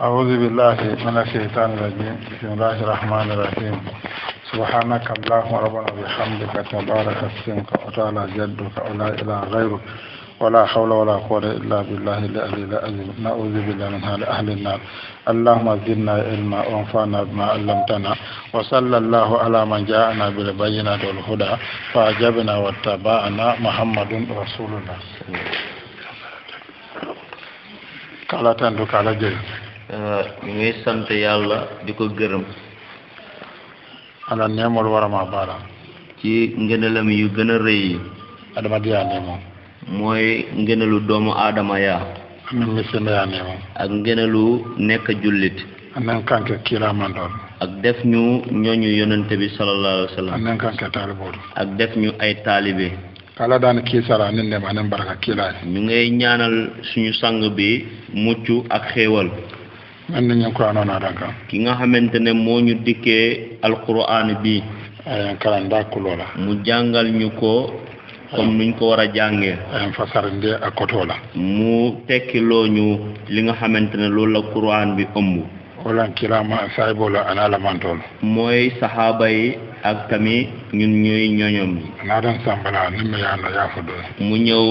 أعوذ بالله من الشيطان الرجيم بسم الله الرحمن الرحيم سبحانك اللهم ربنا بحمدك تبارك اسمك وتعالى جدك ولا إله غيرك ولا حول ولا قوة إلا بالله الذي لا أزل نعوذ بالله من هذا أهل النار اللهم زدنا علما وانفعنا بما علمتنا وصلى الله على من جاءنا بالبينات والهدى فأجبنا واتبعنا محمد رسول الله kala tan على kala ñu ngi sant yàlla di ko gërëm ala neemal warama baara ci ngëneelam yu gën a rëy yi adama di yaa neema mooy ngëneelu doomu aadama yaa amin mi senda yaa neema ak ngëneelu nekk jullit anan kanke kiiramandoon ak def ñu ñooñu yonente bi sallallahu alayhi ak def ñu ay taalibe kala daan kiisara nin dem anen baraka kiilaay ñu ngay ñaanal suñu sang bi mucc ak xéewal min dañen qouran o naata kan ki nga xamante ne moo ñu dikkee alqourane bi en kalan dakkuloo la mu jàngal ñu ko comme nuñ ko war a jàngee en fasarinde ak kotoo la mu tekkiloo ñu li nga xamante ne loolu la qouran bi ëmb olan kirama saybola ana lamantol mooy sahaba yi ak tamit ñun ñuy ñoñom yi naa doon sambala ni mu yàlla yaafa doy mu ñëw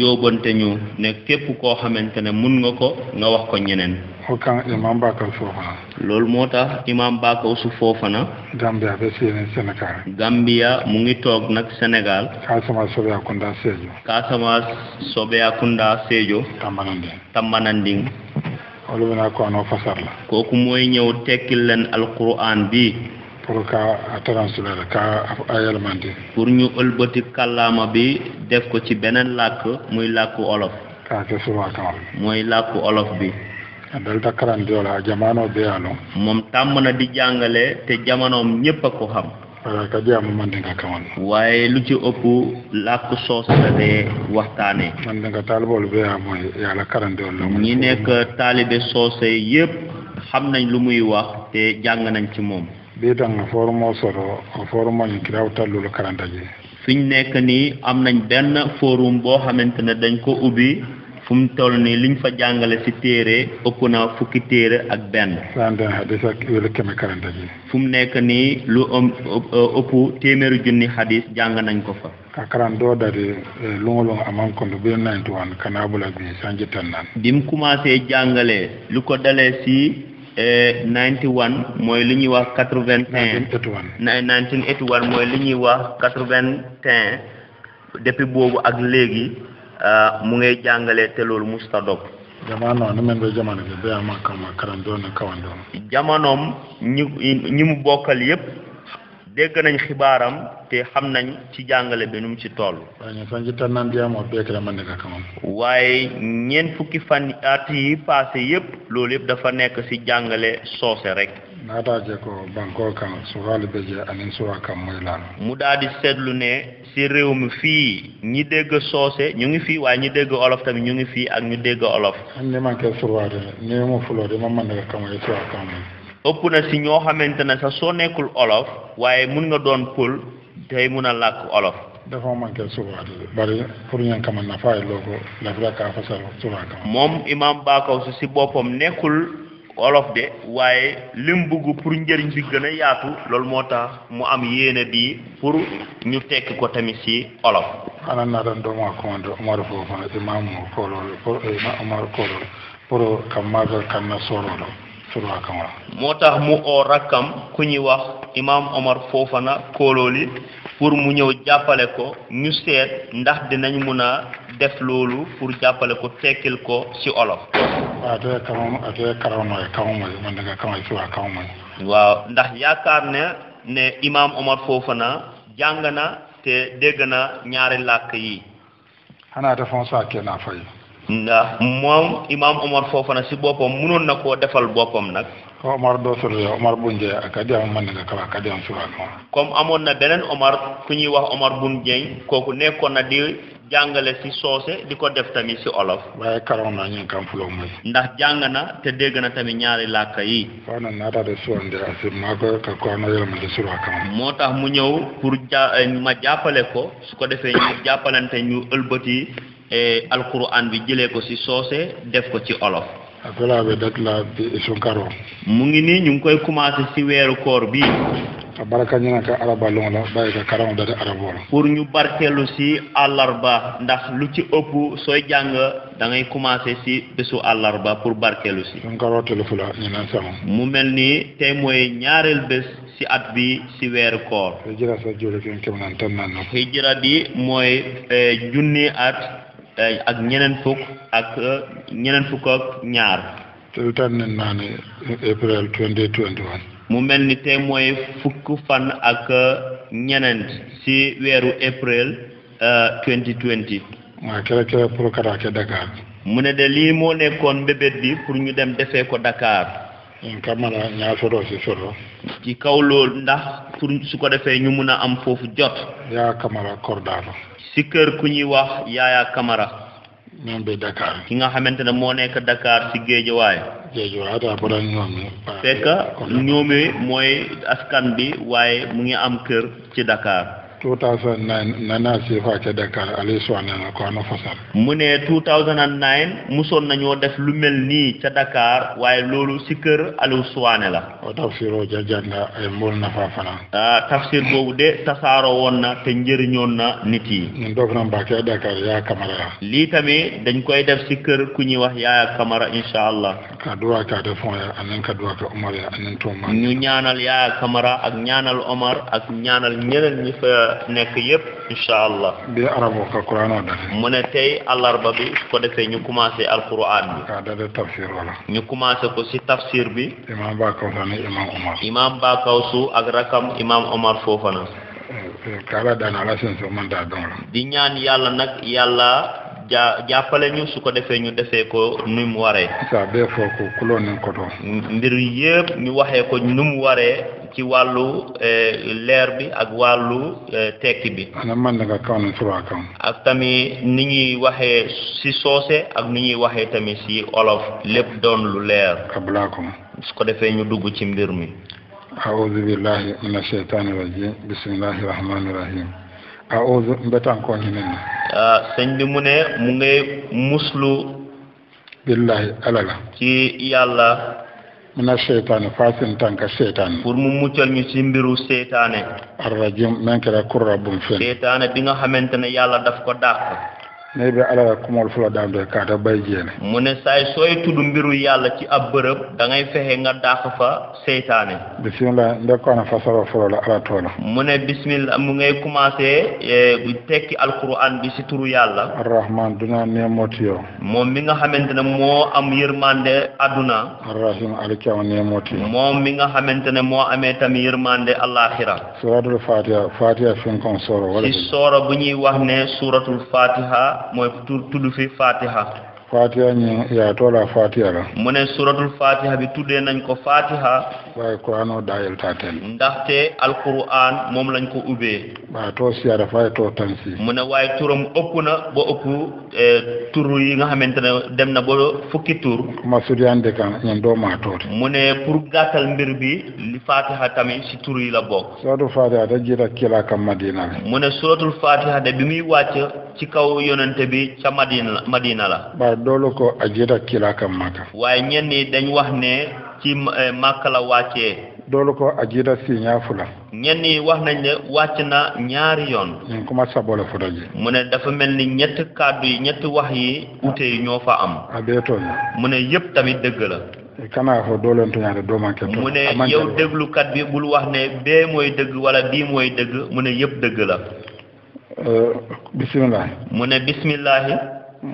yóbbante ñu ne képp koo xamante ne mun nga ko nga wax ko ñeneen o kan imam bakaw foofana loolu moo tax imam bakaw su foofana sénégal gambia mu ngi toog nag sénégal Casamance Sobeya Kunda Sédhiou Casamance Sobeya wala bena ko ano ko kooku moy ñew tekkil leen alquran bi pour ka transférer ka ayelemante pour ñu ëlbeuti kalama bi def ko ci benen làkk muy làkku olof k'a ke suwa ka moy làkku olof bi dalta karandiyola jamano beyalo mom tam na di jangale te jamanoom ñepp ko xam waaye lu ci ëpp làkk soos la dee waxtaanee. man de nga taaliboolu bee yaa mooy ñi nekk taalibe soose yépp xam nañ lu muy wax te jàng nañ ci moom. bii tam nga fooru moo soro fooru moo ñu kiraaw tallulu karanta ji. fi ñu nekk nii am nañ benn forum boo xamante ne dañ ko ubbi. fu mu toll nii liñ fa jàngale ci téere ëpp na fukki téere ak benn. fu mu nekk nii lu ëpp téeméeri junni hadis jàng nañ ko fa. ka karan doo dade eh, luŋo-luŋo a maŋ kondo biri ninety one ka naa bula bii sanji bi mu commencé jàngale lu ko dalee ci eh, ninety one mooy li ñuy wax quatre vingt un nineteen eighty one mooy ñuy wax quatre vingt un boobu ak léegi Ah, mu ngay jàngale te loolu musta dog jamano ni men do jamano bi be ama kama karan do na kawan do jamonoom ñi ñi mu bokkal yépp dégg nañ xibaaram te xam nañ ci jàngale bi nu mu ci toll waaye ñeent fukki fan at yi passé yépp loolu yépp dafa nekk ci jàngale soose rek naataje ko banko kan suwaali be je anin suwa kan moylaano mu daal di seetlu ne si réew mi fii ñi dégg soose ñu ngi fii waaye ñi dégg olof tamit ñu ngi fii ak ñu dégg olof ni man ke surwaade ni mo fuloode man man naka kamoye suwa kan moy na si ñoo xamante ne sax soo nekkul olof waaye mun nga doon pël tey mun a làkk olof dafa manqué subaade pour ñu kama nafaay loo ko daf la kaa si boppam nekkul olof de waaye lim bugg pour njëriñ bi gën a yaatu loolu moo tax mu am yéene bi pour ñu tekk ko tamit si olof anan na ɗon ɗo ma commande omaro fof kono imamu kolol omaro kolol pour kam magal kam na soroɗo surwa kamara moo tax mu oo rakkam ku ñuy wax imam omar Fofana koolooli pour mu ñëw jàppale ko ñu seet ndax dinañ mun a def loolu pour jàppale ko tekkil ko si olof. waaw te kaw te kaw waaw ndax yaakaar ne ne imaam Omar Fofana jàng na te dégg na ñaari làkk yi. xanaa defoon saa kee naa fay. ndax moom imaam Omar Fofana si boppam munoon na koo defal boppam nag. ko Omar bu sori Omar a Dieng ak nga kala Kadiam Suwa ak comme amoon na beneen Omar ku ñuy wax Omar Bun Dieng kooku nekkoon na di jàngale si soose di ko def tamit si olof. waaye karoon naa ñu kan fuloo muy. ndax jàng na te dégg na tamit ñaari làkk yi. foo na naata de suwante asi maa ko ka ko moo tax mu ñëw pour ja eh, ma jàppale ko su ko defee ñu jàppalante ñu ëlbati eh, alquran bi jëlee ko si soose def ko ci olof. affaire bi date la sunkaro. mu ngi nii ñu ngi koy commencé ci weeru koor bi. a baraka ñu ka araba lon la bàyyi ka karam date arabo la. pour ñu barkeelu si àllarba ndax lu ci ëpp sooy jàng dangay ngay ci si bésu àllarba pour barkeelu si. sunkaro téléphone la ñu naan sama. mu mel nii te mooy ñaareel bés ci at bi ci weeru koor. hijira sa jula kenn kéem naan tan naan la. hijira di mooy eh, junni at. ak ñeneen fukk ak euh, ñeneen fukk ak ñaar. te tànn naa euh, mu mel ni te mooy fukk fan ak euh, ñeneen ci weeru April 2020. waaw keroog pour karaake Dakar. mu ne de lii moo nekkoon mbébét bi pour ñu dem defee ko Dakar. ñun kamara ñaa soro si soro. ci kaw loolu ndax pour su ko defee ñu mun a am foofu jot. yaa kamara Kordaano. ci kër ku ñuy wax yaaya kamara ñoom bi dakar ki nga xamante ne moo nekk dakar si géejo waay géejo waay daa bu daan ñoom fekk ñoomee mooy askan bi waaye mu ngi am kër ci dakar 2009 nana sifa ca Dakar Aliou Souane na ko ana fasal. mu ne 2009 musoon nañoo def lu mel nii ca Dakar waaye loolu si kër Aliou Souane la. o tafsir ja janda ay mbool nafa fana. ah tafsir boobu de tasaaroo woon na te njëriñoon na nit yi. ñun doo na mbaa ca Dakar yaa kamara. lii tamit dañ koy def si kër ku ñuy wax yaa kamara incha allah. ka duwa ka de fond ya anen ka duwa ka Omar ya anen Touma. ñu ñaanal yaa kamara ak ñaanal Omar ak ñaanal ñeneen ñi fa. nekk yépp incha allah. bi arabu alquran oo dafe. mu ne tey àllarba bi su ko defee ñu commencé alquran bi. waaw ah, da ñu commencé ko si tafsir bi. imaam Bakawsu ne imaam Omar. imaam Bakawsu ak rakam imaam Omar Fofana. Eh, Kaaba daan ala seen soo mën taa dong la. di ñaan yàlla nag yàlla. ja jàppale ñu su ko defee ñu defee ko nu mu waree. saa bee foo ko kuloon mbir yëpp ñu waxee ko nu mu waree ci wàllu e, leer bi ak wàllu e, tekki bi. ana man la nga kaw na suba kaw. ak tamit ni ñuy waxe si soose ak ni ñuy waxee tamit si olof lépp doon lu leer. kabulaa su ko defee ñu dugg ci mbir mi. awuzu billahi mina shaytaani rajim bismillahi rahmaani rahim. awuzu mbetaan koo ñu ne nii. sëñ bi mu ne mu ngi muslu. billahi alala. ci yàlla. muna shaytan fasin tanka shaytan pour mu muccal ñu ci mbiru seytaane arrajim men kera kurra bum fen seytaane bi nga xamante ne daf ko ne be ala ko mol fula dam do ka ta bay jene mune say soy tuddu mbiru yalla ci ab beureub da ngay fexé nga dakh fa setané bismillah nda ko na fasara fula la ala tola mune bismillah mu ngay commencé tekki alquran bi ci turu yalla arrahman duna nemot yo mom mi nga xamantene mo am yermande aduna arrahim alikaw nemot yo mom mi nga xamantene mo amé tam yermande alakhirah suratul fatiha fatiha fin kon soro wala ci soro bu ñuy wax ne suratul fatiha moy tuddu fi fatiha fatiha ni ya toola fatiha la mu ne suratul fatiha bi tudde nañ ko fatiha wa qur'ano dayal tatel ndaxte alquran moom lañ ko ubbe waaye to siara faaye too tansi mu ne turum turam bo na e, eh, turu yi nga xamantene ne dem na bo fukki tur ma de kan ñen do ma tooti mu ne pour gatal mbir bi li fatiha tamit si turu yi la bokk suratul fatiha da jira kila kam madina mu ne suratul fatiha de bi muy wàcc ci kaw yonent bi ca madina madina la ba doolu ko a jeta kila kan maka waaye ñenn nii dañ wax ne ci eh, màkk la wàccee doolu ko a jeta si ñaafu la ñenn ñi wax nañ ne wàcc na ñaari yoon ñun kuma sabole futa ji mu ne dafa mel ni ñett kàddu yi ñetti wax yi ute ñoo fa am a beetoo mu ne yëpp tamit dëgg la e kana fo doolen tuñaate doomanke mu ne yow déglukat bi bul wax ne bee mooy dëgg wala bii mooy dëgg mu ne yëpp dëgg la Euh, bisimilah. mu ne bisimilah.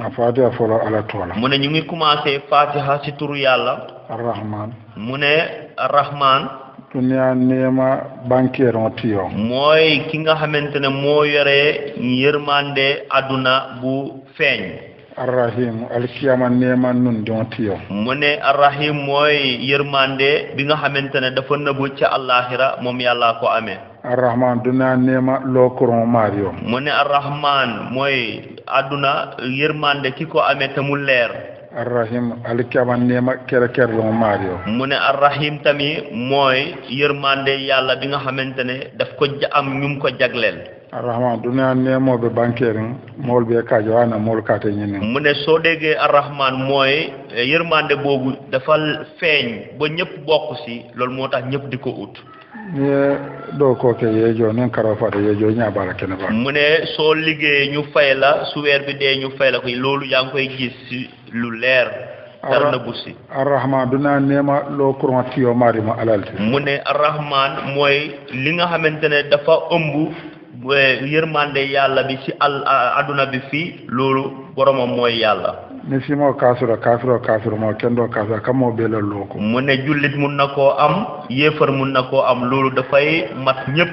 a fatiha fɔlɔ ala mu ne ñu ngi commencé fatiha si turu yàlla. arahman. mu ne arahman. duniya neema bankeeroo tiyoo. mooy ki nga xamante ne moo yore yërmande adduna bu feeñ. arrahim alkiyama neema nun diŋo tiyoo. mu ne arrahim mooy yërmande bi nga xamante ne dafa nëbu ca allahira moom yàlla ko amee. arrahman duna nema lokoron mario mu ne arrahman mooy adduna yërmande ki ko amee te mu leer arrahim alikaban nema kere kerlon mario mu ne arrahim tamit mooy yërmande yàlla bi nga xamante ne daf ko am ñum ko jagleel arrahman duniya nemoɓe banquerin mawolɓe kajo ana mawol kate ñinin mu ne soo déggee arrahman mooy eh, yërmande boobu dafa feeñ ba ñëpp bokk si loolu moo tax ñëpp di ko ut doo koo kee yeejoo nen karaw faata ñaa baara kene baa mu ne soo liggéeyee ñu fay la su weer bi dee ñu fay la ko loolu yaa ngi koy gis si lu leer dara na bussi arrahman dunaa neema loo courant tiyo maari ma alalte mu ne arrahman mooy li nga xamante ne dafa ëmb eh, yërmande yàlla bi ci al àdduna bi fii loolu boromam mooy yàlla ni simo kafiro kafiro kafiro mo kendo kafiro kamo be la loko mu ne jullit mun na koo am yéefar mun na koo am loolu dafay mat ñëpp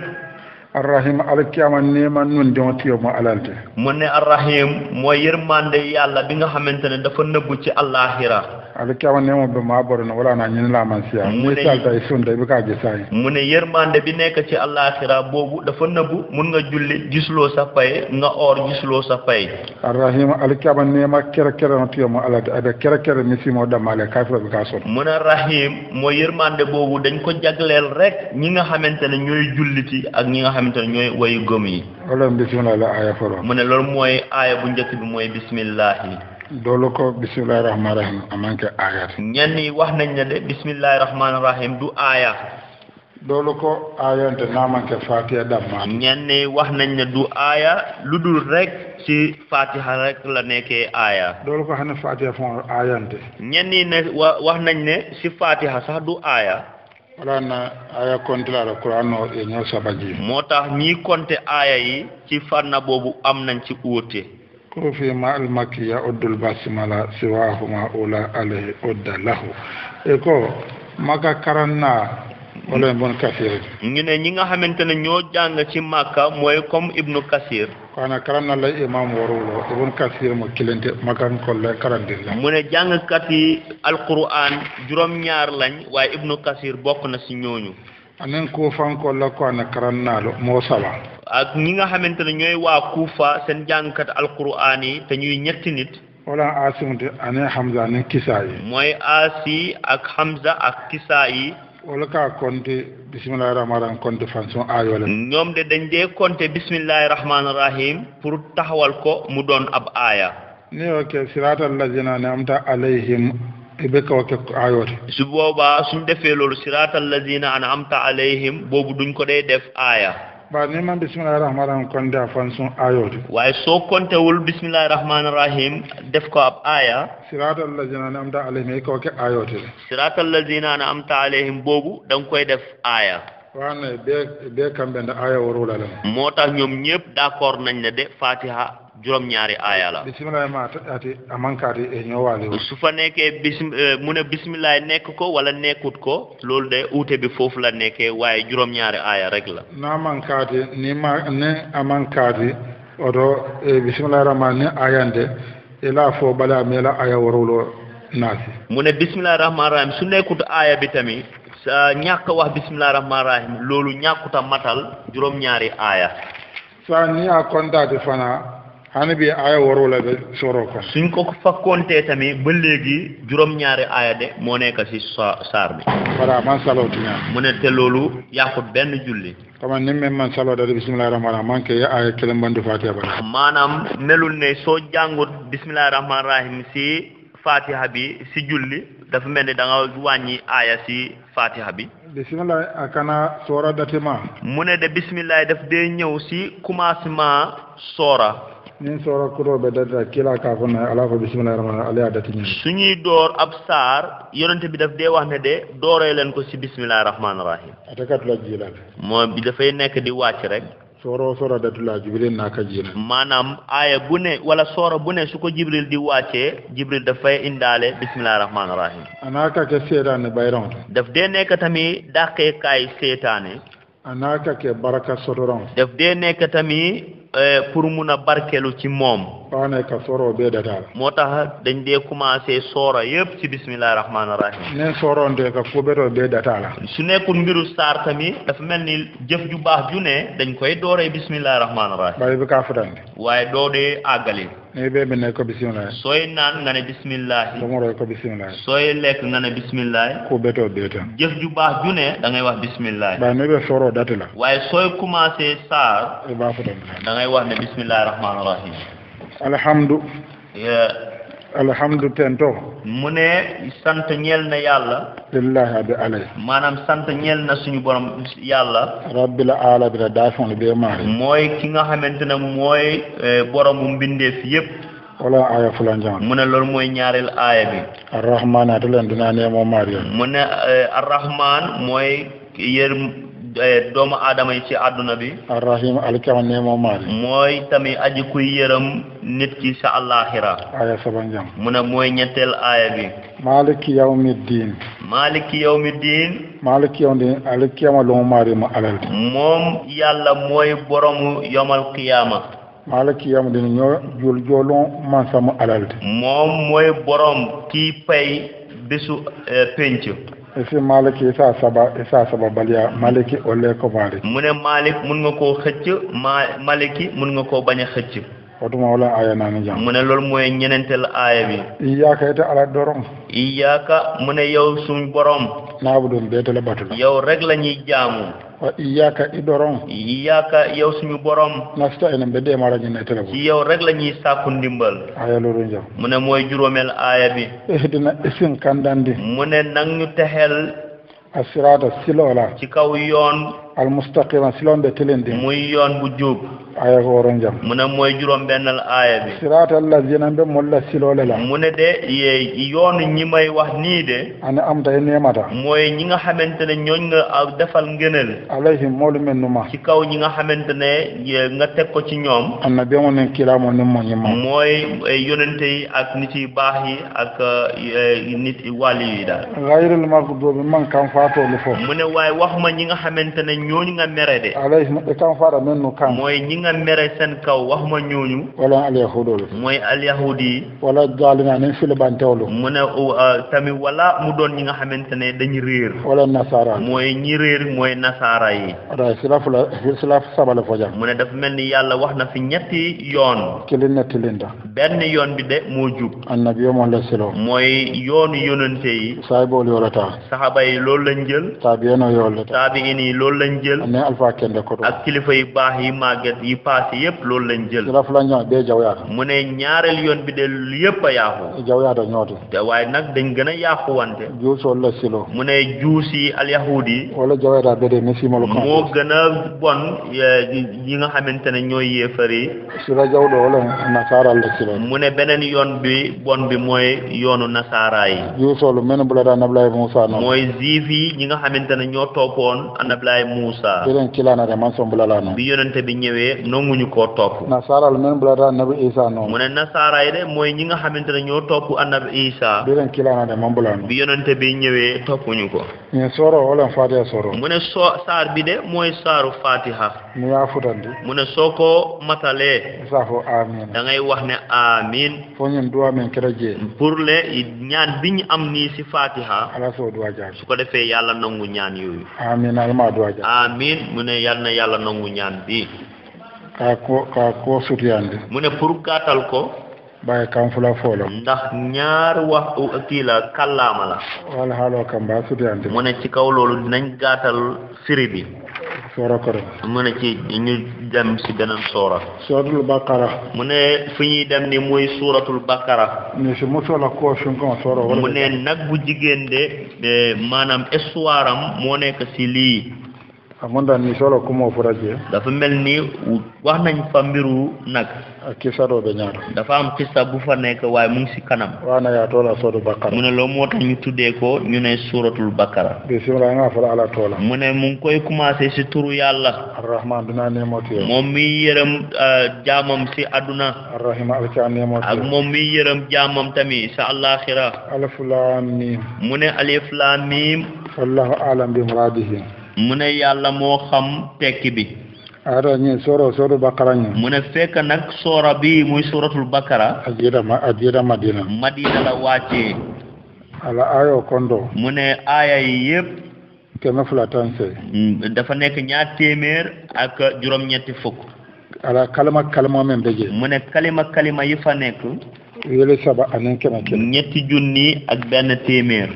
arrahim alkiyama neman nun da wata mo alalte mo ne arrahim mo yermande yalla bi nga xamantene dafa nëbbu ci allahira alkiyama neman ba be baro na wala na ñu la man siya mo sal day e sun day e bi kaa gisaay mu ne yermande bi nekk ci alakhirah bobu dafa nëbbu mun nga julli gislo sa pay nga or gislo sa pay arrahim alkiyama neema kere kere na mo alalte ada kera ni misi moo k'a kaafira bi ka son mo ne arrahim mo yermande bobu dañ ko jaglel rek ñi nga xamantene ñoy julliti ak ñi nga xam te ñooy wayu gëm yi. wala bisimilah la aaya foro. mu ne loolu mooy aaya bu njëkk bi mooy bisimilah. loolu ko bisimilah rahmaani rahiim amaan kee aayaat. ñenn ñi wax nañ ne de bisimilah rahmaani rahiim du aaya. loolu ko aayante naa man kee Fatiha damma. ñenn ñi wax nañ ne du aaya lu dul rek ci Fatiha rek la nekkee aaya. loolu ko xam ne Fatiha foofu aayante. ñenn ñi ne wax nañ ne si Fatiha sax du aaya wala na aya konte la alquran no e ñoo sabaji motax ñi konte aya yi ci fanna bobu am nañ ci wote ko fi ma al makkiya uddul basmala siwahuma ula alayhi udda lahu e ko maka karanna wala ibn kasir ñu ne ñi nga xamante ne ñoo jàng ci makka mooy comme ibn kasir kana karan na la imam warulo ibn kasir mo kilente makan ko la mu ne jàngkat yi alquran juróom ñaar lañ waaye ibn kasir bokk na ci ñooñu anen ko fanko la ko na karannaalo mo sala ak ñi nga xamante ne ñooy waa kuufa seen jàngkat alquran yi te ñuy ñetti nit wala asim te ane hamza ne kisaa yi mooy asi ak hamza ak kisaa yi wala ka konte bisimillahi rahmani rahim konte fonction aayole ñoom de dañ dee konte bisimillahi rahmani rahim pour taxawal ko mu doon ab aya. ni oke siratal lazina ne amta alayhim ibe ka wake aayote su boobaa suñ defee loolu siratal lazina ana amta alayhim boobu duñ ko dee def aaya ba neman bismillahir rahmanir rahim kon da fansun ayodi waaye soo kontewul bismillahir rahmanir rahim def ko ab aya siratal ladzina an'amta alaihim ko ke ayodi siratal ladzina an'amta alaihim boobu da nga koy def aya waane be be kambe da aya warula la moo tax ñoom ñëpp d'accord nañ ne de fatiha juróom-ñaari aayaa la. bisimilah maa ati amankaati e ñëwaale wu. su fa nekkee bisim eh, mu ne bisimilah ko wala nekkut ko loolu de uute bi foofu la nekkee waaye juróom-ñaari aayaa rek la. naa mankaati ni ma ni amankaati oto e bisimilah rahmaani ni aayande ila e fo balaa mi la aaya waruloo naasi. mu ne bisimilah rahmaani rahim su nekkut aaya bi tamit sa ñakka wax bisimilah rahmaani rahim loolu ñakkuta matal juróom-ñaari aaya. saa ni a kontaati fana. ana bi aaya waroo la soro ko suñ ko fakkontee tamit ba léegi juróom-ñaari aaya de moo nekk si sa saar bi. voilà man saloo tiñaan. mu ne te loolu yaa ko benn julli. kama ni mu man saloo dara bisimilah rahmaani man kay aaya kelen bandu fatiha ba. maanaam melul ne soo jàngut bisimilah rahmaani rahim si fatiha bi si julli dafa mel ni da nga wàññi aaya si fatiha bi. bisimilah a kana soora dati ma. mu ne de bisimilah daf dee ñëw si commencement soora. nin sora kuro be dadda kila ka ko na ala ko bismillahir rahmanir rahim ala dati ni suñuy door ab sar yonente bi daf de wax ne de doore len ko ci bismillahir rahmanir rahim atakat la jila mo bi da fay nek di wacc rek soro soro datu la jibril naka jila manam aya bu ne wala soro bu ne su ko jibril di wacce jibril da fay indale bismillahir rahmanir rahim anaka ke setan bayron daf de nek tammi daqe kay setane anaka ke baraka sotoron daf de nek tammi Eh, pour mun a barkeelu ci moom. waaw ka sɔrɔ bɛɛ da la. moo tax dañ dee commencé sɔrɔ yëpp ci bisimilah rahmaani rahim. ne sɔrɔ de ko bɛɛ dɔ la. su nekkul mbiru saar tamit dafa mel ni jëf ju baax ju ne dañ koy dooree bisimilah rahmaani rahim. waaye bi doo dee àggali. ne bee sooy naan ne bisimilah. dɔnkɔrɔ ko lekk nga ne bisimilah. ko bɛɛ dɔ ju baax ju ne da ngay wax bisimilah. waaye waaye sooy commencé saar. i b'a ngay wax ne bisimilah rahmaani rahiim. alhamdu. alhamdu tento mu ne sant ñeel na yàlla. lillahi bi alay. maanaam sant ñeel na suñu borom yàlla. rabbil alamin daa sonn bee maari. mooy ki nga xamante ne mooy e, boromu mbindeef yépp wala aya fulan mu ne loolu mooy ñaareel aaya bi. arrahman ati leen dinaa ne moom maari. mu ne e, arrahman mooy yër. Eh, doomu aadama yi ci àdduna bi. arrahim alkaman ne moo maari. mooy tamit aji kuy yërëm nit ki sa àllaaxira. aya sabanjam. mu ne mooy ñetteel aaya bi. maaliki yawmi diin. maaliki yawmi diin. maaliki yawmi diin alkiyama moom yàlla mooy boromu yomal qiyaama. maalaki yam dina ñoo jul joolon man sama alal moom mooy borom kii pay bisu eh, penc isi malik isa saba isa saba baliya maliki ole ko malik mu ne malik mun nga koo xëcc ma maliki mun nga koo bañ a xëcc otuma wala aya naani jàng mu ne loolu mooy ñenenteel aaya bi iyaaka ite ala dorom iyaaka mu ne yow suñ borom naabu doon beetale batu la yow rek la jaamu wa iyyaka idoron iyyaka yow suñu borom nasta'inu be de mara ñu netale ci yow rek lañuy sàkku ndimbal aya loolu jaw mu ne mooy juróomeel aaya bi ihdina isin kandandi mu ne nag ñu texel asirata silola ci kaw yoon almustaqima si loon be telindi muy yoon bu juub aya ko woro jam mu ne mooy juróom bennal aaya bi sirata allazina be molla siloole la mu ne de ye yoonu ñi may wax nii de ana am tay neemata mooy ñi nga xamante ne ñooñ nga defal ngënal alayhim moolu mel ma ci kaw ñi nga xamante ne nga teg ko ci ñoom am na be mu nen kilaamoo ni mo ñi ma mooy e, yonente yi ak nit yi baax yi ak e, e, nit wàll yi daal gayril magdubi man kam faatoolu foofu mu ne waaye wax ma ñi nga xamante ñooñu nga mere de. alayhi neɗɗo kam fara men no kan. mooy ñi nga mere seen kaw wax ma ñooñu. wala alyahudolu. mooy alyahudi. wala jaalina nen filibantewlu. mu ne uh, uh, tamit wala mu doon ñi nga xamante ne dañu réer. wala nasara. mooy ñi réer mooy nasara yi. waaw sila sila saba la fojaa. mu ne dafa mel ni yàlla wax na fi ñetti yoon. kili netti linda. benn yoon bi de moo jub. annabi yow moom la silo. mooy yoon yonante yi. yoo la taa. saxaba yi loolu a la taa. taabi lañ jël. ne Alpha Kende ko ak kilifa yu baax yi màgget yi paase yépp loolu lañ jël. jëlaat fula ñaar bee jaww yaatu. mu ne ñaareel yoon bi de yépp a yaaxu. jaww a ñoote. te waaye nag dañ gën a yaaxu wante. juus wala ne juus yi alyahuud yi. wala jaww yaatu ak bédé a eh, la silo. mu ne beneen yoon bi bon bi mooy yoonu nasaara yi. juus wala mën na bulaa daan mooy ziif yi ñi nga xamante ñoo toppoon Ablaye Moussa. musa irin kilana bi yonente bi ñewé nonguñu ko top nasara a men bulala nabi isa no mu ne nasara yi de moy ñi ko ni soro wala fatiha soro mu ne so sar bi de moy saru fatiha ni ya futandi mu ne soko matale safo amin da ngay wax ne amin fo ñun duwa men kera je pour le ñaan biñu am ni ci fatiha ala so duwa jaar su ko defé yalla nangu ñaan yoyu amin amin mu ne yal na yàlla nangu ñaan bi kaa ko kaa ko sutiyandi mu ne pour gàttal ko ɓaye kam fula foolo ndax ñaar wax kii la kallaama la wala kam mbaa sutiyandi mu ne ci kaw loolu dinañ gàttal siri bi soora koro mu ne ci ñu dem si beneen soora suratul baqara mu ne fi ñuy dem ni muy suuratul baqara ni mu ne nag bu jigéen de eh, maanaam histoire moo nekk si lii amonda ni solo kuma furaje dafa mel ni wax nañ fa mbiru nag kissa doo be ñaar dafa am kissa bu fa nekk waaye mu ngi si kanam wa na ya tola soodu bakara mu ne loo moo tax ñu tuddee ñu ne suratul bakara bismillah nga fa ala tola mu mu ngi koy commencé si turu yàlla arrahman dina neemoti moom mi yërëm euh, jaamam si aduna arrahim alka neemoti ak moom mi yërëm jaamam tamit sa alaxira mu ne alif lam mim wallahu a'lam bi muradihim mu ne yàlla moo xam tekki bi aɗa ñi soro soro bakara ñi mu ne fekk nag soora bi muy suratul bakara adira ma adira madina madina la wàccee ala ayo kondo mu ne aaya yi yëpp keme fula tan dafa nekk ñaar téeméer ak juróom-ñetti fukk ala kalima kalima men beje mu ne kalima kalima yi fa nekk yële saba anen keme keme ñetti junni ak benn téeméer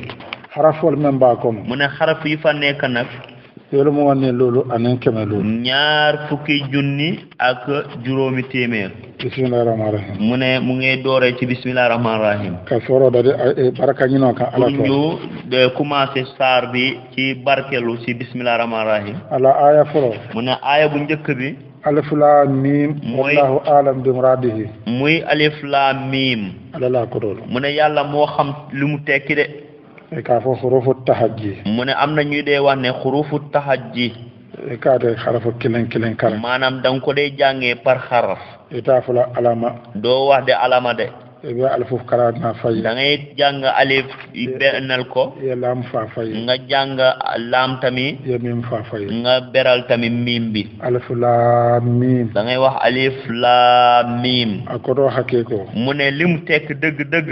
xarafol men baa mu ne xaraf yi fa nekk nag loolu moo ne loolu anen keme loolu. ñaar fukki junni ak juróomi téeméer. bisimilah rahmaani rahiim. mu ne mu ngi dooree ci bisimilah rahmaani rahiim. ka soro da de baraka kan ala toog. ñu de commencé bi ci barkelu ci bisimilah rahmaani rahiim. ala aya foro. mu ne aya bu njëkk bi. alif miim. muy wallahu miim. ala ko doon. mu ne yàlla moo xam li mu tekki de. ka fo hurufu tahajji mu ne am na ñuy dee wax ne hurufu tahajji kaate xarafu kilen kilen kala maanaam da nga ko dee jàngee par xaraf itaa fula alama doo wax de alama de ebe alifuf kara na fay da ngay jang alif bernal ko ya lam fa fay nga jang lam tami ya mim fa fay nga beral tami mim bi alif lam mim da ngay wax alif lam mim ako do hakke ko mu ne lim tek deug deug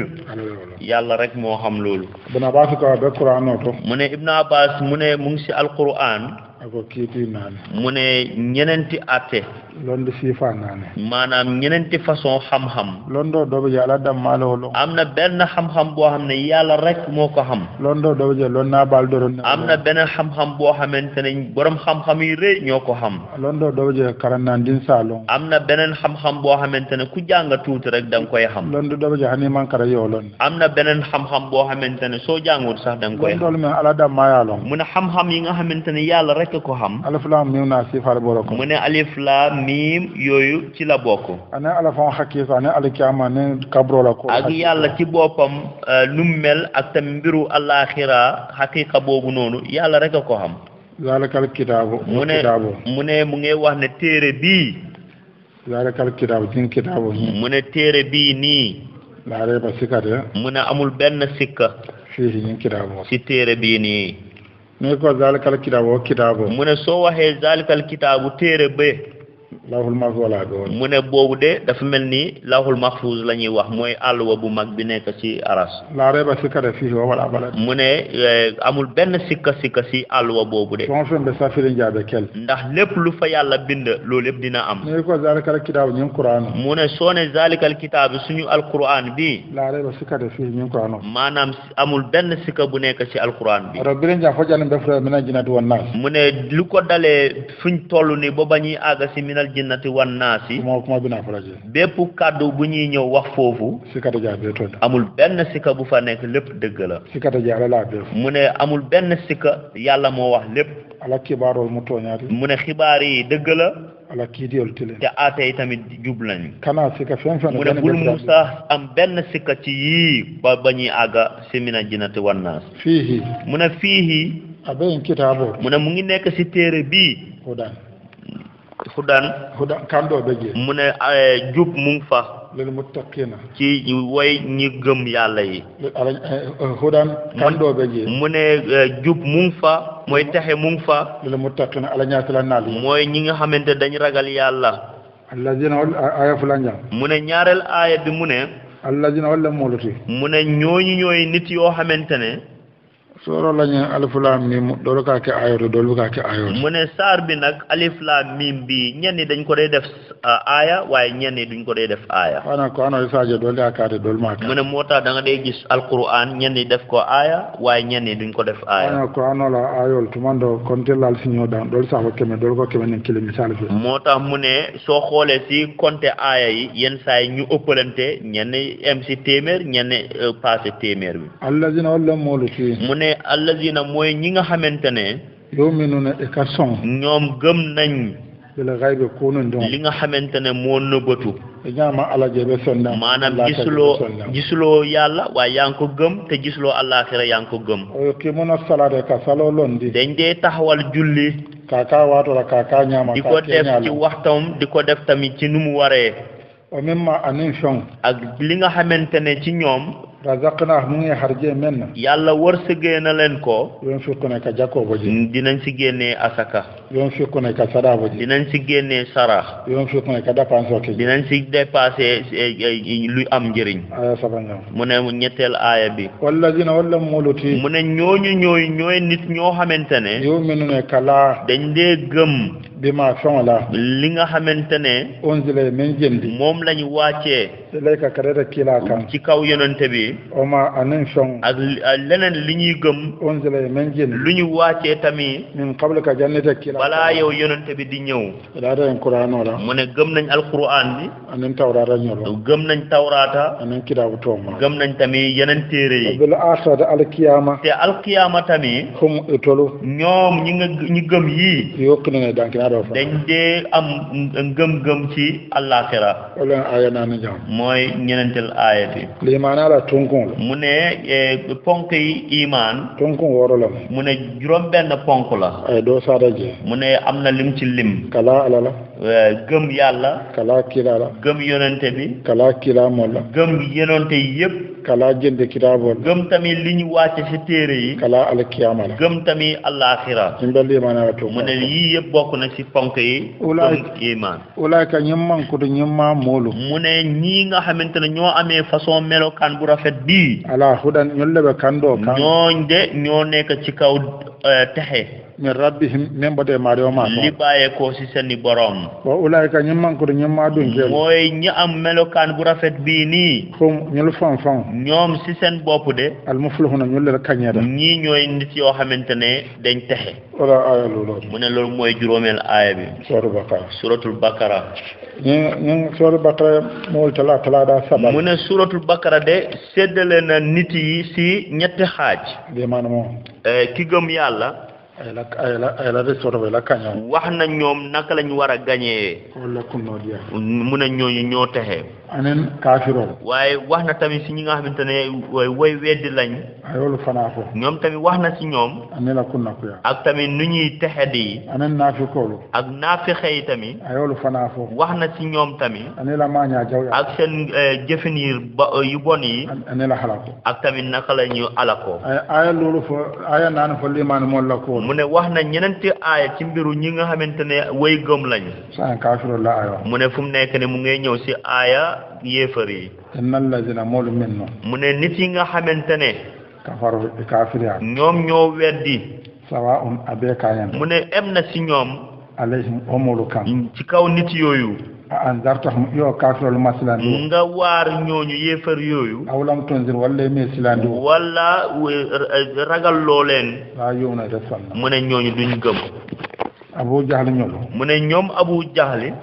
yalla rek mo xam lolu ibn abbas ko be qur'an to mu ne ibn abbas mu ne mu ngi ci alquran ako kiiti naane mu ne ñenenti atte londi siifaa naane maanaam ñenenti façon xam-xam londoo dobe je ala dammaaloo lo am na benn xam-xam bo xam yalla rek moko ko xam londoo do je lon na bal doron amna ben xam-xam bo xamantene borom xam-xam yi re ñoko ko xam londoo do je karan naan din salo amna benen xam-xam bo xamantene ku jang tout rek dang koy xam londi do je hani man kara yo lon amna benen xam-xam bo xamantene so jangul sax dang koy xam loolu men ala dam yaa long mu ne xam-xam yi nga xamantene yalla rek ñàkk ko xam. alif laam miim naa si faale boole mu ne alif miim yooyu ci la bokk. ana alafaw xaqiisa ne alikiama ne kabro la ko. ak yàlla ci boppam euh, nu mel ak boobu noonu yàlla rek a ko xam. zaalikal kitaabu. mu ne mu ne mu wax ne téere bii. zaalikal kitaabu ci kitaabu. mu ne téere bii nii. laa reba sikka mu ne amul benn sikka. fii ci kitaabu. si téere bii nii. ne ko zalikal kitabu kitabu mun so wa he zalikal kitabu tere be lawhul mahfuz laa ko mu ne boobu de dafa mel ni lawhul mahfuz la ñuy wax mooy àlluwa bu mag bi nekk ci aras. laa reba sikkata fii wala balad. mu ne eh, amul benn sikka sikka boobu de. fɛn fɛn bɛ safiri jaabe kel. ndax lépp lu fa yàlla bind loolu lépp dina am. ne ko zalikal ñu qur'an. mu ne soo ne zalikal kitaabu suñu alquran bi. laa reba bu nekk ci alquran bi. rabi leen jaa fo jàllale bɛ fure mi na jinati woon naa. mu ne lu ko dalee fuñ toll nii ba bañ a àgg si minal jinnati wan naasi. kuma kuma bi naa farajee. bépp kaddu bu ñuy ñëw wax foofu. sikata bu fa nekk lépp dëgg la. sikata jaa ala laa bee. mu ne amul benn moo wax lépp. ala mu tooñaati. mu xibaar yi dëgg la. ala kiidiyol tile. te aate yi tamit jub lañu. kanaa sika fenn fenn. mu ne bul Musa am benn sika ci yii. ba ba àgga si minal jinnati wan naasi. mu ne fiihi. a bee kitaaboo. mu ne mu ngi nekk si téere bii. Hudaan. Hudaan Kando Bégué. mu ne jub eh, mu fa fa. lil muttaqina. ci way ñi gëm yàlla yi. Hudaan. Kando Bégué. mu ne jub eh, mu fa. mooy texe mu fa fa. lil muttaqina ala ñaata la naal mooy ñi nga xamante dañ ragal yàlla. allazina aya fulanja. mu ne ñaareel aaya bi mu ne. allazina wala moolati. mu ne ñooñu ñooy nit yoo xamante soro lañu alif laam mim doolu kaa ke aayoo doolu kaa ke aayoo mu ne saar bi nag alif laam mim bi ñenn dañ ko dee def aaya waaye ñenn duñ ko dee def aaya xanaa ko anoo saaje doolu yaa moo tax da nga dee gis alquran ñenn def ko aaya waaye ñenn duñ ko def aaya xanaa ko anoo la aayool tumandoo konte laal si ñëw daan doolu saako keme doolu ko keme ne kili misaal fi moo tax mu ne soo xoolee si konte aaya yi yenn saa yi ñu ëppalante ñenn em si téeméer ñenn euh, passé téeméer bi allazina walla moolu fii mu ne ne moy ñi nga xamantene ne yu'minuna e ka ñom gëm nañ bila gaybe non ndon li nga xamantene mo moo e ñama ala jebe sonna manam gisuloo gisuloo yalla wa yang ko gëm te gisuloo àllaaxira yang ko gëm kii mun a salade ka salo lon di dañ de taxawal julli ka kaakaa waatola kaakaa ka di ko def ci waxtam diko def tamit ci numu waré o même ma anin feŋ ak li nga xamantene ci ñom razaqnaa mu ngi harjee men na yàlla wërsëgee na leen ko yoon fi ku ji dinañ ci génnee asaka yoon fi ku nekk ji dinañ ci génnee sarax yoon fi ku nekk dépense ok dinañ si dépassé eh, eh, eh, lu am njëriñ aya mu ne ñetteel aaya bi wallazina wala muluti mu ne ñooñu ñooy ñooy nit ñoo xamante ne yow mi nu dañ dee gëm bima ma li nga xamantene onzile men jendi mom lañu wacce wàccee. lay ka kare da kii laa kan. ci kaw yonante bi. o ma ani fɛnw. ak lenen li ñuy gëm. onzile men jendi lu ñu wàccee tamit. min qabla ka jannata kila kii yow yonante bi di ñew da da kuran wala mu ne gëm nañ alquran bi. ani tawraata ñor. gëm nañ tawrata anen kitabu tooma. gëm nañ tammi yenen tere yi. bil akhirati alkiyama. te alkiyama tammi hum tolu ñom ñi nga ñi gëm yii. yoo kii na ne dañ dee am ngëm-ngëm ci alaxira wala aaya naa ni jam mooy ñenentel aaya bi limaana la tonkon mu ne ponk yi iman tonkon woro la mu ne eh, juróom benn ponk la ay doo saata je mu ne am na lim ci lim kala ala gëm yàlla. kala kiilaa la. gëm yonante bi. kala kiilaa mool la. gëm yonante yëpp. kala jënd kitaaboo la. gëm tamit li ñu wàcc si téere yi. kalaa alkiyama la. gëm tamit alaxira. ñu mel ni maanaam tuuti. mu ne yii yëpp bokk na si ponk yi. wulaay iman. wulaay ka ñu man du ñu maa moolu. mu ne ñii nga xamante ne ñoo amee façon melokaan bu rafet bii. ala hudan ñu lebe kan doo kan. ñoo de ñoo nekk ci kaw texe. min rabbihim min bade maade o maako li ɓaaye ko si seni borom wa ulayka ñin mankude ñin ma ɗum keel mooy ñi am melokaan bu rafet bii nii hum ñul fan fan ñoom si seen bopp de almuflihuna ñul leen kañeeda ñii ñooy nit yoo xamante ne dañ texe loolu mu ne loolu mooy juróomeel aaya bi suratul bakara suratul bakara ñi ñi suratul bakara mool mu ne suratul bakara de séddale na nit yi si ñetti xaaj eh, ki gëm yàlla wax na ñoom naka lañ war a gañee mu ne ñooñu ñoo texe anen kafiro way waxna na tamit si ñi nga xamante way way wedd lañ ayolu fanaafo ñoom tamit wax na si ñoom anela kunnaku ya ak tamit nu ñuy texed yi anen lu ak naafixe yi tamit ayolu fanaafo wax waxna ci ñom tamit anela maña jaw ya ak sen jëfin yu bon yi anela xalako ak tamit naka la ñu alakoo aya loolu fa aya naanu fa limaan mo la ko mu ne wax na ñenenti aaya ci mbiru ñi nga xamante way gëm lañ sa kafiro la ayo mu ne fu mu nekk ne mu ngay ñëw ci aya yefari innal ladina mulu minnu mune niti nga xamantene kafaru kafiriya ñoom ñoo weddi un sawa'un abekayan mune emna si ñoom alayhim umulu kam ci kaw nit yooyu a anzartahum yo kafirol masilandi nga waar ñooñu yéefar yooyu awlam lam tunzir walla me silandi walla ragal loo leen laa yowna resal mu ne ñooñu duñ gëm abu jahli ñoom mu ne ñoom abu jahli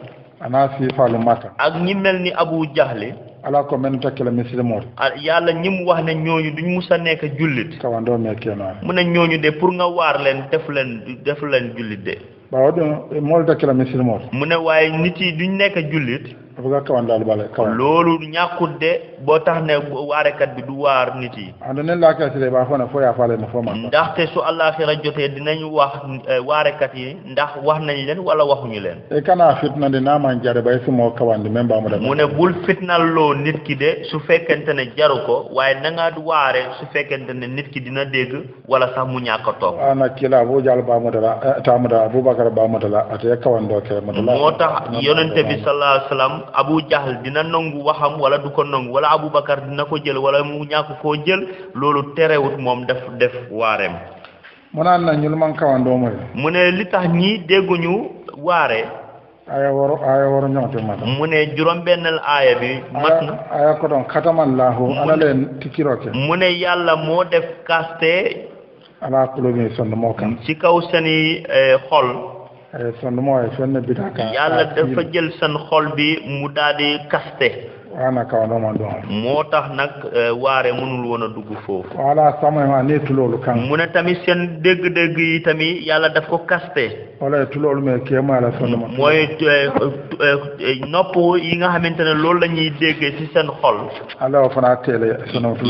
ana fi faalu mata ak ñi mel ni abu jaxle ala ko men takkila misilimoto yàlla ñi mu wax ne ñooñu mus a nekk jullit kawandoo mee keenoo mu ne ñooñu de pour nga waar leen def leen defu leen jullit de waaw de Mawla Dakila Missirah Mor. mu ne waaye nit yi duñ nekk jullit. dafa gaa kawan daal bale kawan. loolu ñàkkut de boo tax ne waarekat bi du waar nit yi. ah danañ laa kii la baax foo yaa faale na foo ma. ndaxte su àllaaxira jotee dinañ wax eh, waarekat yi ndax wax nañ leen wala waxuñu leen. e kana fitna de naa maa njare ba su moo kawan di même ba mu demee. mu ne bul loo nit ki de su fekkent ne jaru ko waaye na nga waare su fekkent ne nit ki dina dégg wala sax mu a toog. ah bakara ba matala ataya kawan do kere matala moo tax yonente bi sallallahu alayhi wasallam abu jahl dina nangu waxam wala du ko nong wala abu bakar dina ko jël wala mu ñaak ko jël loolu terewut moom def def waarem mu na ñu man kawan do moy ne li tax ñi dégguñu waare aya waro aya waro ñote mata mune jurom bennal aya bi matna aya ko don katamallahu ala len tikiro mune yalla mo def kaste ala kulóobee sonn moo kan. ci kaw seen e, xol. E, sonn mooy sonn bi daa yàlla dafa jël seen xol bi mu daal di kaste. moo tax nag eh, waare mënul woon a dugg foofu. voilà sama ne tuloolu kan. mu ne tamit seen dégg-dégg yi tamit yàlla daf ko kaste. wala tuloolu mais kéema la mooy eh, eh, nopp yi nga xamante ne loolu la ñuy ci seen xol. alors fana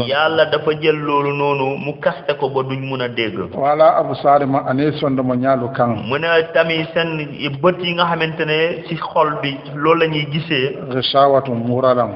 yàlla dafa jël loolu noonu mu kaste ko ba duñ mun a dégg. voilà abusaari ma ani sonn ñaalu kan. mu ne tamit seen bët yi nga xamante ne ci xol bi loolu la ñuy gisee. saawatu muuralam.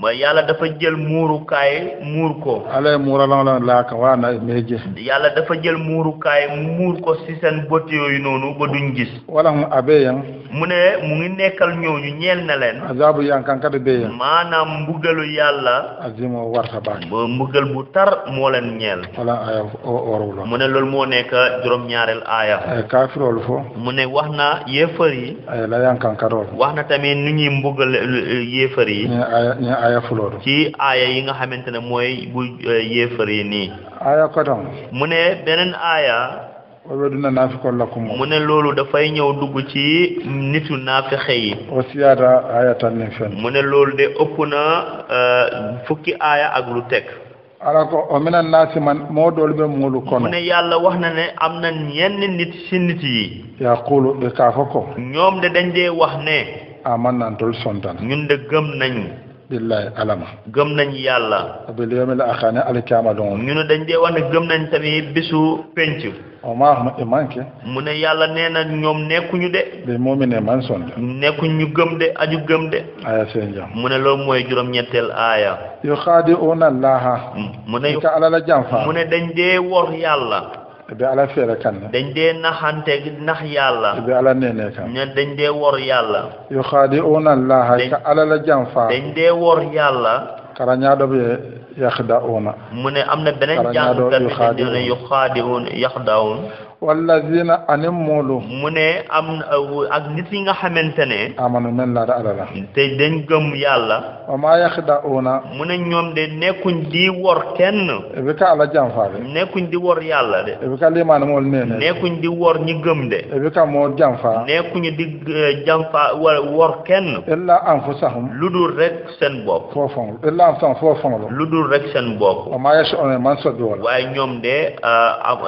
ba yàlla dafa jël muurukaay muur ko. ala ye muura la la la ka waa na meje. yàlla dafa jël muurukaay muur ko si seen bët yooyu noonu ba duñ gis. wala mu mu ne mu ngi nekkal ñu ñeel na leen. azabu bu kan kati maanaam mbugalu yàlla. azima warta baa ba mbugal bu tar moo leen ñeel. wala aya waru la. mu ne loolu moo nekk juróom-ñaareel aaya. kaafiroolu fo. mu ne wax na yeefar yi. la yan wax na tamit nu ñuy mbugal yeefar yi. aya fuloor ci aaya yi nga xamante ne mooy bu eh, yéefari nii aya kotam mu ne beneen aaya na duna naafikol lakko mu ne loolu dafay ñëw dugg ci nitu naafixe yi a siyaata aya tànnin fen mu ne loolu de ëpp na eh, fukki aaya ak lu teg ala ko o minan man moo doolu be muulu kono mu ne yàlla wax na ne am na yenn nit si nit yi yaa kuulu ɓe kaa ko ñoom de dañ dee wax ne a naan tol sontan ñun de gëm billahi alama gëm nañ yàlla bil yawmil akhir al kiyama don ñu dañ dee wax ne gëm nañ tamit bisu penc o ma ahma imanke mu ne yàlla nee na ñoom nekkuñu de de momine man son nekkuñ ñu gëm de aju gëm de aya seen jam mu ne loolu mooy juróom ñetteel aaya yukhadi'una allaha mu ne ka ala la jam fa mu ne dañ dee wor yàlla be ala fere kan dañ dee naxante nax yàlla be ala nene kan ña dañ dee wor yàlla yukhadi'una allaha ka ala la janfa dañ dee wor yàlla karañaa do be yakhda'una mu ne am na beneen jàng kat bi ne yukhadi'una yakhda'un wallazina anim moolu. mu ne am uh, ak nit yi nga xamante ne. amanu mel na ala la. te dañ gëm yàlla. wa maa yaxda'uuna. mu ne ñoom de nekkuñ di wor kenn. bi ka ala janfaale. nekkuñ di wor yàlla de. bi ka limaan mool nee na. di wor ñi gëm de. bi ka moo janfaa. nekkuñu di uh, janfaa wala wor kenn. illa anfusahum. lu dul rek seen bopp. foo foŋ illa anfusahum foo foŋ lu dul rek seen bopp. wa maa yash'uuna man soddi wala. waaye ñoom de uh,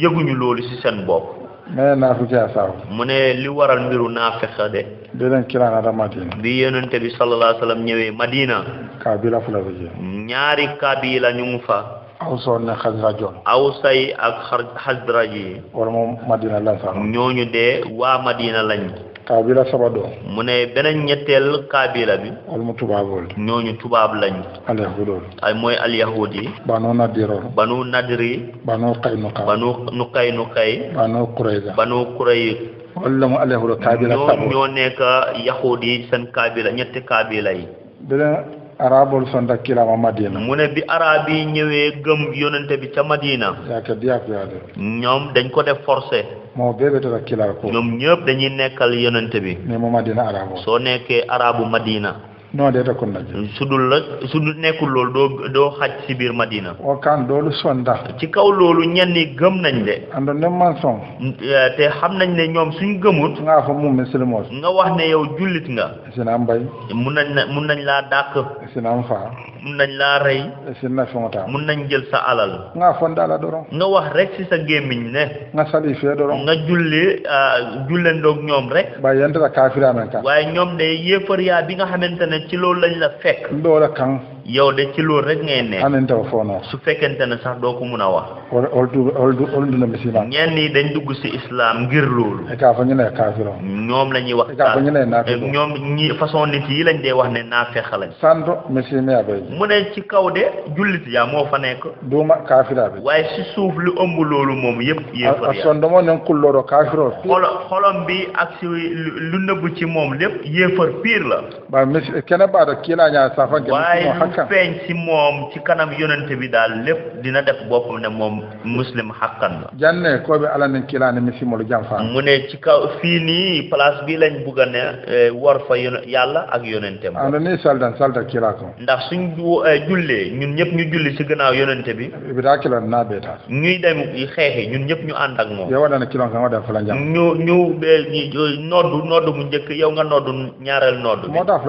yëguñu loolu. dimbali ci seen bopp. mais naa fi jaasaw. mu ne li waral mbiru naa fexe de. di leen kiraan ala madina. bi yonente bi sallallahu alaihi wa ñëwee madina. kabila fula la jëm. ñaari kabila ñu ngi fa. awusaw ne xasrajoon. awusa yi ak xasraj yi. wala moom madina la sax. ñooñu de waa madina lañ. kaabila saba doo mu ne beneen ñetteel kaabila bi almu tubaabool ñooñu tubaab lañu alyahudool ay mooy alyahud yi banu nadirool banu nadiri banu kaynuka banu nukaynukay banu kurayza banu kuray walla mu alyahudool kaabila saba ñoo nekk yahud yi seen kaabila ñetti kaabila yi beneen arabol sonda kilama madina mu ne bi arab yi ñëwee gëm yonente bi ca madina yaaka ñoom dañ ko def forcé moo bébé tara kilal ko ñoom ñëpp dañuy nekkal yonente bi ne mu madina arabo soo nekkee arabu madina non de takul nag. su dul la su dul nekkul loolu doo doo xaj ci biir Madina. o oh, kan loolu sonda. ci kaw loolu ñenni gëm nañ de. àndoon ne man song. Eh, te xam nañ ne ñoom suñ gëmut. nga fa mum musulmoos. nga wax ne yow jullit nga. sinaan mbay. mun nañ la mun nañ laa dàq. sinaan faa. mun nañ laa rey. mun nañ jël sa alal. nga fondala doro. nga wax rek si sa gémmiñ ne. nga sali fee doro. nga julli euh, jullendoog ñoom rek. ba yéen dara kaafira waaye ñoom de yéefar yaa bi nga xamante ne ci loolu lañ la fekk. a kan. yow de ci loolu rek ngay ne. am anen taw foo su fekkente ne sax doo ko mun a wax. wala wala du wala du wala du la dañ dugg si islam ngir loolu. et fa ñu ne ñoom la ñuy wax. fa ñu ne naafeq ñoom ñi façon nit yi lañ dee wax ne naafeq lañ. santo musulmaan bi. mu ne ci kaw de jullit yaa moo fa nekk. duuma kaafira bi. waaye si suuf lu ëmb loolu moom yëpp. yéen fa yàlla sondomo ne kullooro kaafiro. bi ak si lu nëbbu ci moom lépp yéefar pire la. waaw monsieur keneen baa doon kii laa ñaar sax feeñ si moom ci kanam yonente bi daal lépp dina def boppam ne moom muslim xàqan la janne koo bi ala nañ kiilaane mi simolu janfaa mu ne ci kaw fii nii place bi lañ bugg ne e, war fa yon yàlla ak yonente ma ando nii saldan salda kiilaa ko ndax suñ e, jullee ñun ñëpp ñu julli si gannaaw yonente bi bidaa kilan naa beetaa ñuy dem xeexi ñun ñëpp ñu ànd ak moom yow waɗana kilon kan waɗa fala jam ñu ñu e, noddu noddu mu njëkk yow nga noddu ñaareel noddu moo tax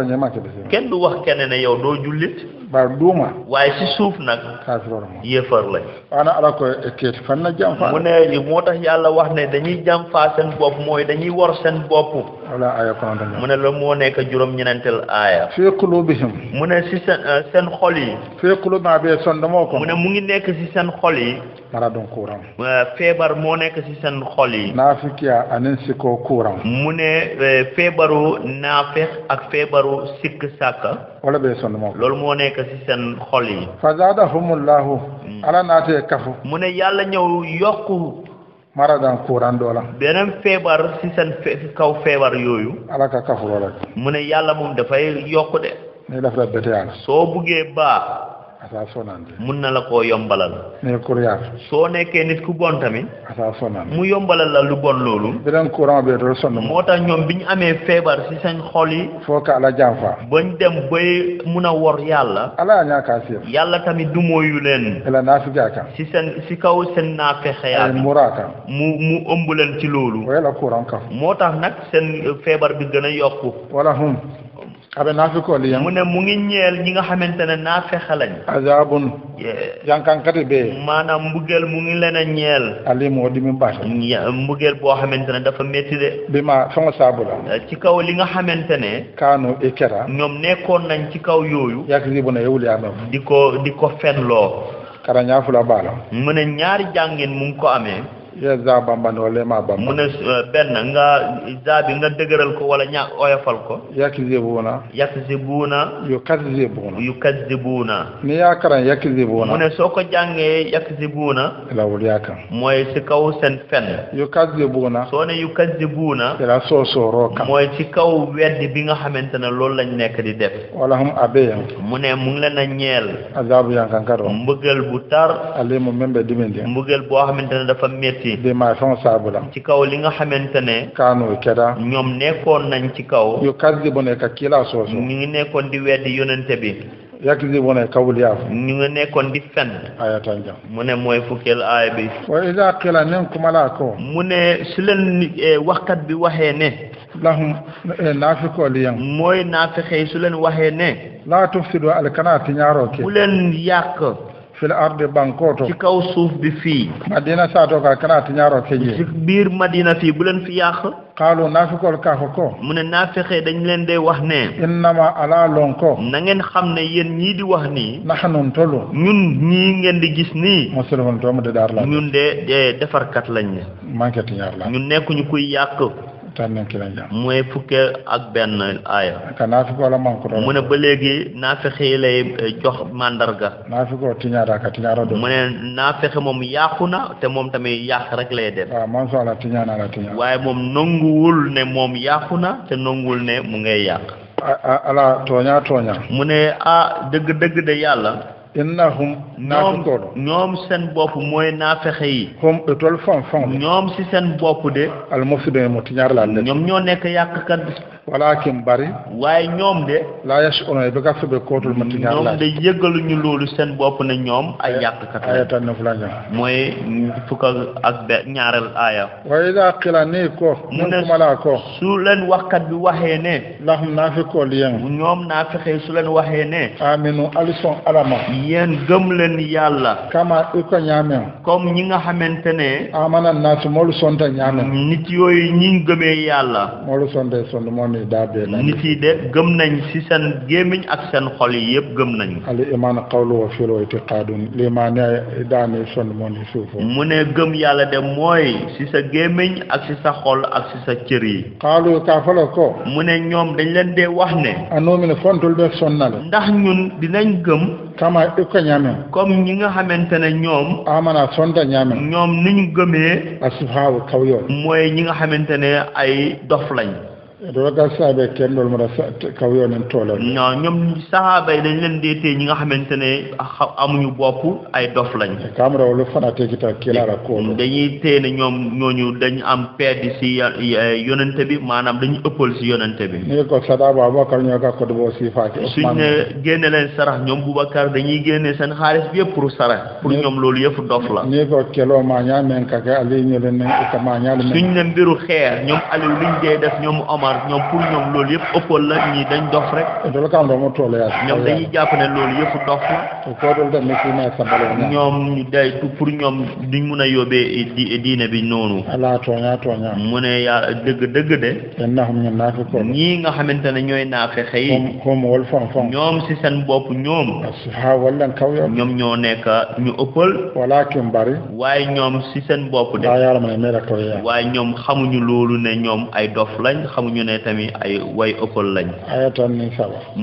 kenn du wax kenn ne yow doo jullit ba luuma waaye si suuf nag kaafiroo yéefar lañ ana ala ko kéet fan na jàmfaa mu ne moo tax yàlla wax ne dañuy jàmfaa seen bopp mooy dañuy war seen bopp wala aya mu ne la moo nekk juróom ñenenteel aaya fii mu si seen euh, seen xol yi fii qulubina bee sondamoo ko mu ne mu ngi nekk si seen xol yi maradun kuuram euh, feebar moo nekk si seen xol yi naafikiya anin sikoo kuuram mu ne euh, feebaru naafex ak feebaru sikk sàkka wala bee sonn mom lolou mo nek ci sen xol yi. fa fazaadahumullahu ala nate kafu. mune yalla ñew yokku. maradan quran doo la. beneen feebar ci seen kaw febar yoyu ala ka kafu lolou mune yalla mom da fay yokku de. ne daf la bett yàlla. soo buggee ba. asa sonante mun na la koo yombalal ne courant soo nekkee nit ku bon tamit asa sonante mu yombalal la lu bon loolu beneen courant bi doo sonn moo tax ñoom bi ñu amee feebar si seen xol yi foo ka ala ba bañ dem bay mun a wor yàlla ala ñaakaa si yàlla tamit du mooyu leen la naa fi jaaka si seen si kaw seen naa fexeyaa muraaka mu mu ëmb leen ci loolu wala courant ka moo tax nag seen feebar bi gën a yokku wala hum a bɛ naafikoo li mu ne mu ngi ñeel ñi nga xamante ne naafexa lañ azabun yankankati bee maanaam mbugeel mu ngi leen a ñeel alim o dimi baata mbugeel boo xamante ne dafa métti de bi ma fanga saabu la eh, ci kaw li nga xamante ne kaanu i kera ñoom nekkoon nañ ci kaw yooyu yak ribu na yewul yaa mem di ko di ko fenloo kara ñaafula baala mu ne ñaari jàngin mu ngi ko amee ye za bambandi wala e ma bambandi mu ne eh, benn nga za bi nga dëgëral ko wala ña oyofal ko yakzibuna yakzibuna yukazibuna yukazibuna ni yaa karan yakzibuna mu ne soo ko jàngee yakzibuna lawul yaa kan mooy ci kaw seen fen yukazibuna soo ne yukazibuna ila soo sooroo kan mooy ci kaw weddi bi nga xamante ne loolu lañ nekk di def wala hum abeya mu ne mu ngi leen a ñeel azabu yankan karo mbëggal bu tar alimu membe dimindi mbëggal boo xamante ne dafa metti yëkkati. des maçons saabula. ci kaw li nga xamante ne. kaanu keda. ñoom nekkoon nañ ci kaw. yu kas di bu nekk kii laa soosu. ñu ngi nekkoon di weddi yonente bi. yàgg di bu ne kawul yaafu. ñu ngi nekkoon di fen. ayata njam. mu ne mooy fukkeel aay bi. wa ila qila nen kumalaa ko. mu ne su leen e, waxkat bi waxee ne. lahum e, naafiqool yan mooy naafixee su leen waxee ne. laa tufsidu alkanaati ñaaroo kii. bu leen yàq. fi ardi bankoto ci kaw suuf bi fi madina saato ka kraati ñaaro keje ci bir madina fi bu len fi yaax xalu na fi kol ka ko ko mu ne len day wax ne innama ala lonko na ngeen xamne yeen ñi di wax ni nahnu tolu ñun ñi ngeen di gis ni musulman tomu de dar la ñun de defar kat lañ ne manket ñaar la ñun neeku ñukuy yaq tànn ki lañ jàpp. mooy fukkee ak benn aaya. ka naafi ko la manqué doon. mu ne ba léegi naafexe yi lay eh, jox màndarga naafi ko tiñaata ka mu ne naafexe moom yàqu na te moom tamit yàq rek lay def. waaw man soo waaye moom nanguwul ne moom yàqu na te nanguwul ne mu ngay yàq. ala tooñaa tooñaa. mu ne ah dëgg dëgg de yàlla. innahum nafiqun ñoom seen bopp mooy naafexe yi hum itol fan fan ñoom si seen bopp de al mufsidun mu tiñaar la ñoom ñoo nekk yàq kat walakin bari waaye ñoom de la yashuruna bi ka sobe kootul mu tiñaar la ñoom de yëgaluñu loolu seen bopp ne ñoom ay yàq kat ay tan na fula ñoom mooy fukk ak be ñaareel aaya wa ida qila ni ko mun kuma la ko su leen waxkat bi waxee ne lahum nafiqun yeen ñoom naafexe su leen waxee ne aminu alison alama yéen gëm leen yàlla. kama i ko comme ñi nga xamante ne. amana naas moolu sonte ñaamee. nit yooyu ñi gëmee yàlla. moolu sonte sonte moo ni daa bee la. de gëm nañ si seen gémmiñ ak seen xol yi yëpp gëm nañ. ali imaan qawlu wa fi'lu ma ne daani moo ni suufu. gëm yàlla de mooy si sa gémmiñ ak si sa xol ak si sa cër yi. xaalu kaafala ñoom dañ leen dee wax ne. ndax ñun dinañ gëm. kama ikko ñaamen comme ñi nga xamante ne ñoom amana sonda ñaamen ñoom ni ñu gëmee asubhaabu kaw yoo mooy ñi nga xamante ne ay dof lañ doo gal saaba kenn loolu moo tax kaw yooneen toolam. non ñoom saaba yi dañ leen ñi nga xamante ne amuñu bopp ay dof lañ. kaam raw lu fanaatee ki tax kilaara kóolu. dañuy téye ne ñoom ñooñu dañ am perdi si yonente bi maanaam dañu ëppal si yonente bi. ni ko Sadaba Aboubacar ñoo ko ko boo si faati. génne ñoom Boubacar dañuy génne seen xaalis bi yëpp pour sarax. pour ñoom loolu yëpp dof la. ni ko keloo maa suñ ne mbiru xeer ñoom Aliou liñ dee def ñoom Omar histoire ñoom pour ñoom loolu yëpp ëppoon la ñii dañ dof rek. ñoom dañuy jàpp ne loolu yëpp dof la. ñoom ñu day pour ñoom duñ mun a yóbbee di diine bi noonu. mu ne yaa dëgg dëgg de. ñii nga xamante ne ñooy naafe xëy. ñoom si seen bopp ñoom. ñoom ñoo nekk ñu ëppal. waaye ñoom si seen bopp de. waaye ñoom xamuñu loolu ne ñoom ay dof lañ xamuñu. ñu ne tamit ay way ëppal lañ ayatan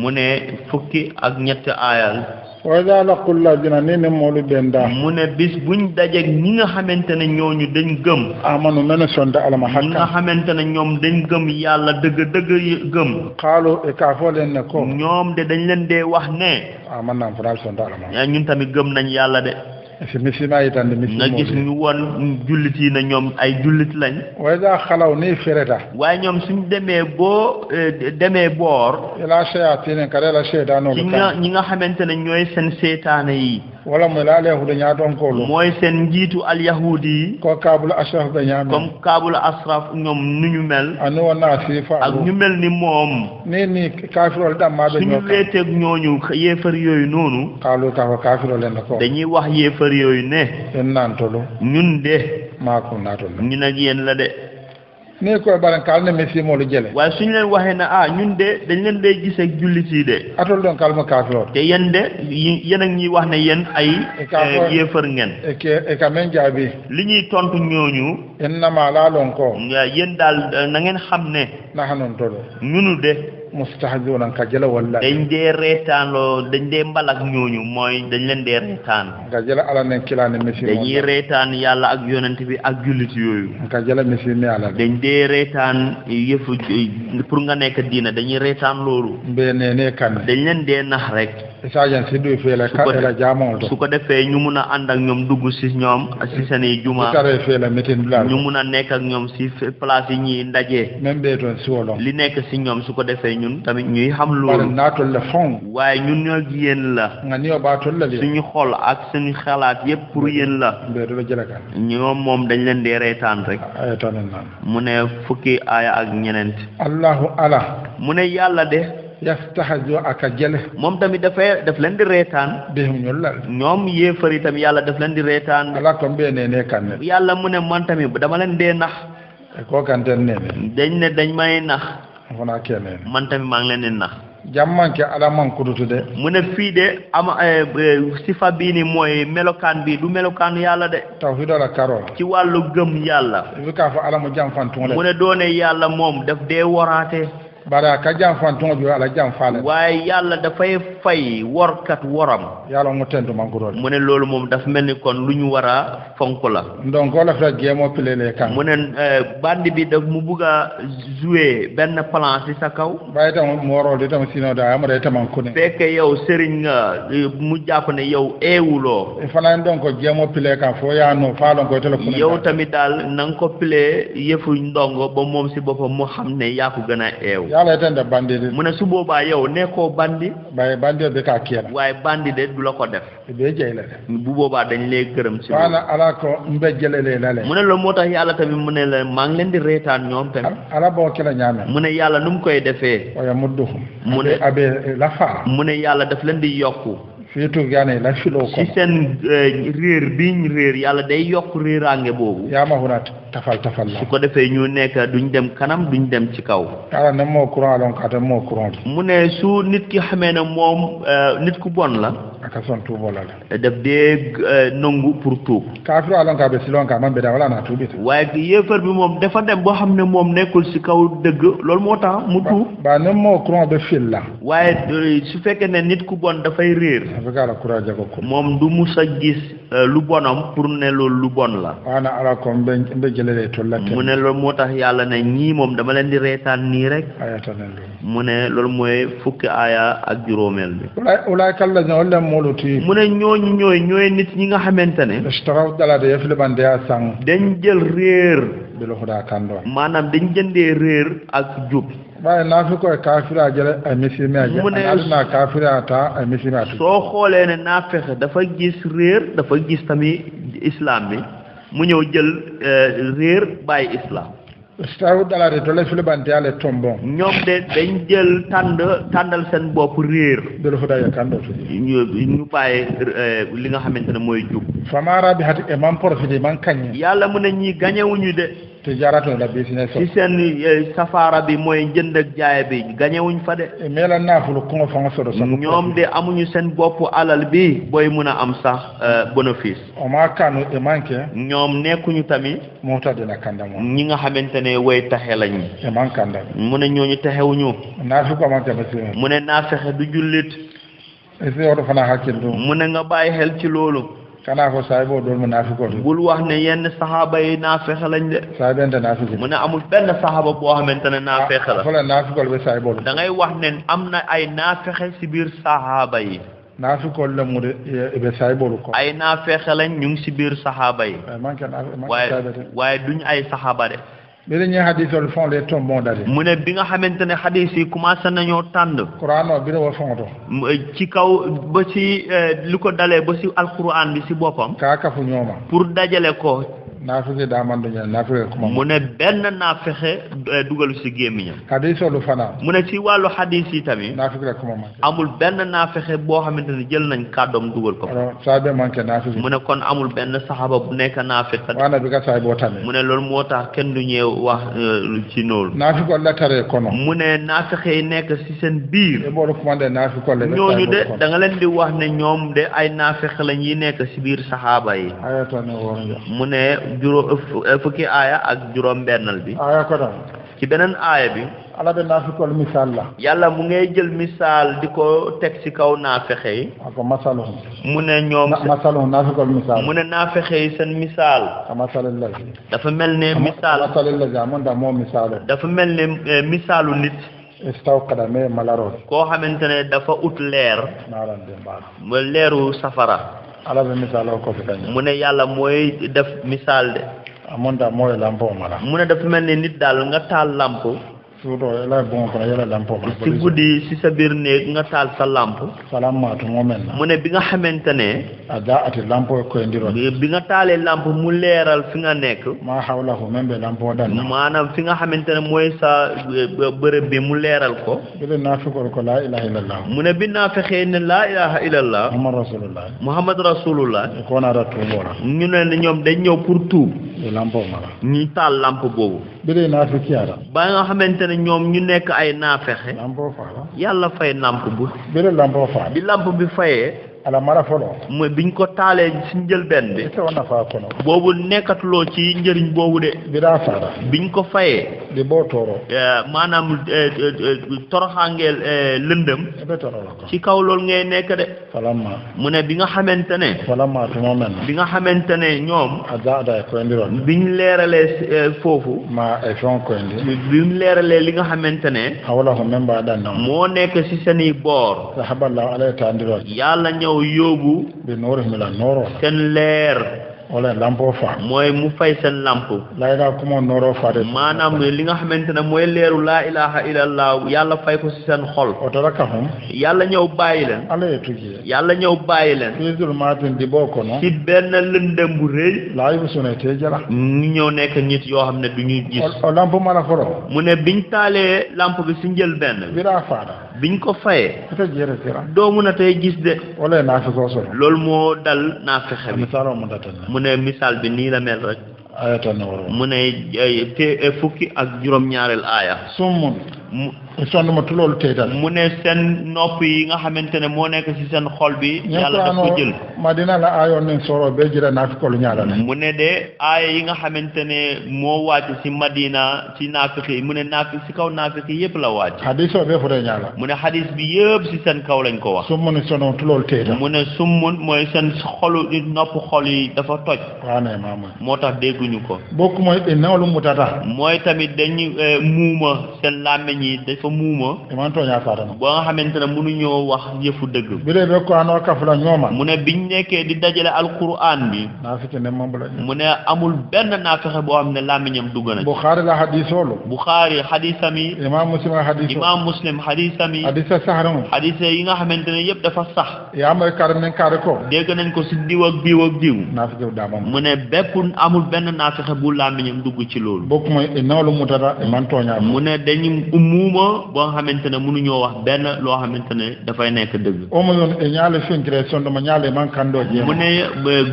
mu ne fukki ak ñett aayal wa idaa laqu llaziina nii ne moolu den daa mu ne bis buñ dajeek ñi nga xamante ne ñooñu dañ gëm amanu mene sonde alama hakka ñi nga xamante ne ñoom dañ gëm yàlla dëgg dëgg gëm xaalu e kaa foo leen ne ko ñoom de dañ leen dee wax ne aman naam fanaa sonde alama ñun tamit gëm nañ yàlla de nga gis ñu won jullit yi na ñoom ay jullit lañ wayda xalaw ni fereta waaye ñoom suñu demee boo demee boor la shayatin kare la shaytanu ñi nga xamante ne ñooy seen seetaane yi wala mo laalehu dañaa toon mooy seen njiitu alyahudi yi ko kaabul ashraf dañaa mel comme kaabul ashraf ñoom nu ñu mel anu wa ak ñu mel ni moom nii nii kaafirol dammaa dañoo suñu weeteeg ñooñu yéefar yooyu noonu xaalu kafa kaafirol dañuy wax yéefar yooyu ne en ñun de maakum naatolu ñun la de ne koy barankaal ne mesi moo lu jële waaye suñu leen waxee na ah ñun de dañ leen dee gis ak jullit yi de atol doon kalma kaafiloo te yéen de yéen ak ñuy wax ne yéen ay e eh, yéefar ngeen e, e ka men jaabi li ñuy tontu ñooñu in namaa laa loon ko yéen daal na ngeen xam ne naxanoon tolo ñunu de mustahzi'un ka jëla walla dañ dee reetaanloo dañ dee mbalak ñooñu mooy dañ leen dee reetaan nga jëla ala ne kilaane misi dañuy reetaan yàlla ak yonent bi ak jullit yooyu nga jëla misi ne ala dañ dee reetaan yëfu pour nga nekk diina dañuy reetaan loolu mbe ne dañ leen dee nax rek isajan si duy fee la ka ko defee ñu mun a ànd ak ñoom dugg si ñoom a seen i juma taree fee la meeting la ñu nekk ak ñoom si place yi ñuy ndaje même bee doon li nekk si ñoom su defee ñun tamit ñuy xam loolu na to le fond waaye ñun ñoo gi yeen la nga ñoo ba to le suñu xol ak suñu xalaat yépp pour yeen la ñoom moom dañ leen di reetaan rek mu ne fukki aaya ak ñenent allahu ala mu ne yàlla de yastahzu aka jele moom tamit dafay daf leen di reetaan bihum ñu lal ñoom yéefari tamit yàlla daf leen di reetaan ala ko mbene ne kan yàlla mu ne man tamit dama leen dee nax ko kan ne dañ ne dañ may nax fana kene man tamit maa ngi leen di ala man kudutu de mu ne fii de ama eh, eh, sifa bii ni mooy melokaan bi du melokaanu yàlla de tawhid ala karo ci wàllu gëm yàlla i bi k'a fɔ ala mu janfantuŋ le mu ne doone yàlla moom daf dee waraate bara ka janfan tun jo ala janfala waaye yàlla dafay fay workat woram yàlla mu tentu mu ne loolu moom dafa mel ni kon lu ñu war a fonk la donc wala fa jéemoo pilele kan eh, bi daf mu bugg a jouer benn plan si sa kaw bàyyi tam mu waroo di yow sëriñ eh, mu jàpp ne yow eewuloo eh, donc jéemoo pile kan foo yaa faa lon yow tamit daal na nga ko pile yëfu ndongo ba moom si boppam mu xam ne yaa ko gën a eew yàlla itam da bandi de. mu su boobaa yow nekkoo bandi. waaye bandi bɛ k'a kii la. waaye bandi de du ko def. la. bu boobaa dañ lay gërëm si. maanaam ala ko n bɛ jëlee la la. la moo tax yàlla tamit mu ne la maa leen di reetaan ñoom tamit. ala b'o kila ñaame. mu yàlla nu mu koy defee. waaye mu mu ne a bɛ lafa. mu yàlla daf leen di yokku. surtout la filoo ko. si seen eh, réer biñ réer yàlla day yokk réeraange boobu. tafal tafal la. su ko defee ñu nekk duñ dem kanam duñ dem ci kaw. ala ne moo courant la ka te mu ne su nit ki xamee ne moom euh, nit ku bon la. aka son tuuboo la la. daf dee euh, nangu pour tuub. kaafiru alon kaa be silon kaa man be daa wala naa tuubi. waaye yéefar bi moom dafa dem boo xam ne moom nekkul si kaw dëgg loolu moo tax mu tuub. ba moo courant be fil la. waaye euh, su fekkee ne nit ku bon dafay réer. dafa kaa la ko. moom du a gis lu bonam pour ne loolu lu bon la. jëlalee tollante mu ne loolu moo tax yàlla ne ñii moom dama leen di reetaan nii rek mu ne loolu mooy fukki aaya ak juróomeel bi ulaayka allaziina wolu leen moolutii mu ne ñooñu ñooy ñooy nit ñi nga xamante ne istaraw dalaade yo filibande a sang dañ jël réer bila maanaam dañ jëndee réer ak jub a jële ay misime a jële mu ne alina kaafiri a taa ay misime a soo xoolee naa fexe dafa gis réer dafa gis tamit islam bi mu ñëw jël eh, réer bàyyi islam staawu dalaate tole fi libante ale tombon ñoom de dañ jël tànd tàndal seen bopp réer dalu fa daye kan dootu ñu ñu pay eh, li nga xamantene mooy jub famara bi hati e eh, man profité man kañ yàlla mu ne ñi gañewuñu de tijaaratul la business. ci seen eh, safaara bi mooy jënd ak jaay bi gañewuñ fa de. Eh, mais la naaful confiance de. ñoom de amuñu seen boppu alal bi booy mun a am sax eh, bénéfice. o maa kaanu e manqué. ñoom nekkuñu tamit. moo tax ñi nga xamante ne way taxe lañu. e mu ne ñooñu taxewuñu. naafu ko man tamit. mu ne naa du jullit. est ce que yow fana hakil mu ne nga bàyyi xel ci loolu. xanaa ko saay boo doon mu naafikooti bul wax ne yenn saxaaba yi naafeexe lañ de saay bente naafiki mu ne amul benn saxaaba boo xamante ne naafeexe la fala naafikool bi saay boo da ngay wax ne am na ay naafeexe si biir saxaaba yi naafikool la mu de be saay ko ay naafeexe lañ ñu ngi si biir saxaaba yi waaye waaye duñ ay saxaaba de bi la ñuy hadisol fond les tombons date mu ne bi nga xamante ne hadis yi commencé nañoo tànd qur'an bi la wa fonto eh, ci kaw ba ci eh, li ko dalee ba ci alquran bi ci boppam kaakafu ñooma pour dajale ko naafeqe daa man duñu naafeqe kuma. mu ne benn naafeqe euh, dugalu si gémmiñam. hadis olu fana. mu ne ci wàllu hadis yi tamit. naafeqe kuma man. amul benn naafeqe boo xamante ne jël nañ kàddoom dugal ko. saa bee man naafeqe. mu ne kon amul benn saxaba bu nekk naafeqe. waaw na bi ka saay boo tamit. mu ne loolu moo tax kenn du ñëw wax euh, ci loolu. naafeqe la taree kono. mu ne naafeqe yi nekk si seen biir. e boolu kuma ñooñu de da leen di wax ne ñoom de ay naafeqe lañ yi nekk si biir saxaaba yi. mu ne. juróom fukki aaya ak juróom bennal bi aaya ko dal ci beneen aaya bi ala be naafiqool misaal la yàlla mu ngay jël misaal di ko teg ci kaw naafexe yi ako mu ne ñoom masaluhum naafiqool misaal mu ne naafexe yi seen misaal ka masalil la dafa mel ne misaal moom da dafa mel ne e, misaalu nit istawqada mais koo xamante ne dafa ut leer leeru safara ala bɛ misaal aw kɔfɛ ka ɲɛ. ne yàlla mooy def misaal de. amoon daa mooy lampe mara. mu ne dafa mel ni nit daal nga taal lampe. suudoo e lay bon kono yela lampo guddi si sa biir néeg nga taal sa lamp salaamatu mu ne bi nga xamante ne a daa ati lampo koy e ndiroon bi nga taalee lamp mu leeral fi nga nekk maa xaw la ko même be lampo dan maanaam fi nga xamante ne mooy sa bërëb bi mu leeral ko bile naa fekkoon ko laa ilaha illallah mu ne bi naa fexee ne laa ilaha illallah muhammad rasulullah muhammad rasulullah e koo naa da tuuboora ñu ne ne ñoom dañ ñëw pour tuub e lampo ma la ñi taal lamp boobu bile naa fekkiyaata ba nga xamante ne ñoom ñu nekk ay naafexe. yàlla fay lamp bu. beneen lamp bi fayee. bi lamp ala mara fɔlɔ. mooy biñ ko taalee si njëlbeen bi. te woon na faa kɔnɔ. boobu nekkatuloo ci njëriñ boobu de. bi biñ ko fayee. de b'o tɔɔrɔ. Eh, maanaam eh, eh, toroxaangeel e bɛ tɔɔrɔ la ci kaw loolu ngay nekk de. mu ne bi nga xamante ne. falama tuma mel bi nga xamante ne ñoom. a daa daa koyindi leeralee foofu. ma fɛn leeralee li nga xamante ne. aw la ko moo nekk si seen i boor. yàlla ñëw. Yobu yóbbu. bi wala lampo fa. mooy mu fay seen lamp. layla kuma nɔrɔ fa maanaam li nga xamante ne mooy leeru laa ilaha illallah yàlla fay ko ci seen xol. o dara ka hum. yàlla ñëw bàyyi leen. ala yàlla ñëw bàyyi leen. fii zulumaatin di boo kono. si benn lëndëm bu ñu ñëw nekk nit yoo xam ne du ñuy gis. o lamp mala mu ne biñ taalee lamp bi si njël benn. bira faada. biñ ko fayee. te jërë jërë. doomu na tey gis de. wala loolu moo dal naa fi xel. mu ne misaal bi nii la mel rek mu ne eh, eh, fukki ak juróom-ñaareel aaya. summun sonn ma tuloolu mu ne seen nopp yi nga xamante ne moo nekk ci seen xol bi yàlla daf ko jël ma la aayoon ne soro bee jira naafiqolu ñaala ne mu ne de aaya yi nga xamante ne moo wàcc ci madina ci naafiqi mu ne naafi ci kaw naafiqi yépp la wàcc hadis o bee fotee mu ne hadis bi yépp ci seen kaw lañ ko wax summun sono tuloolu teetal mu ne summun mooy seen xolu nopp xol yi dafa toj moo tax dégguñ xamuñu ko bokk moy de nawlu mutata moy tamit dañu muuma seen làmmeñ yi dafa muuma iman toña faatana bo nga xamantene mënu ñoo wax yëfu dëgg bi leen rek ko anoo kaf la ñooma mu ne biñ nekkee di dajale alquran bi naafite ne moom la mu ne amul benn naafexe boo xam ne làmmeñam dugg na bukhari la hadisoolu bukhari hadisami imam muslim hadis imam muslim hadisami hadisa saharam hadisa yi nga xamantene yëpp dafa sax yaa ma kar nañ kar ko dégg nañ ko si diw ak biw ak diw naafite daa moom mu ne bépp amul benn naa fexe bu làmmiñam dugg ci loolu. bokk mooy nawlu mu dara man tooñaa. mu ne dañu muuma boo xamante munuñoo wax benn loo xamante ne dafay nekk dëgg. o ma yoon ñaale finkire sondoma ñaale man kandoo jeex. mu ne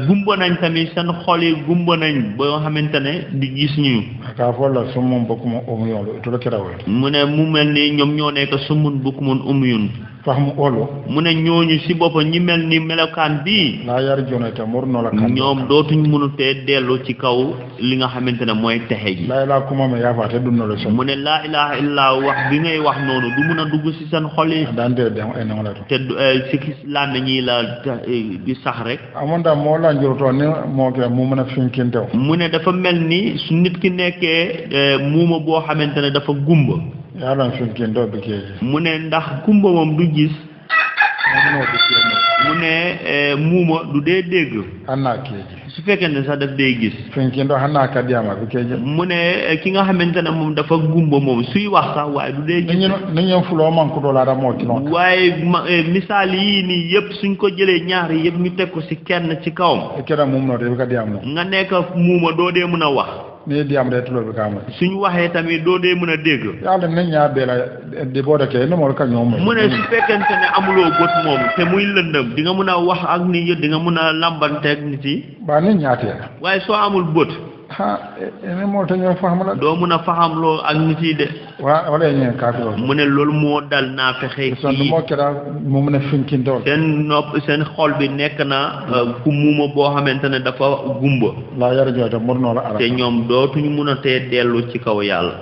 gumba nañ tamit seen xol yi gumba nañ boo xamante ne di gis ñu. k'a fɔ la sumun bokk moom omu yoon lu tolo kira mu ne mu mel ni ñoom ñoo nekk sumun bokk moom omu yoon. sax mu óolu mu ne ñooñu si boppam ñi mel melokaan bii. laa yar joonee te mur noo la. ñoom dootuñ mënutee dellu ci kaw li nga xamante ne mooy texe ji. laa ilaa kuma ma yaafaate mu ne laa ilaa illaa wax bi ngay wax noonu du mun a dugg si seen xol yi. dem ay nangu te si laan nañuy la eh, sax rek. amoon daal moo laa njurutoo ni moo kee mu mën a finkintew. mu ne dafa mel ni su nit ki nekkee eh, muuma boo xamante ne dafa gumba. yaron finkin do bike ji mu ne ndax kumba moom eh, du gis mu ne muuma du dee dégg hannaa su fekkee ne sax daf dee eh, gis do mu ne ki nga xamante ne moom dafa gumba moom suy wax sax waaye du dee gis ni ñeen fuloo manku nii eh, yëpp suñ ko jëlee ñaar yëpp ñu teg ko si kenn ci kawam kera nga nekk muuma doo dee mën wax ni ndiyam reetuloo bi kaa moy suñu waxe tamit do de meuna deg yalla nañ ñaa bee la di bo kee no mool ka ñoom moy mu ne su fekkante ne amulo bot mom te muy leundam di nga meuna wax ak nit yi di nga meuna lambante ak nit yi baa nit ñaatee waaye so amul bot ah ni moo doo mën a faham loo ak nit yi de. waaw wala yéen mu ne loolu moo dal naa fexe. kii moo kera mu mun a finkin dool. seen nopp seen xol bi nekk na euh, ku muuma boo xamante ne dafa gumba. laa yar jooju mën noo la. te ñoom dootuñu mun a tee dellu ci kaw yàlla.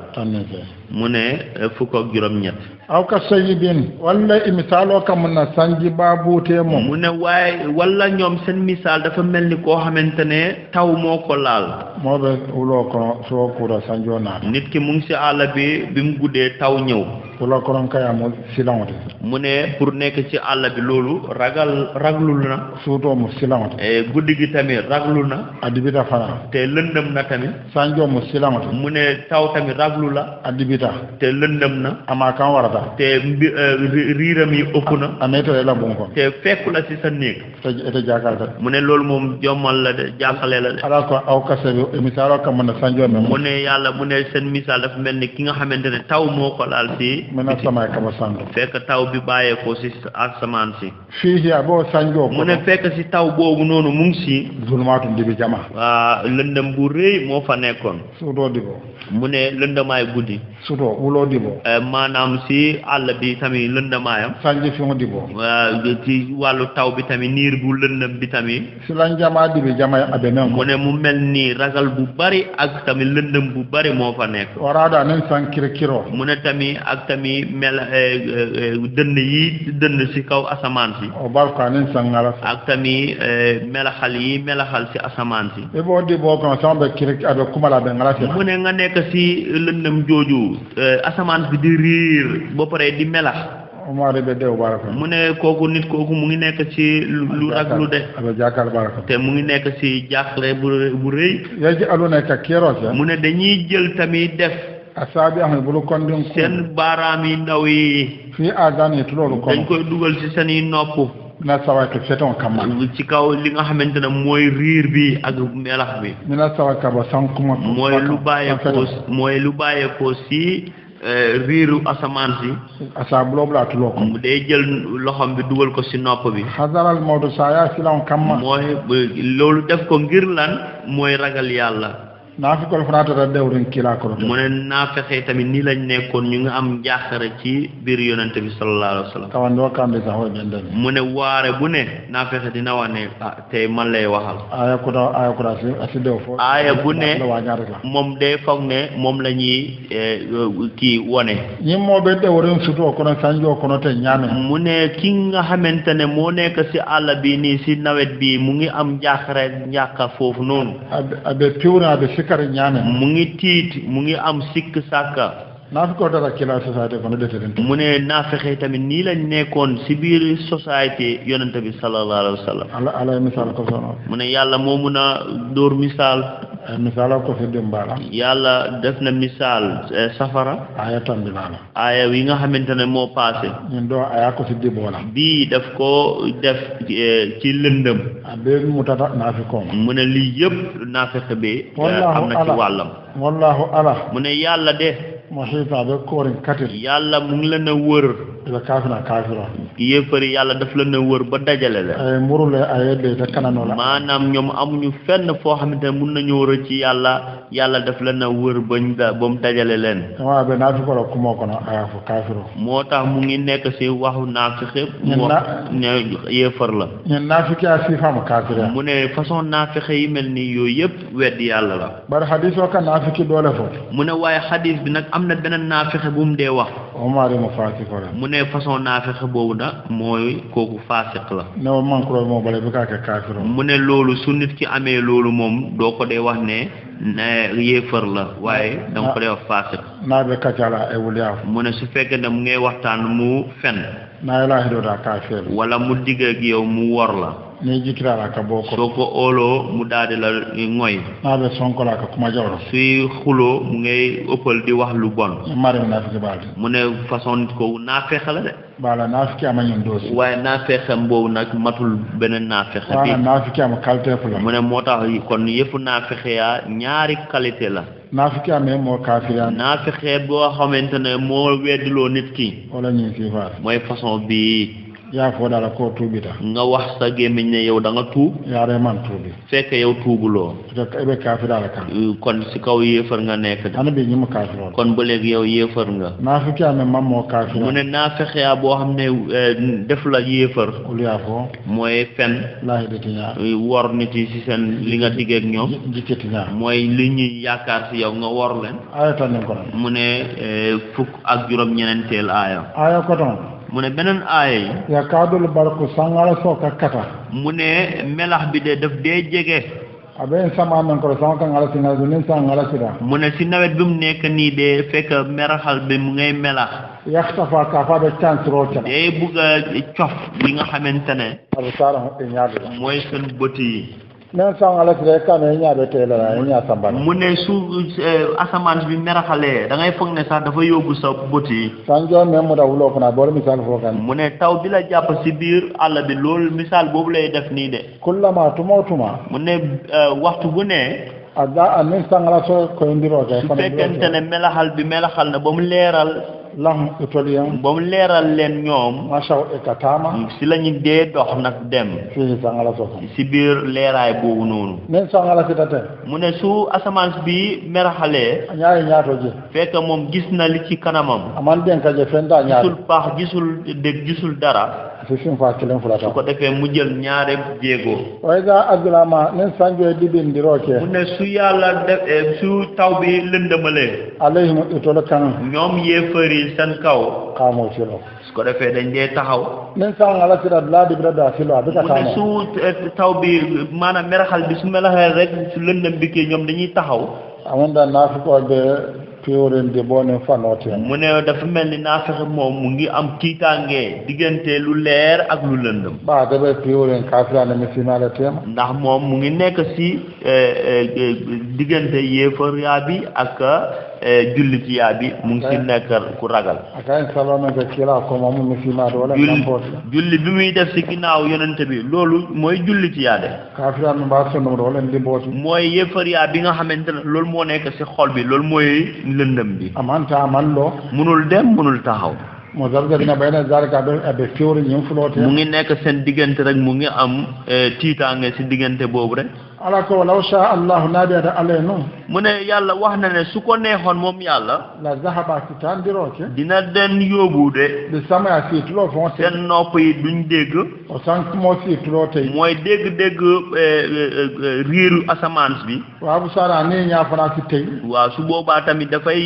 mu ne eh, fukk ak juróom-ñett. aw ka sayyibin wala misaaloo ka na sanji baa buutee moom. mu ne waaye wala ñoom seen misaal dafa mel ni koo xamante ne taw moo ko laal. moo be wuloo ko soo kuura sanjoo naa. nit ki mu si àll bi bi mu guddee taw ñëw. pour la koronkaya mo silaŋo te mu ne pour nekk ci àll bi loolu ragal raglul na suutoo mu silaŋo te eh, guddi gi tamit raglul na a dibita fana te lëndëm na tamit sanjoo mu silaŋo te mu ne taw tamit raglu la a dibita te lëndëm na amaa kan warata te mbi eh, riiram yi ëpp na a meetale la buŋ te fekku la ci sa néeg te te jaakalta mu ne loolu moom jommal la de jaakale la de ala ko aw kase bi e misaaloo ka mën na sanjoo mu ne yàlla mu ne seen misaal dafa mel ni ki nga xamante ne taw moo ko laal si mën a sama kama sànq. fekk taw bi bàyyeekoo si asamaan si. fii ci boo sañoo. mu ne fekk si taw boobu noonu mu ngi si. zulmaatu dibi jama. waa lëndëm bu rëy moo fa nekkoon. suutoo diboo. mu ne lëndamaay guddi. suutoo wuloo diboo. Eh, maanaam si àll bi tamit lëndamaayam. sànji fi mu wàllu taw bi tamit niir bu lëndëm bi tami si lañ jamaa dibi jama yi abe mu ne mu mel nii ragal bu bari ak tamit lëndëm bu bari moo fa nekk. waraada nañ sànq kiro. mu ne tamit ak xatami mel eh, eh, eh, dënn yi dënn ci kaw asamaan si o balkanin sangara ak yi melaxal ci asamaan si e boo di boo kan sama be kirik abe kumala be ngala mu ne nga nekk ci lëndëm jooju asamaan bi di riir ba pare di melax mu ne kooku nit kooku mu ngi nekk ci lu ak lu de te mu ngi nekk ci jàkkaar bu rëy mu ne dañuy jël tamit def asaabi ahme bulu kondin ko seen baaraami ndaw yi fii aadaan yi tuloolu kono dañ koy dugal ci seen i nopp mina sawaka feton kamma ci kaw li nga xamante ne mooy riir bi ak melax bi mina sawaka ba sankuma mooy lu bàyyeekoo mooy lu bàyyeekoo si riiru asamaan si asaabu loobu laa tuloo ko mu day jël loxom bi dugal ko si nopp bi xasaral mawdu saa yaa silan kamma mooy loolu def ko ngir lan mooy ragal yàlla naafikol fana tata dewrin kiilaa kono mu ne naafexe tamit nii lañ nekkoon ñu ngi am njaaxare ci biir yonente bi sallallahu alaihi wasallam kawan doo kambe sax mu ne bu ne dina wax ne ah, man lay waxal aya kuda aya kuda si asi moom day foog moom la ñuy eh, kii wone ñi moo ɓe dewrin sutoo kono mu ne ki nga xamante ne moo nekk si àll bi nii si nawet bi mu ngi am njaaxare njàkka foofu noonu sikkar ñaanal mu ngi tiit mu ngi am sikk sàkka naafeqoo dara ci la société kon def leen. mu ne naafeqe tamit nii lañ nekkoon si biir société yonent bi sallallahu alayhi wa sallam. ko soxna. mu ne yàlla moo mun a dóor misaal. Eh, misaala ko fi dimbaala. yàlla def na misaal eh, safara. aaya tambilaala. aaya wi nga xamante ne moo paase. ñun doo aaya ko bii daf koo def eh, ci lëndëm. a bee mutata naafeqoo. mu ne lii yëpp naafeqe bi. am na ci wàllam. mu ne yàlla de. muhita bi koorin katil yàlla mu ngi leen a wër ila kaafina kaafira yéefari yàlla daf leen wër ba dajale la ay murule ay yedde te kananoo la maanaam ñoom amuñu fenn foo xam ne mun nañoo rëcc ci yàlla yàlla daf leen a wër bañ da ba mu dajale leen waa be naa fi moo tax mu ngi nekk si waxu naa fi xëpp mu wax ne la ñun naa fi mu ne façon naa fexe yi mel ni yooyu yëpp weddi yàlla la bari xadiis oo ka ki doole fo mu ne waaye xadiis bi nag amna benen nafikh bu mu de wax. Omar ibn faasiq la. mu ne façon nafikh bobu da moy koku faasiq la. ne woon man ko mo balé bu ka ka kafir mu ne lolu sunnit ki amé lolu mom do ko de wax ne ne yéefar la waye da ko de wax faasiq. na be kàccaala ay wul yaa. mu ne su fekkee ne mu ngay waxtan mu fen. ilahi do da kafir wala mu digg ak yow mu wor la. ni jikirara ka soko olo mu daade la ngoy n'a bɛ sɔnkola ka kuma jawra si xulo mu ngay ëppal di wax lu bon mari mu naafiki baade mu ne façon ko naafeexa la de bala naafiki ama ñun doosi waaye naafeexam boobu nak matul beneen naafeexa bi bala naafiki ama qualité la mu ne moo tax kon yëfu naafeexeyaa ñaari qualité la naafiki amee moo kaafiriyaa naafexe boo xamante ne moo weddiloo nit ki wala ñi ci si moy façon bi yaa foodaala koo tuubita nga wax sa gémmiñ ne yow da nga tuub yaaree man tuubi fekk yow tuubuloo peut-être i be kaafidaala kan euh, kon si kaw yéefar nga nekk de ana bi ñu ma kon ba léegi yow yéefar nga naa fi caa ne man moo kaafir mu ne naa fexeyaa boo xam ne euh, def la yéefar olu yaa foo mooy fen laahi di tiñaa euh, wor nit yi si seen li nga diggeek ñoom jikkati ñaa mooy li ñuy yaakaar si yow nga wor leen aaya tan ko mu ne fukk ak juróom ñenenteel aaya aaya ko mu ne beneen aaya yi yakaadul barku sangara soo ka kata mu ne melax bi de daf dee jege a be n sama menkoro sama ka ngala sina du nin sa ngala sida mu ne si nawet bi mu nekk nii dee fekk meraxal bi mu ngay melax yaxtafa ka fa be chance roo ca day bugg a cof li nga xamante ne a mooy seen bët yi même sànq la si rek kanoo yi ñaa bɛ teel la yi ñaa sambana. mu ne su eh, asamaan bi meraxalee da ngay foog ne sax dafa yóbbu sa bët yi. sanjoo même mu da wuloo fana boole misaal foo kan. mu ne taw bi la jàpp si biir àll bi loolu misaal boobu lay def nii de. kullama tuma tuma. mu ne eh, waxtu bu ne. a daa a ni sànq soo koy ndiroo kɛ. su fekkente ne melaxal bi melaxal na ba mu leeral. lam itoliyan ba mu leeral leen ñoom masaw ekatama si la ñu dee dox nag dem fii sangala soxna si biir leeraay boobu noonu nen sangala si tate mu ne su asamaan bi meraxalee ñaari ñaato ji fekk moom gis na li ci kanamam aman denka je fenta ñaar gisul paax gisul dég gisul dara si sim faa kelen fula ko defee mu jël ñaare jéego waaye gaa adulama su yàlla def eh, taw bi lëndëmalee alayhim itolo kan ñoom yéefari ci seen kaw. xaamoo ci loo. su ko defee dañ dee taxaw. même sànq ala si la laa déglu daa si loo a a xaamoo. mu ne su eh, taw bi maanaam meraxal bi su melaxee rek su lëndëm bi kii ñoom dañuy taxaw. amoon na naafiko be teewulendi boo ne fanooti. mu ne dafa mel ni naafiko moom mu ngi am kiitaange diggante lu leer ak lu lëndëm. ba da ngay teewulendi kaafira ne misina la teem. ndax moom mu ngi nekk si eh, eh, diggante yeefariyaa bi ak. Eh, julli ci yaa bi mu ngi si eh. nekk ku ragal julli bi muy def si ginnaaw yonente bi loolu mooy julli ci yaa de mooy yëfër yaa bi nga xamante ne loolu moo nekk si xol bi loolu mooy lëndëm bi munul dem munul taxaw mu ngi nekk seen diggante rek mu ngi am eh, tiitaange si diggante boobu rek ala ko walaw sha allahu naɓeede alay noon mu ne yàlla wax na ne su ko neexoon moom yàlla la zahaba si tandirooke dina den yóbbu de ɗi samaya siituloo fon seen nopp yi duñ dégg o sank moo siituloo tey mooy dégg-dégg eh, eh, eh, riiru asamaan bi waaw bu saara nii ñaafanaa si tey waaw su boobaa tamit dafay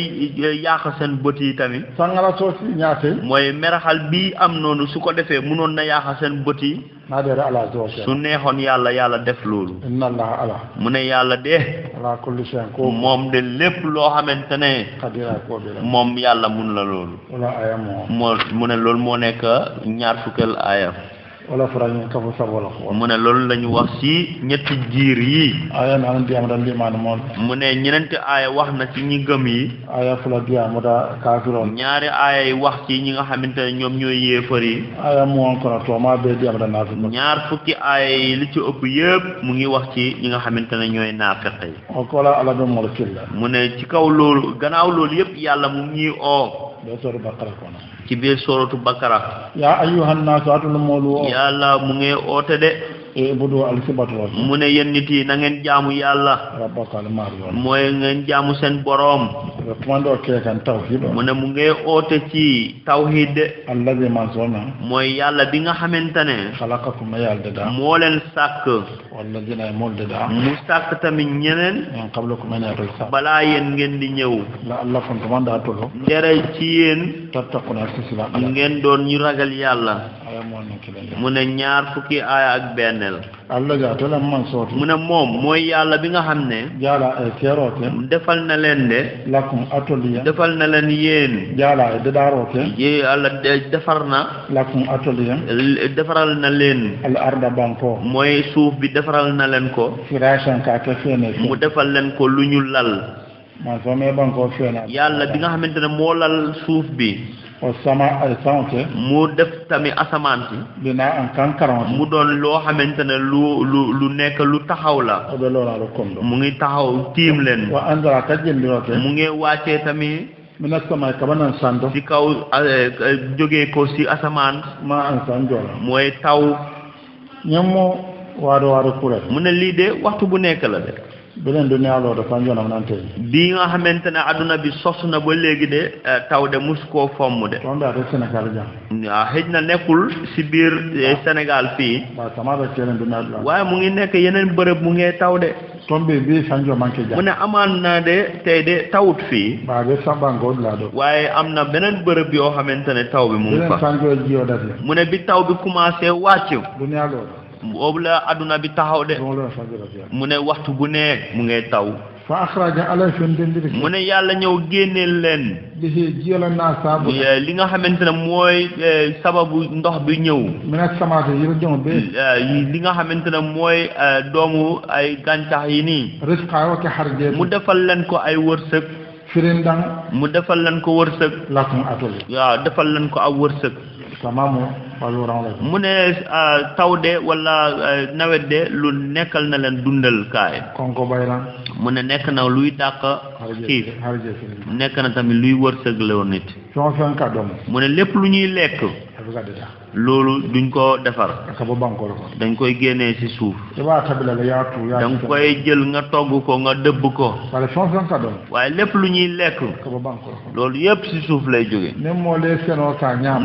yàq seen bët yi tamit sangala soo ñaa ñaatey mooy meraxal bi am noonu su ko defee munoon na yàq seen bët yi naa dee su neexoon yàlla yàlla def loolu. inna mu ne yàlla de. ala kulli ko moom de lépp loo xamante ne. moom yàlla mun la loolu. mu ne loolu moo nekk ñaar fukkeel aaya wala farañi kafu sabola ko mu ne loolu lañu wax ci ñetti jiir yi aya nanan diyam dan limani moon mu ne ñenenti aaya wax na ci ñi gëm yi aya fula diyamuda kaafiroon ñaari aaya yi wax ci ñi nga xamante ne ñoom ñooy yéefar yi aya muwoon kono tooma bee diyam da naafiq ñaar fukki aaya yi li ci ëpp yëpp mu ngi wax ci ñi nga xamante ne ñooy naafiq yi o kola ala be mol mu ne ci kaw loolu gannaaw loolu yëpp yàlla mu ngi oo do sooru Bakara kono ci biir sooratu Bakara yaa ayyuhan naasu atul moolu o ya Allah mu ngi oote de ibudu al sibat wa mune yen nit yi na ngeen jaamu yalla rabbakal marwan moy ngeen jaamu sen borom rekomando ke kan tawhid mune mu ngey ote ci tawhid allazi mazona moy yalla ya bi nga xamantene khalaqakum yalla ya dada mo len sak wala dina mo dada mu sak tamit ñeneen en qablukum min arsal bala yen ngeen di ñew la allah fon tamanda tolo dere ci yen tatakuna sisila ngeen doon ñu ragal yalla mune ñaar fukki aya ak ben bennel allah jaatala man sooti mu ne moom mooy yàlla bi nga xam ne jaala e keeroote defal na leen de lakum atoliya defal na leen yéen jaala e deɗaaroote ye allah defar na lakum atoliya defaral na leen al arda banko mooy suuf bi defaral na leen ko firaasan kaa ke feene mu defal leen ko lu ñu lal ma soo mee banko feena yàlla bi nga xamante ne moo lal suuf bi sama ay sante mu def tamit asamaan si dinaa mu doon loo xamante ne lu lu lu nekk lu taxaw la mu ngi taxaw tiim leen wa mu ngi wàccee tamit min asamaan kaba nan santo si kaw eh, eh, ko ci asamaan maa mooy taw ñam moo waado mu ne lii de waxtu bu nekk la bii nga xamante ne adduna bi sos na ba léegi de eh, taw de mus koo fomm de. waaw ah, xëj na nekkul si biir eh, Sénégal fii. waaye mu ngi nekk yeneen bërëb mu ngee taw de. mu ne amaan naa de tey de tawut fii. waaye am na beneen bërëb yoo xamante ne taw bi mu ngi fa. mu ne bi taw bi commencé wàcc. wala aduna bi taxaw de mune waxtu bu neek mu ngay taw fa akhraja ala fen dendir mune yalla ñew geneel len bihi ya li nga xamantene moy sababu ndox bi ñew mune sama te yi jom be yi li nga xamantene moy doomu ay gantax yi ni rizqa wa ki harje mu defal len ko ay wërseuk firen dang mu defal len ko wërseuk lakum atul ya defal len ko ay wërseuk tamamu mu ne euh, taw de wala euh, nawet de lu nekkal na leen dundal kaay. konko bayra. mu ne nekk na luy dàq. xiif nekk na tamit luy wërsëg la nit. mu ne lépp lu ñuy lekk. loolu duñ ko defar dañ koy génnee ci suuf dañ koy jël nga togg ko nga dëbb ko waaye lépp lu ñuy lekk loolu yépp ci suuf lay jóge mu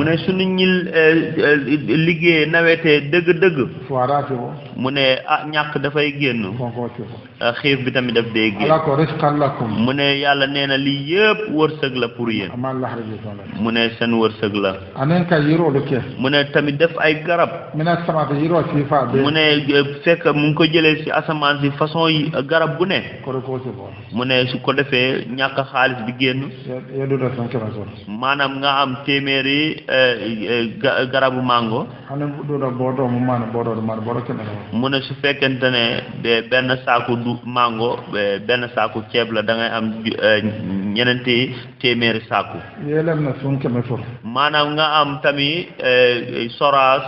ne suñu ñi euh, liggéey nawetee dëgg dëgg mu ne ah ñàkk dafay génn euh, xiif bi tamit daf dee génn mu ne yàlla nee na lii yépp wërsëg la pour yéen mu ne seen wërsëg la ne tamit def ay garab. min as-samaa'i yurwa fi fa'd. mu ne fekk mu ngi ko jëlee ci asaman ci façon yi garab bu ne. mu ne su ko defé ñaka xaaliss bi genn manam nga am téeméeri garabu mango. do do do bo mu man bo bo do do do kene ne su fekkente ne ben saaku du mango be ben saaku ceeb la da ngay am ñeneen téméré saaku. na fo manam nga am tamit. ay soraas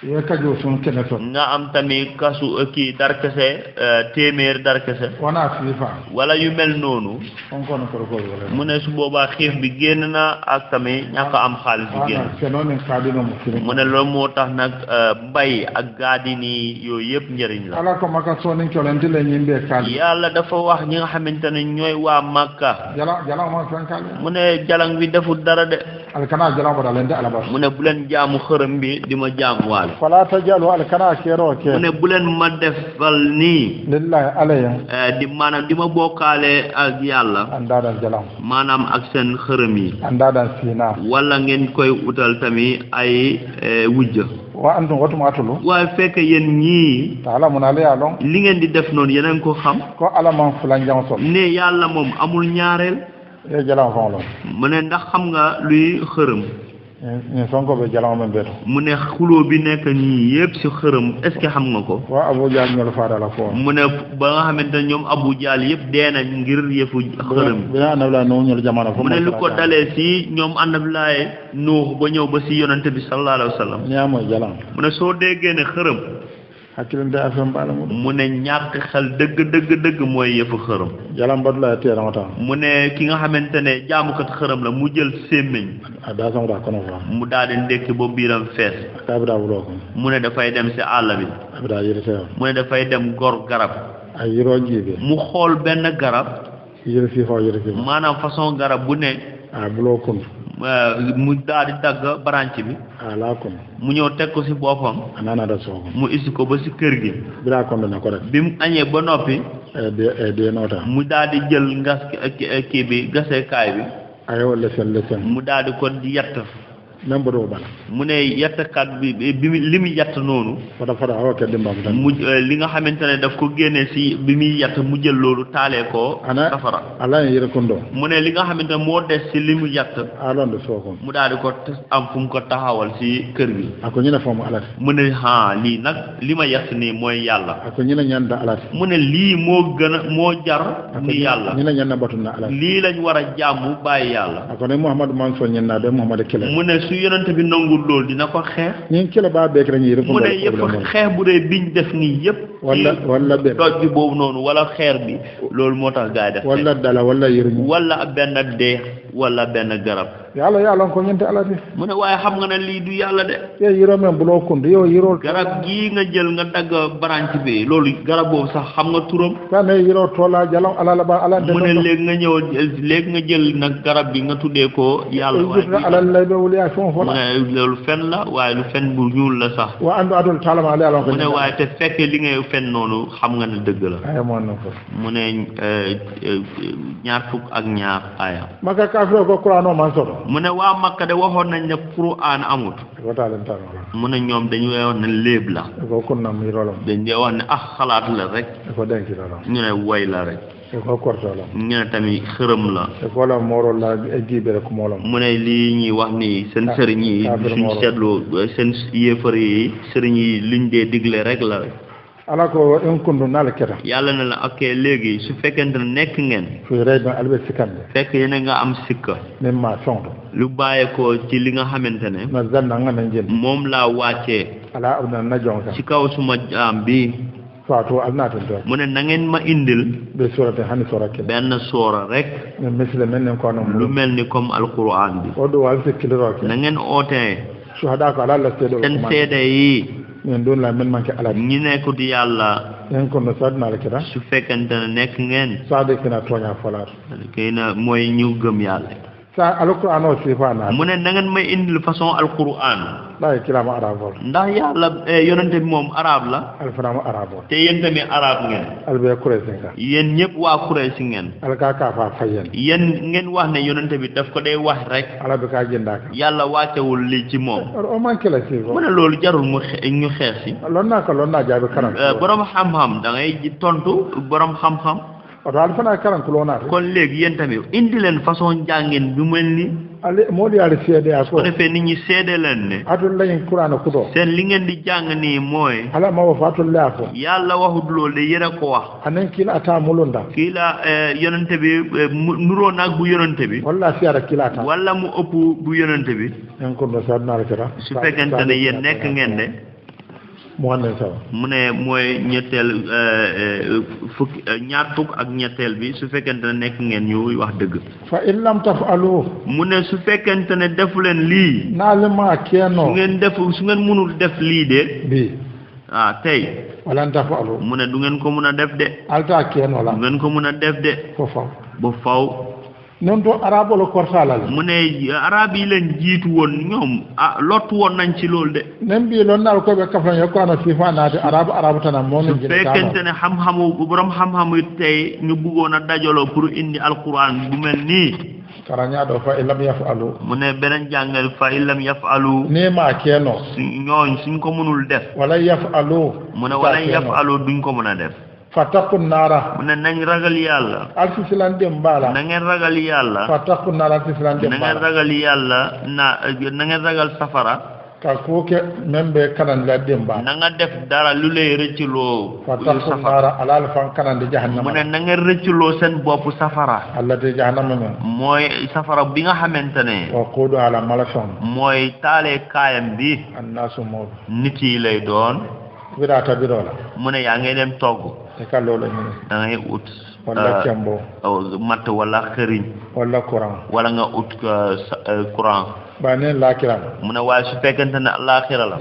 yooyu kajoo sun kene ton nga am tamit kasu eh, kii darkase eh, téeméer darkase wonaa fiifaa wala yu mel noonu mu ne su boobaa xiif bi génn na ak tamit ñàkk am xaalis bi génn mu ne loolu moo tax nag eh, mbay ak gaadini yooyu yëpp njëriñ la ala yàlla dafa wax ñi nga xamante ne ñooy waa makka mu ne jalang bi deful dara de alkana jalabo da lende alaba mu ne bulen jaamu xërëm bi dima jaamu waale fala tajalu alkana kero ke mu ne bulen ma defal ni lillahi alayya di manam dima bokale ak yalla andadan jalam manam ak sen xërëm yi andadan sina wala ngeen koy utal tami ay wujja wa antum watum atulu wa fekk yeen ñi ta'lamuna la yalon li ngeen di def non yenen ko xam ko alaman fulan jang so ne yalla mom amul ñaarel e jalan fɔn la. mu ne ndax xam nga luy xërëm. nin sonko be mu ne xuloo bi nekk nii yëpp si xërëm est ce xam nga ko waaw Abu Jaal ñolu faata la mu ne ba nga xamante ne ñoom Abu Jaal yëpp dee na ngir yëfu xërëm bi annabilaay nuux ñolu jamono mu ne lu ko dalee si ñoom annabilaay nuux ba ñëw ba si yonante bi sallallahu alayhi wa sallam mooy jalaŋ mu ne soo déggee ne xërëm hakkilinde affaire mbaala mum mu ne ñàkk xel dëgg dëgg dëgg mooy yëfu xërëm jalam bat la tee dama tax mu ne ki nga xamante ne jaamukat xërëm la mu jël sémmiñ daa sama daa kono fa mu daal di ndekki ba biiram fees kaabi daa wuloo ko mu ne dafay dem si àll bi kaabi daa yëre seew mu ne dafay dem gor garab ay yëroo jiibe mu xool benn garab yëre fii foo yëre fii maanaam façon garab bu ne ah buloo kun. Euh, mu daal dagg branche bi. ah laa mu ñëw teg ko si boppam. ah naan mu isi ko ba si kër gi. bi laa kon na ko rek. bi mu añee ba noppi. de eh, de eh, noota. mu daal di jël ngas eh, kii bi gasekaay bi. aywa lesen lesen. mu daldi di ko di yett. même bu doo bala mu ne yettkat bi bi li mu yett noonu mu euh, li nga xamante ne daf ko génnee si bi muy yett mu jël loolu taalee ko safara mu ne li nga xamante ne moo des ci li mu yett mu daal di ko am fu mu ko taxawal si kër gi mu ne a lii nag li ma yett nii mooy yàlla mu ne lii moo gën a moo jar ni yàlla lii lañ war a jàmm bàyyi yàlla mu ne su yonante bi nangul lool dina ko xeex ñi ci la ba beek lañuy refu mu ne yëpp xeex bu dee biñ def nii yëpp wala wala benn doj bi boobu noonu wala xeer bi loolu moo tax gaa def wala dala wala yërëm wala benn dee wala benn garab yàlla yàlla ko ñeenti ala de. mu ne waaye xam nga ne lii du yàlla de. eh yiroo même bu loo kundi yiroo. garab gii nga jël nga dagg branche bi loolu garab boobu sax xam nga turam. daa toolaa jàllam ala la ba mu ne léegi nga ñëw léegi nga jël nag garab bi nga tuddee ko. yàlla waaye bi alal lay doon wala fenn foofu. mu loolu fen la waaye lu fen bu ñuul la sax. waa andu adul taalama ala yàlla ko. mu ne waaye te fekk li ngay fen noonu xam nga ne dëgg la. aywa mu ne euh, euh, ñaar fukk ak ñaar ayam. ma ka kaafiroo ko Kuraan man soto mu ne waa Makka de waxoon nañ ne Qur'an amut. mu ne ñoom dañu waxoon ne léeb la. dañ de wax ne ah xalaat la rek. ñu ne way la rek. ñu ne tamit xërëm la. mu ne lii ñuy wax ni seen ah, sëriñ yi suñ seetloo seen yéefar yi sëriñ yi liñ dee digle rek la ala ko in kuntum la keta yàlla na la ok léegi su fekkente ne nekk ngeen fii rey don alibe sikkande fekk yéen nga am sikka min maa soŋto lu bàyyi ci li nga xamante ne na zanna na njël moom laa wàccee ala ab na na jon ka ci kaw suma jaam bi faatu al naatan toog mu ne na ngeen ma indil bi suurate hani soora kene benn soora rek min misile mel ni ko nam lu mel ni comme alquran bi o do wal ootee ten seede yi ñeen doon laa mel manqué alal ñi di yàlla ñeen kon no saadu su fekkente ne nekk ngeen saadu kina tooñaa folaar kay na mooy ñu gëm yàlla saa alquran o sifana mu ne na ngeen may indil façon alquran ndax kilama arab la ndax yàlla eh, yonente bi moom araab la alfanaama arab te yéen tamit arab ngeen albe kurési nga yéen ñëpp waa kurési ngeen alkaakaafa fa yéen yéen ngeen wax ne yonente bi daf ko day wax rek ala bi kaa jëndaaka yàlla wàccewul li ci moom o manqué mu ne loolu jarul mu ñu xeex si loolu naa ko loolu naa jaabi kanam eh, borom xam-xam da ngay tontu boroom xam-xam kato ali fana karan kulona kon legi yenta mi indi len façon jangen du melni ale modi ala seede aso ko fe nit ñi seede len ne atul lañ qur'ana kudo sen li ngeen di jang ni moy ala ma wa fatul la ko yalla waxu dulo de yere ko wax anen kila ata mulunda kila eh, yonente bi eh, nuro nak bu yonente bi walla siara kila ta walla mu upp bu yonente bi en ko do sa na la su fekkante ne yeen nek ngeen de moo mu ànd mu ne mooy ñetteel euh, euh, fukki euh, ñaar fukk ak ñetteel bi su fekkente ne nekk ngeen ñu wax dëgg. fa in lam taf'alu mu ne su fekkente ne defu leen lii. naalima keenoo su ngeen def su ngeen mënul def lii de. bi ah tey. wala taf'alu mu ne du ngeen ko mën a def de. alta keenoo la du ngeen ko mën a def de. fo faw ba faw. noonu too arabe wala Korsa la mu ne arabe yi leen jiitu woon ñoom a lot woon nañ ci loolu de. même bii loolu naa la ko bëgg kafla yokku ànd ak fii faa naati arabe arabe tanam moo leen. jëlee ne xam-xamu bu borom xam-xamu it ñu bëggoon a dajaloo pour indi alquran bu mel nii. karañaa doo fa illam yafalu. mu ne beneen jàngal fa illam yafalu. nee maa keenoo. su ñooñ suñ ko mënul def. wala yafalu. mu ne wala yafalu duñ ko mën a def. fataku nara mune nañ ragal yalla ak ci lan dem bala na ngeen ragal yalla fataku nara ci lan dem bala na ngeen ragal yalla na na ngeen ragal safara ka ko ke membe kanan la dem bala na nga def dara lu lay reccilo fataku nara ala al fan kanan di jahannam mune na ngeen reccilo sen bop safara ala di jahannam mo moy safara bi nga xamantene wa qudu ala malakum moy tale kayam bi an nasu mo nit lay doon wirata bi do la mune ya ngeen dem togu. kàlloo la ñu ne. da ngay ut. wala càmbo. Uh, matt wala xëriñ. wala courant. wala nga ut courant. ne laakira la. mu ne waaye su fekkente ne laakira la.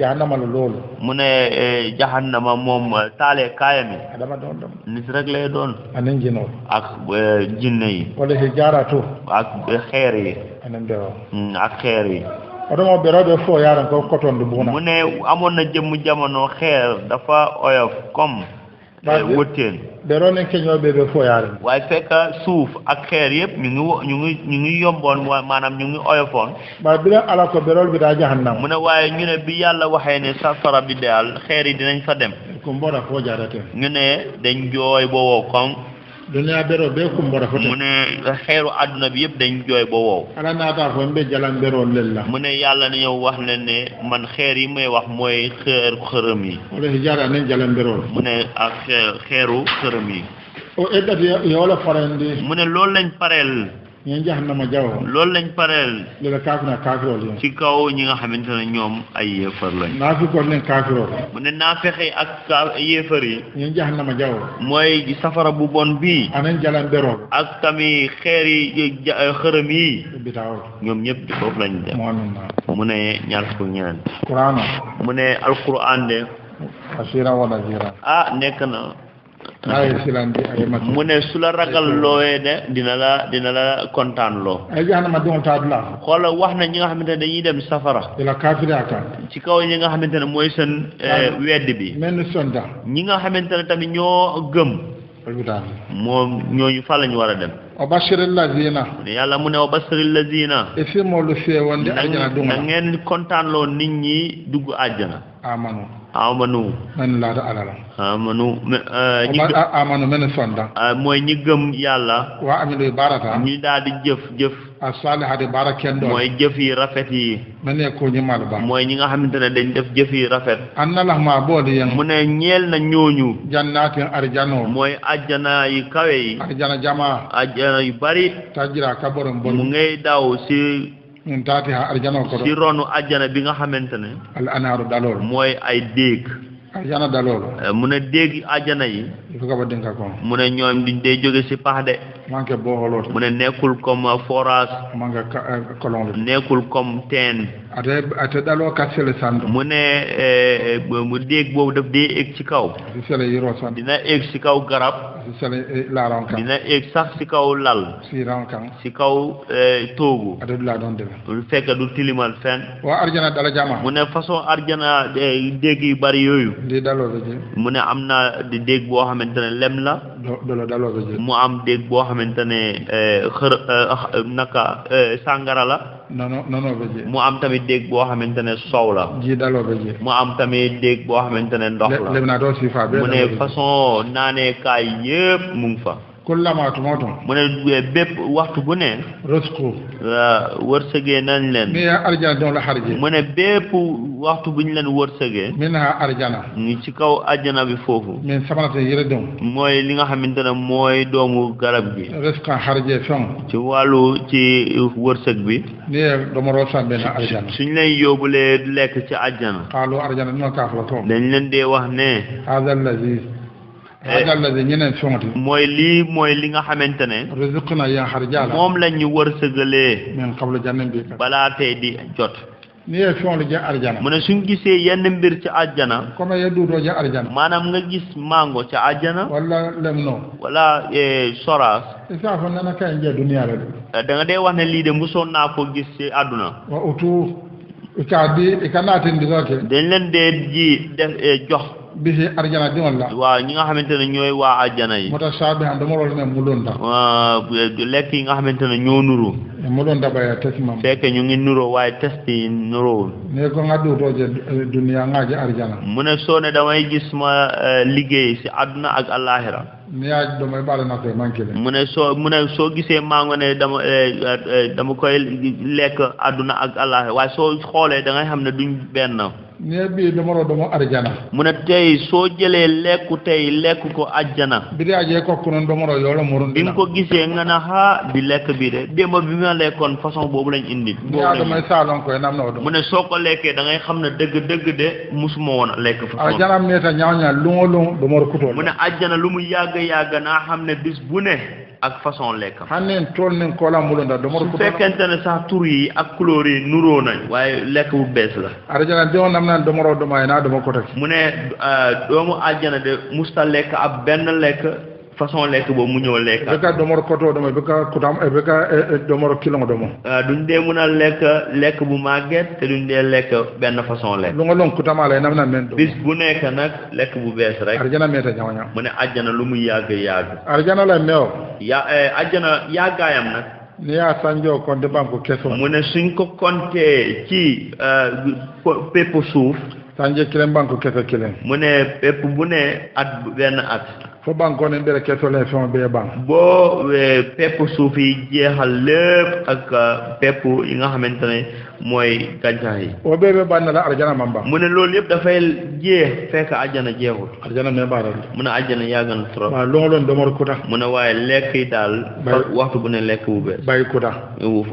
E, jahannama moom uh, taale kaayami. adama doon doon. nit rek lay doon. ak uh, jinne yi. wala hijaaratu. Mm, ak xeer yi. ani ak xeer yi. adama bero mu ne amoon na jëmm jamono xeer dafa oyof comme. wurteen ɓe ɗon en keñooɓe ɓe foyaare waaye fekk suuf ak xeer yëpp ñu ngi ñu ngi ñu ngi yomboon maanaam ñu ngi oyofoon ba bi leen ala ko berol bi daa jahannam mu ne waaye ñu ne bi yàlla waxee ne safara bi daal xeer yi dinañ fa dem ko mboɗa foo jarate ñu ne dañ jooy booboo kon duniya beroo bee kumbara fote mu ne xeeru adduna bi yëpp dañ jooy ba wow ala naa taa fo la mu ne yàlla na ñëw wax ne ne man xeer yi may wax mooy xeer xërëm yi wala hijaara ne mu ne ak xeeru xërëm yi o mu ne lool lañ pareel ñeen jahannama jaww loolu lañ pareel loola kaafina kaafirool yéen ci kaw ñi nga xamante ne ñoom ay yéefar lañ naafikoon leen kaafirool mu ne naa fexe ak ka yéefar yi ñeen mooy safara bu bon bii anañ jalan ak tamit xeer yi euh, xërëm yi bitaawol ñoom ñëpp di foofu lañ dem mu ne ñaar fukk ñeneen quraan mu ne alquran de ah nekk na ay ah, ah, silandi mu ne su la ragal looyee de dina la dina la kontaan loo. ay jahanama la. xoolal wax na ñi nga xamante ne dañuy dem safara. de ci kaw ñi nga xamante ne mooy seen. Eh, ah, wedd bi. mel ñi nga xamante ne tamit ñoo gëm. moom ñooñu fa lañu war a dem. Obasiril yàlla mu ne Obasiril lazina. et na ngeen kontaanloo nit ñi dugg àjjana. amanu. amanu man laata alala amanu amanu men uh, sonda uh, mooy ñi gëm yàlla waa amilu barata ñu daal di jëf jëf a salihati baara kenn doon mooy jëf rafet yi ma ne ko mal ba mooy ñi nga xamante ne dañ def jëf yi rafet an na lax maa boole yéen mu ne ñeel na ñooñu jannaatin arjano mooy ajjana yi kawe yi arjana jamaa ajjana yu bari tajira ka borom bon mu ngay daw si min taatiha arjana ko ronu ajjana bi nga xamante ne al anaaru dalool mooy ay déeg ajjana dalool eh, mu ne déeg ajjana yi il faut ko mu ne ñoom duñ dee jóge si pax de manque booxoloota mu ne nekkul comme forage manque eh, colon nekkul comme ten ate ate daloo ka sele sant mu ne eh, mu déeg boobu daf dee egg ci kaw sele egg ci kaw garab Eh, dina egg sax ci kaw lal. si kaw eh, toogu. lu fekk du tilimal fenn. mu ne façon arjana eh, dégg yu bari yooyu. mu ne am na dégg boo xamante ne lem la. mu am dégg boo xamante ne xër naka sàngara la. nono mu am tamit déeg boo xamante ne sow la. ji daloo ba mu am tami déeg boo xamante ne ndox la. lé léegi naa doon si faa mu ne façon yépp mu fa. kullama tumatum mu ne eh, bépp waxtu bu ne rusku wërsëgee nañ leen mi arjana doon la xarji mu ne bépp waxtu bu ñu leen wërsëgee min ha arjana ñu ci kaw ajjana bi foofu min samanate yëra doom mooy li nga xamante ne mooy doomu garab gi ruskan ci wàllu ci wërsëg bi ni dama roosaan suñ leen yóbbulee lekk ci ajjana xaalu arjana dina kaafala dañ leen dee wax ne hada Eh, ajallade mooy lii mooy li nga xamante ne résiqu moom la ñu wër sëgalee men balaa tey di jot ni yee fewante ja arjana mu ne suñ gisee yenn mbir ci ajjana comme ye arjana maanaam nga gis mango ca ajjana wala lemno wala eh, soraas isaafa nana kay njee duniyaa la de eh, da nga dee wax ne lii de musoon naa ko gis ci àdduna wa utu i kaa dañ leen dee ji def jox bihi arjana diŋol la waaw ñi nga xamante ne ñooy waa arjana yi mutashabihan dama loolu ne mu doon lekk yi nga xamante ne ñoo nuru mu doon dabaya test mam fekk ñu ngi nuroo waaye test yi nuroo ne ko nga duutooje eh, duniya ngaa ji arjana mu ne soo ne damay gis ma eh, liggéey si àdduna ak allahira ni yaa damay baale naa koy manqué leen. soo mu soo gisee mango ne dama eh, dama koy lekk àdduna ak allah waaye soo xoolee dangay xam ne duñ benn. ne bii dama doon dama arjana. mu ne tey soo jëlee lekku tey lekk ko ajjana. bi daa jee kooku noonu dama doon yoola murun. bi nga ko gisee nga ne ha lekk bi de démb bi ma lekkoon façon boobu lañ indi. boobu lañ indi waaw koy naam na mu ne soo ko lekkee da ngay xam ne dëgg dëgg de musuma woon lekk. façon arjana ne ta ñaaw ñaaw lu ma lu dama doon mu ne ajjana lu mu yàgg yàgg naa xam ne bis bu ne. ak façon lekkam. xam ne tool nañ koola mu da dama. su fekkente ne sax tur yi ak couleur yi nuroo nañ. waaye lekk bu bees la. arjana naan domoro domaay naa doma ko teg mu ne euh, doomu aljana de musta lekk ab benn lekk façon lekk boobu mu ñëw lekk be ka domoro koto domo be ka kutam eh, be ka eh, eh, domoro euh, dee mun a lekk lekk bu màgget te ñu dee lekk benn façon lekk lu nga long kutama lay nam na men bis bu nekk nag lekk bu bees rek arjana meeta ñaw ñaw mu ne ajjana lu mu yàgg yàgg arjana lay meew ya ajjana yàggaayam nag ni y'a sanjoo compté banque question. mu ne suñ ko compté ci euh, pépp suuf. sanje kelen banque kese kelen mu ne bépp bu ne at benn at fo banque ne bere kesolee fenw bee banque boo eh, pepp suuf yi jeexal lépp ak eh, pepp yi nga xamante ne mooy gàncax yi o bee be ban na la man ba mu ne loolu yëpp dafay jeex fekk ajjana jeexul arjana mais baaral mu ne ajjana yaagan trop waaw longa loon domar kuta mu ne waaye lekk yi daal waxtu bu ne lekk bu bees bay kuta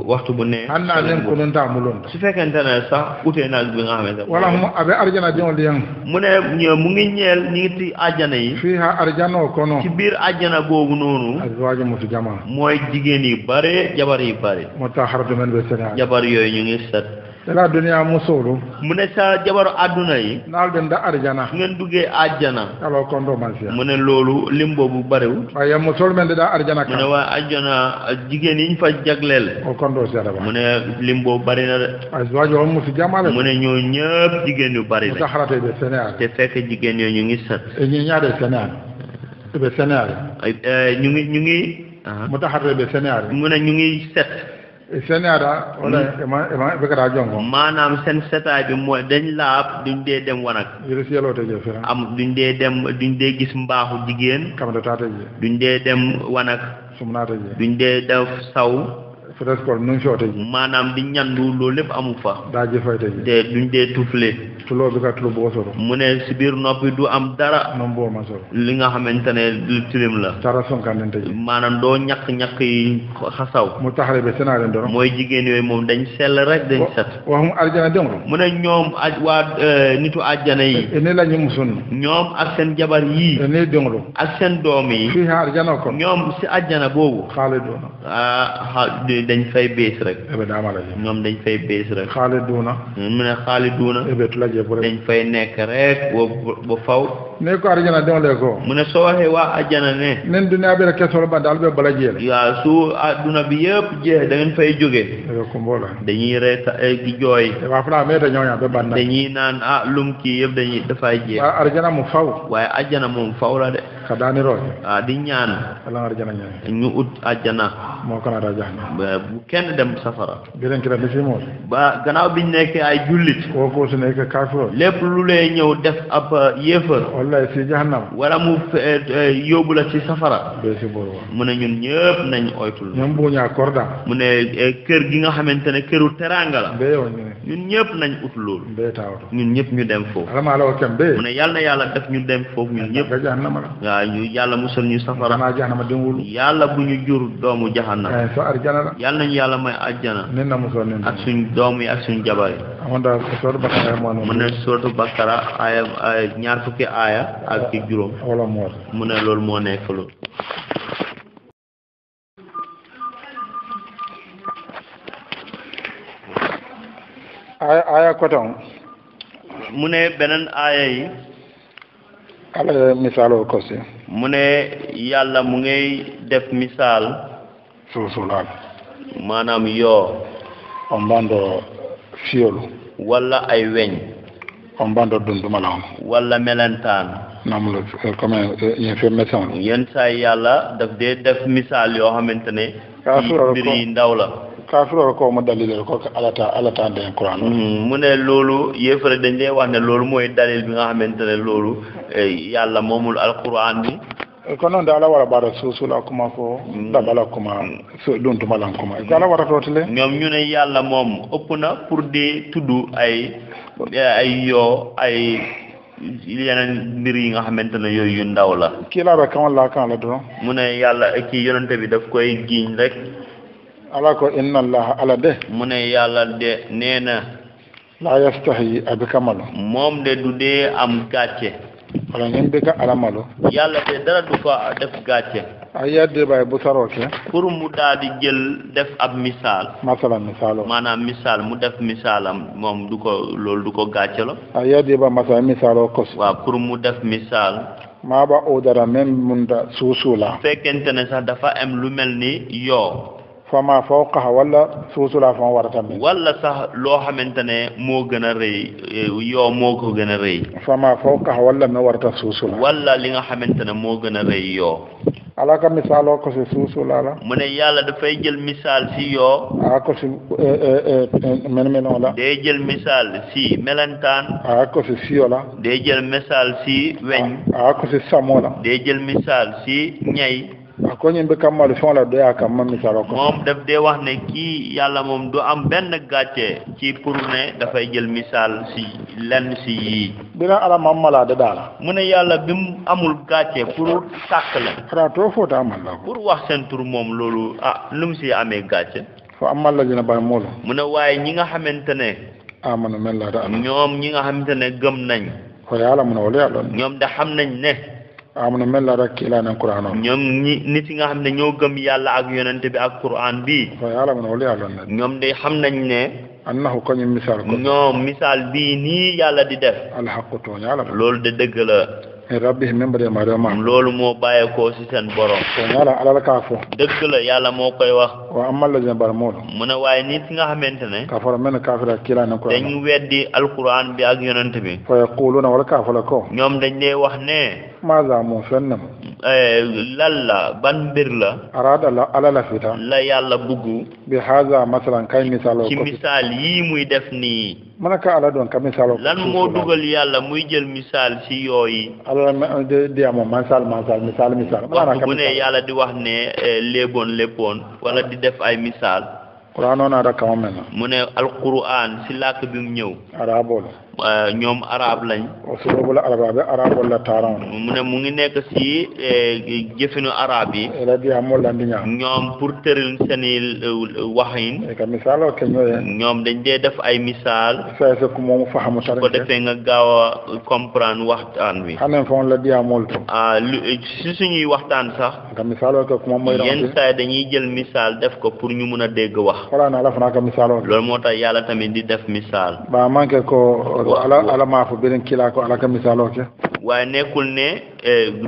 waxtu bu ne an naa leen konuntaa mu loon su fekkente ne sax utee naag bi nga xamante ne ajana jɔn mu ne mu ngi ñel ñi ngi ci ajana yi. fii ha biir ajana googu noonu. azwaaju musu jama. mooy jigéen yi bare jabar yi bare. moo tax haratomɛni bɛ sɛnɛ. jabar yooyu ñu ngi set. dala duniyaa musoolu mu ne sa jabaru àdduna yi naal dem da arjana su ngeen duggee àjjana alors condommation mu ne loolu lim boobu bariwul waaye musoolu men da arjana mu ne waa àjjana jigéen yi ñu fa jagleel o kondo seeta ba mu ne lim boobu bari na de azwaaj wa mu si jamaale mu ne ñoo ñëpp jigéen yu bari la saxarate be Sénégal te fekk jigéen yooyu ñu ngi set e ñu ñaade Sénégal be Sénégal eh, ñu ngi ñu ngi ah. mu taxarate be Sénégal mu ne ñu ngi set seen aada. wala ima maanaam seen setaay bi mooy dañ laab duñ dee dem wanag. yéen si yàlla am duñ dee dem duñ dee gis mbaaxu jigéen. kamata taata ji. duñ dee dem wanag. sum naata ji. duñ dee def saw. fitness call nun coota ji maanaam di ñandu loolu lépp amu fa daa jëfayte ji te duñ dee tufle tuloo bi ka tulu boo soto mu ne si noppi du am dara noonu boo ma soto li nga xamante ne lu tilim la tara sonkandente ji maanaam doo ñakk-ñakk yi xasaw mu taxale bi sénaaren dono mooy jigéen yooyu moom dañ sell rek dañ set wax mu arjana démro mu ne ñoom aj waa euh, nitu ajjana yi e ni la ñu ñoom ak seen jabar yii e ni démro ak seen doom yi fii arjana kon ñoom si ajjana boobu xaale yi dañ fay bees rek. ñoom dañ fay bees rek. xaali duuna. mu ne xaali duuna. dañ fay nekk rek ba ba faw. ne a arijana denw le ko. mu ne soo waxee waa ajana ne. nen duniyaa bi rek a ba daal bɛ bala jeexle. yaa su aduna bi yëpp jeex da ngeen fay jógee. dañuy a eh, di jooy. waaw fula a dañuy naan ah lum kii yëpp dañuy dafay jeex. waaye arijana mu faw. waaye ajana moom faw de. xadaani rooj waaw ah, di ñaan alama arjana ñaan ñu ut ajjana moo ko naata jaxna bu kenn dem safara biren ki dandi fii mool ba gannaaw biñ nekk ay jullit woo ko su nekk kaafiroon lépp lu lay ñëw def ab ah, yéefar wallahi si jahannam wala mu eh, eh, yóbbu la ci safara bee si mu ne ñun ñëpp nañ oytul ñoom buuñaa korda mu ne eh, kër gi nga xamante ne këru teraanga la bee yow ñun ñëpp nañ ut loolu bee taawatu ñun ñëpp ñu dem foofu alama la wa kem bee mu yàlla yàlla def ñu dem foofu ñun ñëpp nga jahannama la ñu yàlla musal ñu safara yàlla bu ñu jur doomu jahanam eh, yàlla nañu yàlla may ajjana ak suñ doom yi ak suñ jabar yi mu ne suratu bakara aya ñaar fukki aaya ak ci juróom mu ne loolu moo nekk loolu aya aya mu ne beneen aaya yi ala misaaloo kosi mu ne yàlla mu ngay def misaal suusulaan maanaam yoo ombando fiyolu wala ay weñ ombando dundumalaam walla melentaan naam la eh, comme eh, yéen fi message yenn saa yàlla daf dee def misaal yoo xamante ne mbir yi ndaw la kafiro ko mo dalil ko alata alata de qur'an mhm. mu ne loolu yéefare dañ lay wax ne loolu mooy dalil bi nga xamante ne loolu eh, yàlla moomul alquran bi kono nde ala wara ɓaɗa suusula kuma ko ɗaɓala mhm. kuma ɗum tumalan kuma ko ala wara totile ñoom ñune yalla moom ëppna pour de tuddu ay eh, ay yo ay yeneen mbir yi nga xamante ne yooyu yu ndaw la kii la rek kamal laa kan la doon mu ne yàlla kii yonante bi daf koy giñ rek ala ko inna allaha ala de mu ne yàlla de nee na la yastahi a bi ka malo moom de du dee am gàcce wala nin bi ka ala malo yàlla de dara du ko def gàcce ay yadde bay bu saroo ke pour mu daal jël def ab misaal masala misaal maanaam misal mu def misaalam moom du ko loolu du ko gàcce la ay yadde ba masala misaal o kos waaw pour mu def misaal maa ba odara même mun da suusuu la ne sax dafa am lu mel ni fama fawqaha walla suusula fama warata min walla sax loo xamante ne moo gën a rëy yoo moo ko gën a rëy fama fawqaha walla mi warata suusula walla li nga xamante ne moo gën a rëy yoo ala ka misaal ko si suusula la mu ne yàlla dafay jël misaal si yoo a ko si men menoo la day jël misaal si melentaan a ko si siyo la day jël misaal si weñ a ko si samo la day jël misaal si ñay akoñin be kammalu feŋola do ye kamma misalo ko moom daf dee wax ne kii yàlla moom du am benn gàcce ci pour ne dafay jël misaal si lenn si yii bira ala mammala dadaa la mu ne yàlla bi mu amul gàcce pour sàkk la xanaa too amal la pour wax seen tur moom loolu ah lu mu si amee gàcce foo amal la dina bari moo la mu ne waaye ñi nga xamante ne amanu ah, mel la ñoom ñi nga xamante ne gëm nañ ko yàlla mu ne wala yàlla ñoom da xam nañ ne amna mel la rek ila na qur'an ñoom ñi nit nga xamne ñoo gëm yalla ak yonente bi ak qur'an bi fa yalla mo wala yalla na ñoom day xam nañ ne annahu ko misal ko ñom misal bi ni yalla di def al haqqu to yalla lool de deug la e rabbi min ba ma dama loolu moo bàyyee ko ci seen borom yàlla alal kaa fo dëgg la yàlla moo koy wax waaw amal la jën bari moo mu ne waaye nit nga xamante ne ka fara mel ne kaafira kiila ne ko dañu weddi alquran bi ak yonent bi fa yaquluna wala kaa la ko ñoom dañ lay wax ne maaga moom fenn ma e, lan la ban mbir la araada la ala la fita la yàlla bugg bi haaza masalan kay misaal ci misaal yii muy def nii mën a ka ala doon lan moo dugal yàlla muy jël misaal si yooyu. ala ma de de amoon misaal misaal misaal misaal. waxtu bu ne yàlla di wax ne eh, léeboon léppoon wala di def ay misaal. kuran noonu ada kama mel mu ne alquran si làkk bi mu ñëw. arabo ñoom arab lañ asbabu la arab arab wala taran mu ne mu ngi nekk ci jëfinu arab yi rabbi di amol la ndiña ñoom pour tëril seeni waxin ka ñoom dañ dee def ay misal sa sa ko moom fahamu tarik ko defé nga gawa comprendre waxtaan wi xamé fon la di amul ah ci suñuy waxtaan sax ka misal ko moom moy yenn saa dañuy jël misal def ko pour ñu mëna dégg wax xolana la fa naka misalo loolu moo tax yàlla tamit di def misal ba manke ko sabu ala ala ma fo benen kila ko ala ka misalo ke waye nekul ne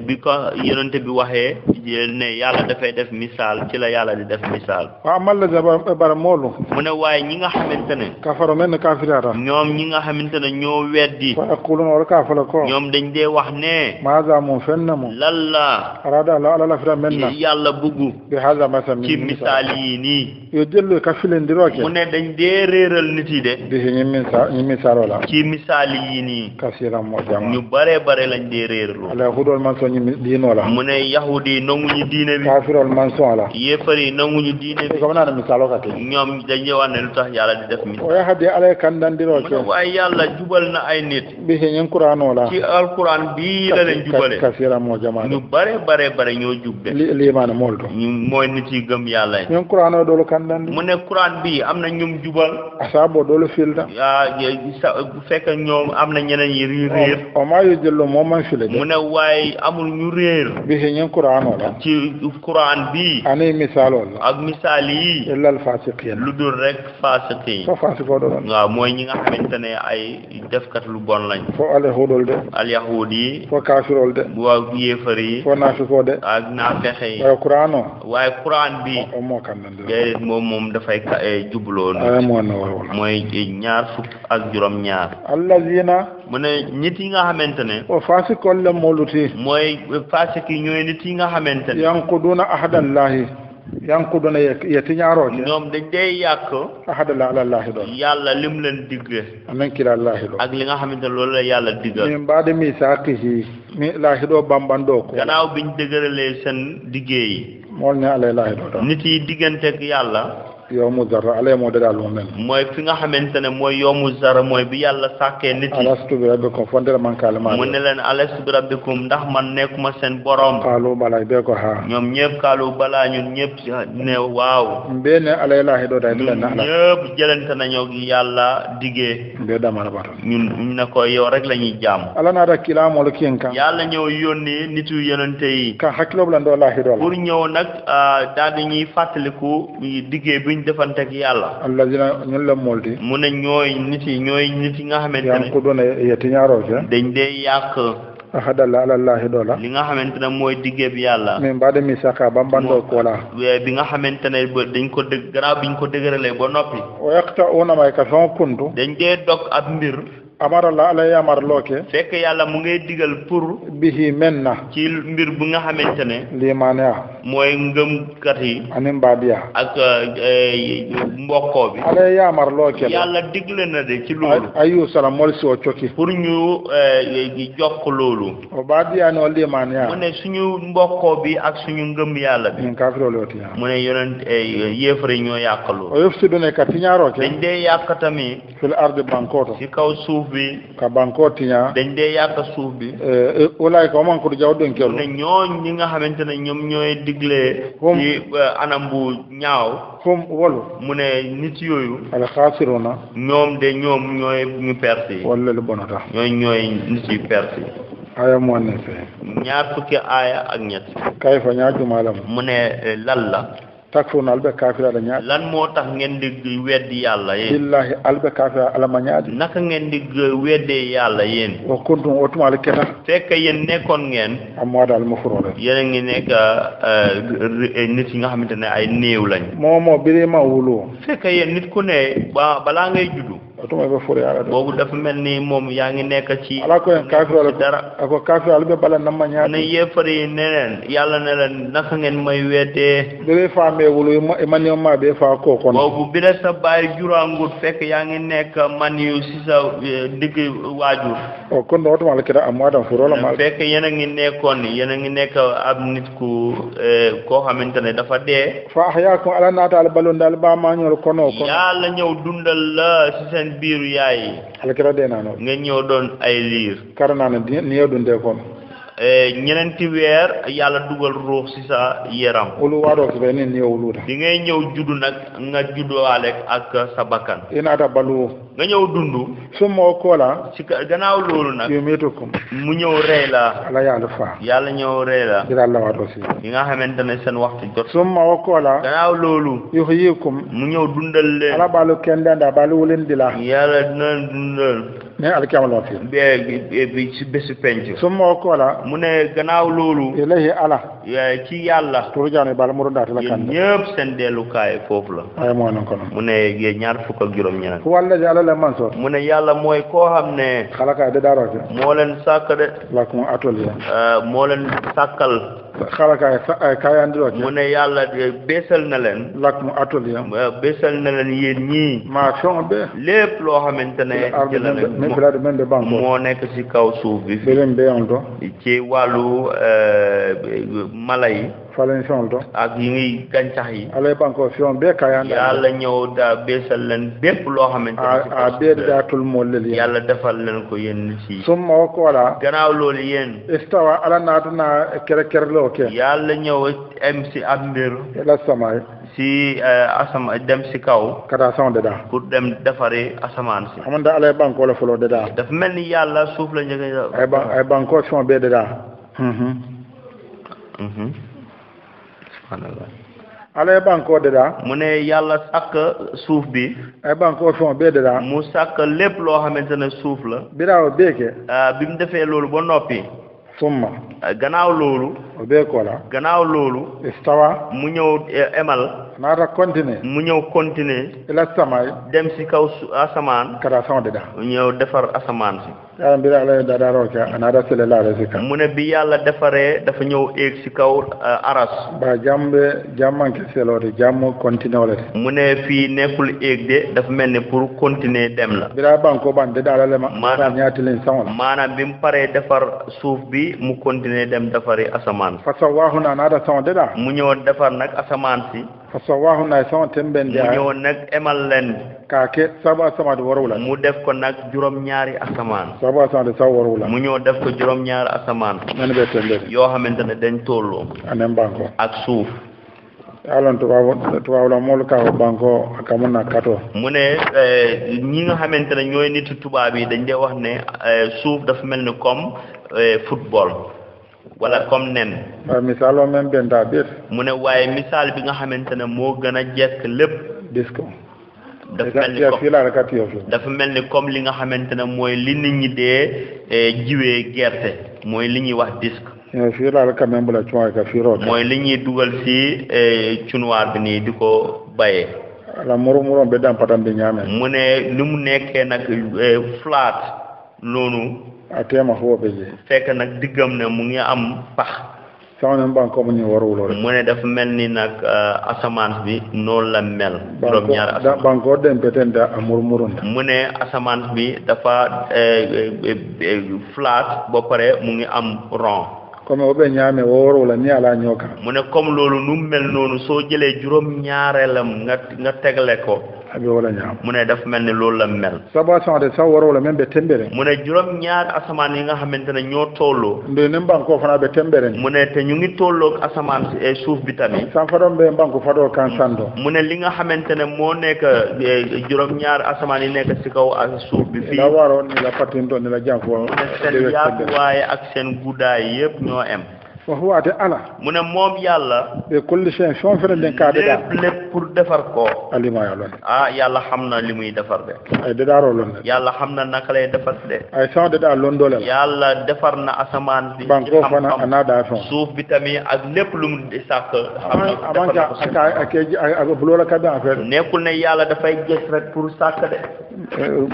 bi ko yonente bi waxe ne yalla dafay def misal ci la yalla di def misal wa mal la bara molu mu ne waye ñi nga xamantene kafaro men kafirata ñom ñi nga xamantene ñoo weddi fa aqulun wal kafala ko ñom dañ de wax ne ma za mu fenna mu lalla arada la ala la fira menna yalla bugu bi hada masam ci misal yi ni yo jël ka filen di roke mu ne dañ de reeral nit yi de bi ñi misal ñi misal wala ci misaal yi nii. kasiran moo jaamu ñu bare bare lañ dee réerlu. ala hudool man soo ñu diinoo la. mu ne yahudi nanguñu diine bi. kaafirool man soo la. yéefar yi nanguñu diine bi. comme naa ne misaaloo ka kii. ñoom dañuy wax ne lu tax yàlla di def misaal. waaye xam ne ala kan daan diroo cee. waaye yàlla jubal na ay nit. bi si ñun kuranoo la. ci alquran bii la leen jubale. kasiran moo jamaa ñu bare bare ñoo jub lii maanaam mool doon. ñu mu ne kuran bi am na ñum jubal. asaaboo doolu fil da. fekk ñoom am na ñeneen yi yu réer. mu ne waaye amul ñu réer. bi si ñun Qur'an la. ci Qur'an bi. ani misaal la. ak misaal lu dul rek fasiqi. waaw mooy ñi nga xamante ay defkat lu bon lañ. fo al yahudul de. al yi. fo kaafirul de. waaw yéefar yi. fo naafiqoo de. ak waaye Qur'an bi. moo kan moom moom dafay eh, jubloo. mooy ñaar fukk ak juróom ñaar. allazina mu ne nit yi nga xamante ne o fasikol la moluti mooy fasiki ñoy nit yi nga xamante ne yanquduna ahadallahi yanquduna yeti ci ñom dañ day yàq ahadallah alallahi do yalla lim leen digle amen kila allahi ak li nga xamante ne loolu la yalla digal min baade mi saaqihi mi laahi doo do ko gannaaw biñ dëgëralee sen digge yi mol ne alay do doo nit yi digganteeg yoomu zara ala moo da daal moom mooy fi nga xamante ne mooy yoomu zara mooy bi yàlla sàkkee nit yi. alastu bi rabbikum fondera man kaalima mu ne leen alastu bi rabbikum ndax man nekkuma seen borom. kaalu balaa bee ko haa. ñoom ñëpp kaalu balaa ñun ñëpp ne waaw. mbee la ñëpp jëlante yàlla diggee. mbee dama la baatu. ñun ne ko yow rek la ñuy jaam. ala naa da kila moolu kiin kan. yàlla ñëw yónni nit yu yonente yi. ka hakiloo bu la ndoo laahi doo la. pour ñëw nag ah, daal ñuy fàttaliku duñ defanteeg yàlla. allazina ñun la moolti. mu ne ñooy nit yi ñooy nit yi nga xamante ne. yaa ngi ko doon yetti ñaaroo ca. dañ dee yàq. ahadala alallahi doola li nga xamante ne mooy digge bi yàlla min ba demi saka ba mbandoo koola bi nga xamante ne ba dañ ko dëgg garaaw bi ñu ko dëgëralee ba noppi o yaqta una may ka fenga kuntu dañ dee dog ab mbir amara la ala yamarloo loke fekk yalla mu ngay digal pour bihi men na ci mbir bu nga xamantene li mania moy ngeum kat yi ani mbaadiya ak mboko bi ala yamarloo loke yalla digle na de ci lolu ayu salam mool si o pour ñu gi jokk lolu o baadiya no li mania a mu ne suñu mboko bi ak suñu ngeum yalla bi min kafirolo tiya mu ne yonent yéefare ñoo yakalu o yëf si du ne ka tiñaaroo ke dañ de yàq tamit fil arde bankoto ci kaw suuf bi ka banko tiña dañ dee yaata suuf bi eh, eh, walaay ko man ko jaw don kelu ne ñoo ñi nga xamante ne ñoom ñooy digle ci eh, anam bu ñaaw fum wolu mu ne nit yooyu al khasiruna ñoom de ñoom ñooy ñu persi wala lu bonata ñooy ñooy nit yi persi aya mo ne fe ñaar fukki aya ak ñett kayfa ñaaju malam mu ne lalla takfuruna albe kafira la ñaadi lan moo tax ngeen di weddi yàlla yéen billahi albe kafira alama ñaadi naka ngeen di weddee yàlla yéen o kuntum o tumaali keta fekk yéen nekkoon ngeen am moo daal mu furoole yéen a ngi nekk euh, nit yi nga xamante ne ay néew lañ moomoo biree ma wulu fekk yéen nit ku ne ba balaa ngay juddu boobu dafa mel ni moom yaa ngi nekk ci. ala ko dara ako kaafi alu bɛ bala nama ñaata. ne yeefare yi ne ma i ma néew maa bee faa koo kɔnɔ. boobu bi yaa ngi nekk man yu si sa e, digg waajur. ɔ oh, kon dɔgɔ tuma la kira amu adam foro la ma. fekk yéen yéen a ngi nekk ab nit ku e, koo xamante ne dafa dee. fa yaa ko ala naata al balo ndaal ba maa ñor ñëw dundal la si seen seen biiru yaay yi. alakira de naa nga ñëw doon ay liir. kara naa ne diɲɛ n'i y'o Eh, ñeneenti weer yàlla dugal ruux si sa yaram. ku lu waroo si beneen ñëw lu da. di ngay ñëw judd nag nga juddwaale ak sa bakkan. yéen ata balu. nga ñëw dund. su ma ko la. si gannaaw loolu nag. yéen miitu ko. mu ñëw rey la. ala yàlla faa. yàlla ñëw rey la. si daal la waroo si. yi nga xamante ne seen waxtu jot. su ma ko la. gannaaw loolu. yuxu yi ko. mu ñëw dundal leen. ala balu kenn dandaa balu wu leen di la. yàlla dina dundal. ne alikiyama loo fi. bi ci bési penc. su ma ko la. mu ne gannaaw loolu. ilahi ala. ci yàlla. turujaanu bala mu daati la kan. ñëpp seen dellukaay foofu la. waaye moo mu ne ñaar fukk ak juróom-ñeneen. wala yàlla la man soo. mu ne yàlla mooy koo xam ne. xalakaay da daaroo ci. leen sàkk de. lakum atol ya. Euh, moo leen sàkkal. xarakaay sa ay mu ne yàlla beesal na leen lakk mu atoliyam beesal na leen yéen ñii maa lépp loo xamante ne jëla ne moo nekk ci kaw suuf bi bi ci wàllu euh, mala yi falen pollination do ak yi ngay gàncax yi alay banko fion be kayan yàlla ñëw da beesal leen bépp loo xamante a bee daatul mool lel yàlla defal leen ko yéen si summa ko la. ganaw loolu yéen istawa ala naatu naa kere kere loo ke yàlla ñëw am si ab mbir la samaay si asama dem si kaw kata de da. pour dem defari asamaan si xamante alay banko la fuloo dadaa dafa mel ni yàlla suuf la njëkk ay banko fion bee hmm subhanallah ala ye bankoo dada mu ne yàlla sàkk suuf bi ay e bankoo fon bee dada mu sàkk lépp loo xamante ne suuf la biraaw beeke ah, bi mu defee loolu ba noppi summa ah, gannaaw loolu o bee koola ah. gannaaw loolu istawa mu ñëw eh, emal naata continuer mu ñëw continuer ila samaay dem si kaw asamaan kata sama de defar asamaan si yaa mbiri a mu ne yàlla defaree dafa ñëw éeg kaw eh, aras ba jàmm be jàmmanke mu ne fii nekkul éeg de dafa mel ni pour continuer dem la biraa bankoo ban de daala le maanaam ñaati sama maanaam bi mu paree defar suuf bi mu continuer dem defari asamaan asamaan fa sawahuna naata sawonte ɗa mu ñëwoon defar nag asamaan si fa sawahuna e sawonten ɓen de mu ñëwoon nag emal len ka ke sabu asamade mu def ko nag juróom ñaari asamaan sabu asamade saw mu ñëw def ko juróom ñaari asamaan nani ɓe tenɗen yoo xamante ne dañ tolloo anen banko ak suuf alon tubabu tubabula moolu ka o banko kamun na kato mu ne eh, ñi nga xamante ne ñooy nitu tubaab yi dañ dee wax ne eh, suuf dafa mel ni comme eh, football wala comme nen. waaye misaal waa même benn daa mu ne waaye misaal bi nga xamante ne moo gën a jekk lépp. gis ko. dafa mel ni comme dafa comme li nga xamante ne mooy li nit ñi de eh, jiwe gerte mooy li ñuy wax disque. Eh, fii mooy li ñuy dugal ci eh, cunuwaar bi nii di ko bayee. ala muru muru be daan patam bi ñaamee. mu ne ni mu nekkee nag flat noonu. a tema huwa fekk nag diggam ne mu ngi am pax samanen ban ko mu ñu warwulo mu ne dafa mel ni nag euh, asamaan bi noonu la mel juróom ñaari asamaan banko ne asamaan bi dafa euh, euh, flat ba pare mu ngi am rond comme o ɓe ñaame ñoo kan mu ne comme loolu nu mel noonu soo jëlee juróom ñaareelam nga nga tegle ko abi wala ñaan mu ne daf mel ni loolu la mel sa sabation de sa waro la même be tembere mu ne juróom ñaar asamaan yi nga xamante ne ñoo tolloo nde ne mbanko fana be tembere mu ne te ñu ngi tolloo asamaan si suuf bi tamit sa fa doon be mbanko fa doon kan sando mu ne li nga xamante ne moo nekk juróom ñaar asamaan yi nekk si kaw ak suuf bi fii la waro ni la patin doon ni la jànfo mu ne seen yaaguwaay ak seen guddaay yëpp ñoo em wa huwa de ala mu ne moom yàlla de kulli shay fon fere den ka de lépp lépp pour defar ko alima ya lon ah yàlla xam na li muy defar de ay de daaro lon yàlla xam na naka lay defar de ay sa de da lon doole la yàlla defar na asamaan bi ban ko fana ana da fon suuf bi tamit ak lépp lu mu di sàkk xam na defar na ko ak ak bu loola ka da affaire nekkul ne yàlla dafay gess rek pour sàkk de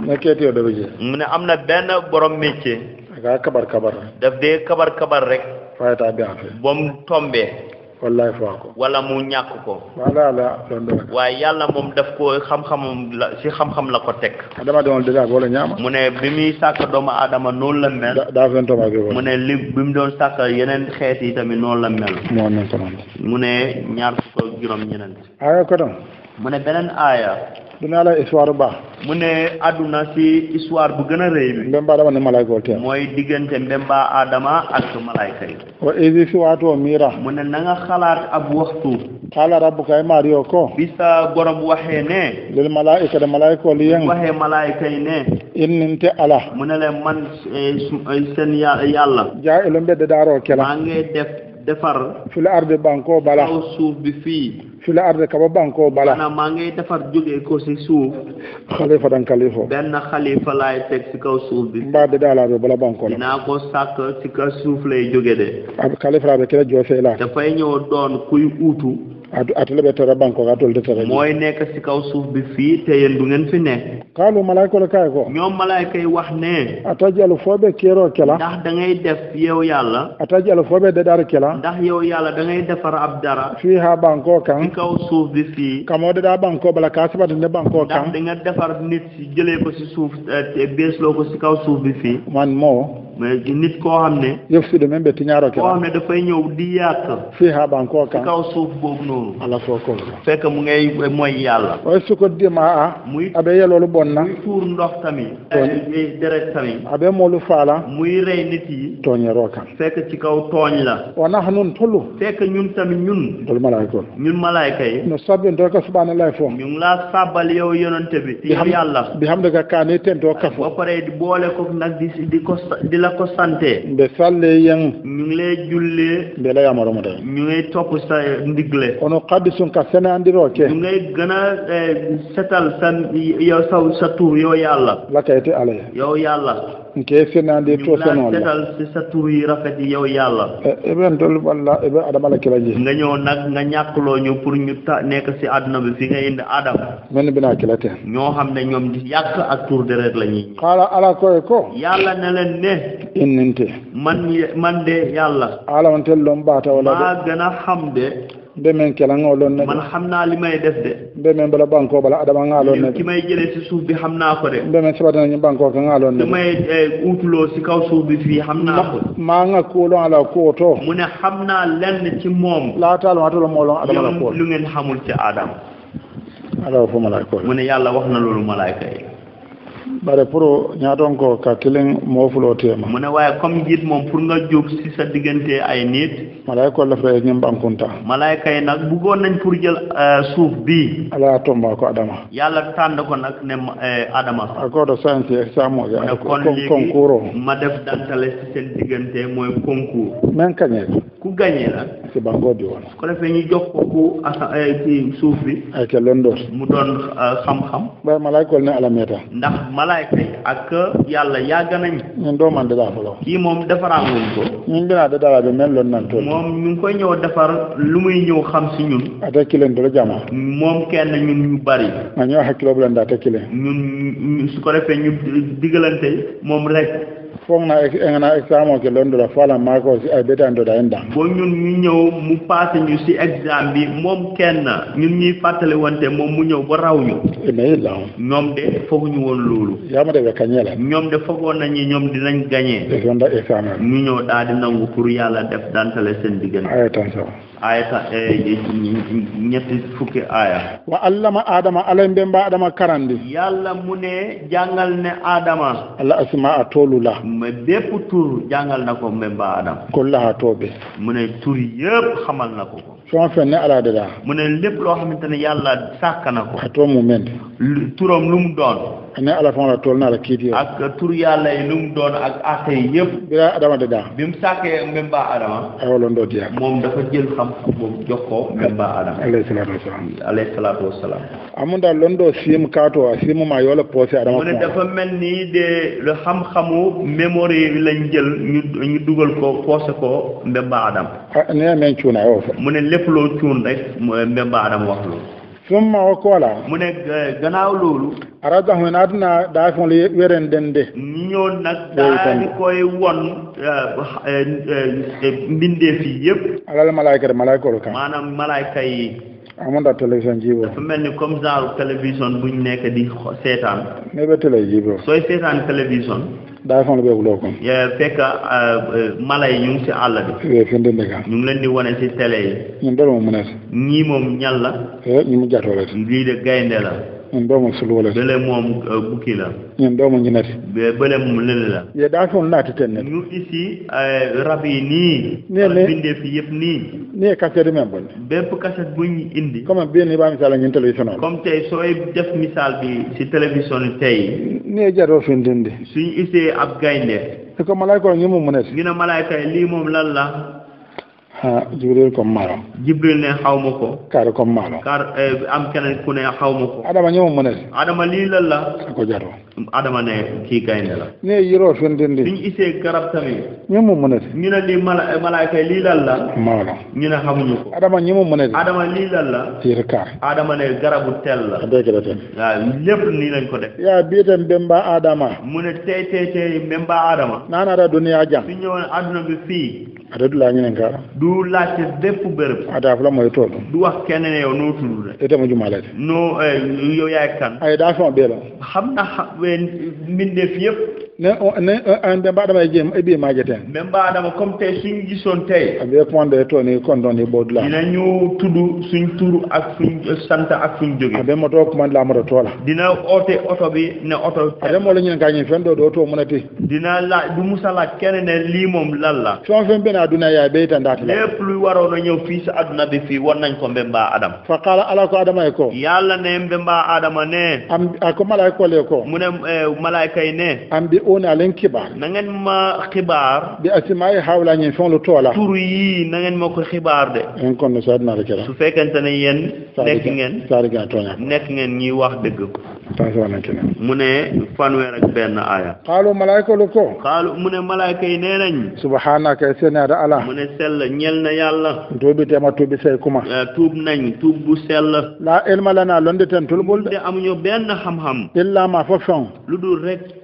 nekkete yo da bëjé mu ne am na benn borom métier daa kabar kabar. daf dee kabar kabar rek. fayataa bi a fɛ. ba mu tombé. walaay ko. wala mu ñàkk ko. voilà waaye yàlla moom daf ko xam-xamam la si xam-xam la ko teg. adamadenw ah, dèjà boole ñaama. mu ne bi muy sàkk doomu aadama noonu la mel. da daa fën mu ne li bi mu doon sàkk yeneen xeet yi tamit noonu la mel. moo mu ne ñaar ko juróom ñeneen. aywa mune benen aya aaya dina la histoire ba mune aduna ci si histoire bu gëna reey rëy bi mbemba adama ne malaika te moy digënté mbemba adama ak malaika yi wa izi fi waatoo mira mune na nga xalaat ab waxtu xaala rabbuka mario ko bisa sa borom ne lil malaika de malaika li yeng waxee malaika yi ne inninte ala mune le leen man e, e, ya e, yalla ja ilum be dadaaroo kela maa ngay def defar fil ardi banko bala suuf bi fii fil arde ka ba banko bala maanaam maa e ngay defar joge ko si suuf xalifa dan kalifo benn xalifa laay e teg si kaw suuf bi mbaa de daalaa be bala bankoo la ko sàkk si kaw suuf lay e joge de kalifra be kila joosee la dafay ñëw doon kuy uutu atele be tere banko ka tol de tere mooy nek si kaw suuf bi fii te yéen du ngeen fi ne kaalu malayka le kaay ko ñoom malayka yi wax ne atajalu foo be kéeroo kela ndax da ngay def yow yàlla atajalu foo be dedaar kela ndax yow yalla da ngay defar ab dara fii ha banko kan kaw suuf bi fii. bala kaa sabati ne kan. ndax di nga defar nit si jëlee ko si suuf eh, ko si kaw suuf bi fii. man moo. mais nit koo xam ne. yëf si dama mbétti ñaaroo kii la. xam ne dafay ñëw di yàq. fii ha ban koo kan. ci soo ko fekk mu ngay mooy yàlla. waaye su ko demaa. muy bon na. muy tuur ndox tamit. tooñ eh, deret tamit. abe moolu faala. muy rey nit yi. tooñeroo kan. fekk ci kaw tooñ la. wa nax nun tollu. fekk ñun tamit ñun. loolu malaayka ñun malaayka yi. nu sabbin doo ko subaana lay fo. ñu ngi laa sabbal yow yonante bi. ci yàlla bi xam bi xam ne ka kaane tentoo kafo. ba pare boole ko nag di di ko di la ko sante mbe salle yang ñu ngi lay jullee mbe la yamaro mo tay ñu ngi topp sa ndigle ono kaddi ka sene ke ñu ngi gën a eh, setal san yow sa sa tur yow yàlla la kayte alay yow yàlla nke senandi to sono la setal si sa tur yi rafet yi yow yàlla eben e tol walla ebe adama la kila ji nga ñëw nag nga ñàkkloo ñu pour ñu ta nekk si àdduna bi fi nga indi adam men bi naa kila te ñoo xam ne ñoom di yàq ak tur deret la ñuy xaala koy ko yàlla ne ne inninte man mande yalla alaman tel ɗon ɓata wala ma gana hamde nde min kelanga o lonne man hamnali may def de nde min bala banque o bala adamanga lonne kimay jele si suufbi hamna ko de nde min sibatana ñi banque o kanga lonne kimay e, utulo si kaw suufbi fi hamna ko ma ga kuolon ala kuo to mune hamna lenn ci moom laatalo atolo moolon adamala kuo lu ngen hamul ci adama alaa fo malaika mune yalla wax na loolu malaika yi bare pour ñaaton ko ka kiliŋ moo fuloo tiyema mu ne waaye comme jit moom pour nga jóg si sa diggante ay nit malayka la fay ñoom Bankunta. malayka yi nag bëggoon nañ pour jël euh, suuf bii. ala tomba ko Adama. yàlla tànn ko nag ne euh, Adama. accord de science et examen. kon ma def dantale si seen diggante mooy concours. même kañee ku gagné la. si ko ko ku euh, suuf bi. ay mu doon xam-xam. waaye malayka ndax malayka yi ak yàlla yàgg nañ. ñun doo man fa la. kii moom defaraat ko. ñun dinaa de dara bi moom ñu ngi koy ñëw defar lu muy ñëw xam si ñun. atakile ah, dula jàmm. moom kenn ñun ñu bari. Ah, ñoo xam kilo bu leen di kile ñun su ko defee ñu digalante moom rek. fongna e ngana exam o ke londola fala mako si ay betandoɗa en dan bo ñun ñu ñëw mu passé ñu si exam bi moom kenn ñun ñuy fàttali wante moom mu ñëw ba raw ñu e mais illa ñoom de fooguñu woon loolu yama de ɓe kañela ñoom de foogoon nañu ñoom dinañ gagné sonda examen ñu ñëw daal di nangu pour yàlla def dantale seen diggante ay tan ayata e, e ñetti fukki aya wa allama adama alay mbe mba adama karandi yalla mu ne jàngal ne adama ala asma a toolu la mais bépp tur jàngal na ko mbe mba adama ko laha toobe mu ne tur yëpp xamal na ko ko so fen ne ala dada mu ne lépp loo xamante ne yàlla sàkk na ko a mu men turam lu mu doon ne ala fana tol na ala kiti ak tur yàlla yi lu mu doon ak atte yëpp bi la adama da bi mu sàkkee même adama ay wala ndoo diya moom dafa jël xam-xam a simu ma yola poosé mu ne dafa mel ni de le xam-xamu mémoire yi lañ jël ñu ñu dugal ko poosé ko même ba adama ah, ne men cuuna mu ne lépp loo cuun rek même ba adama wax loolu summa o koola mu ne eh, gannaaw loolu aradahu en aduna daa fon den werenden de nak nag ni koy won eh, eh, mbindee fi yëpp alal malaika de malaaykoolu kan maanaam malaayka yi amanda télévision jibo dafa mel ni comme genre télévision buñ nekk di seetaan ne be télé jiiboo sooy seetaan télévision daa foog ne beekuloo ko. fekk euh, euh, mala yi ñu ngi si àll bi. fi mu ñu ngi leen di wane si tele yi. ñun dara mu mën a. ñii moom ñal la. Eh, ñu mu jàttoo la. lii de gaynde la. min ɗo mo sulwolete bele moom euh, bukki la min ɗo mo ñinati bele mum lele la ye daa toon naati tenne ñu isi rab yi nii ne bindee fi yëpp nii ni cassette men bonne bépp cassette bu ñu indi comme bien ni ba misaal ñun télévision comme tey sooy def misaal bi si télévision tey ne jaroo fi ndindi suñu isee ab gaynde ko malaayka ñu mu mu ne ñu ne malaayka lii moom lan la ha jibril ko maro jibril ne hawma ko kar ko maro kar eh, am kenen ku ne hawma ko adama ñoo mo ne adama li la la ko jaro adama ne ki kay ne la ne yiro fendende ni ise garab tami ñoo mo mo ne ñu ne li mala eh, malaika li la la maro ñu ne xamuñu ko adama ñoo mo ne adama li la la yir kar adama ne garabu tel la do jara tel wa lepp ni lañ ko def ya biitam bemba adama mu ne tey tey tey bemba adama nana da duniya jam ñu ñewon aduna bi fi adadu la ñu ne kara du lati bépp bërëb ata fula mooy tool du wax kenn ne yow noo tudd rek ita ma jumaa lati noo eh, yow yaay kan ay daa fama bee la xam na mbindeef yëpp ne ne e, an be baɗama e jeem eɓi e majeten min mbaɗama comme te suñ gison tey aɓe répondre to ni kon ɗon e ɓodula dina ñu tudd suñ tur ak suñ sant ak suñ jogi aɓe moto commande lamoto toola dina oote oto bi ne oto aɗemola ñin kañi fen ɗo ɗo to munati dina la du musa laaj kene ne lii moom lan la fen fen ɓena aduna ya ɓeyta ndaati lépp luy warono ñëw fii sa aduna bi fii won nañ ko mbe mbaa adama fa qala ala ko adama e ko yàlla ne mbe mbaa adama ne am ako malayka le ko mu ne eh, malayka y e ne am bi تنبئون لن كبار نغن ما خبار بأسماء حول أن ينفون لطولا تروي نغن ما كل خبار دي إن كنا سعدنا ركرا سفاك أنت نيين نكنين سارقا تونا نكنين ني واخ دقك تاسوانا كنا من فانويرك بأن آية قالوا ملايكة لكو قالوا من ملايكة نينن سبحانك سنة رألا من سل نيلنا يالا توبي تما توبي سيكما توب نين توب بسل لا علم لنا لندتن تلبول دي أمنيو بأن حمحم إلا ما ففن لدو رك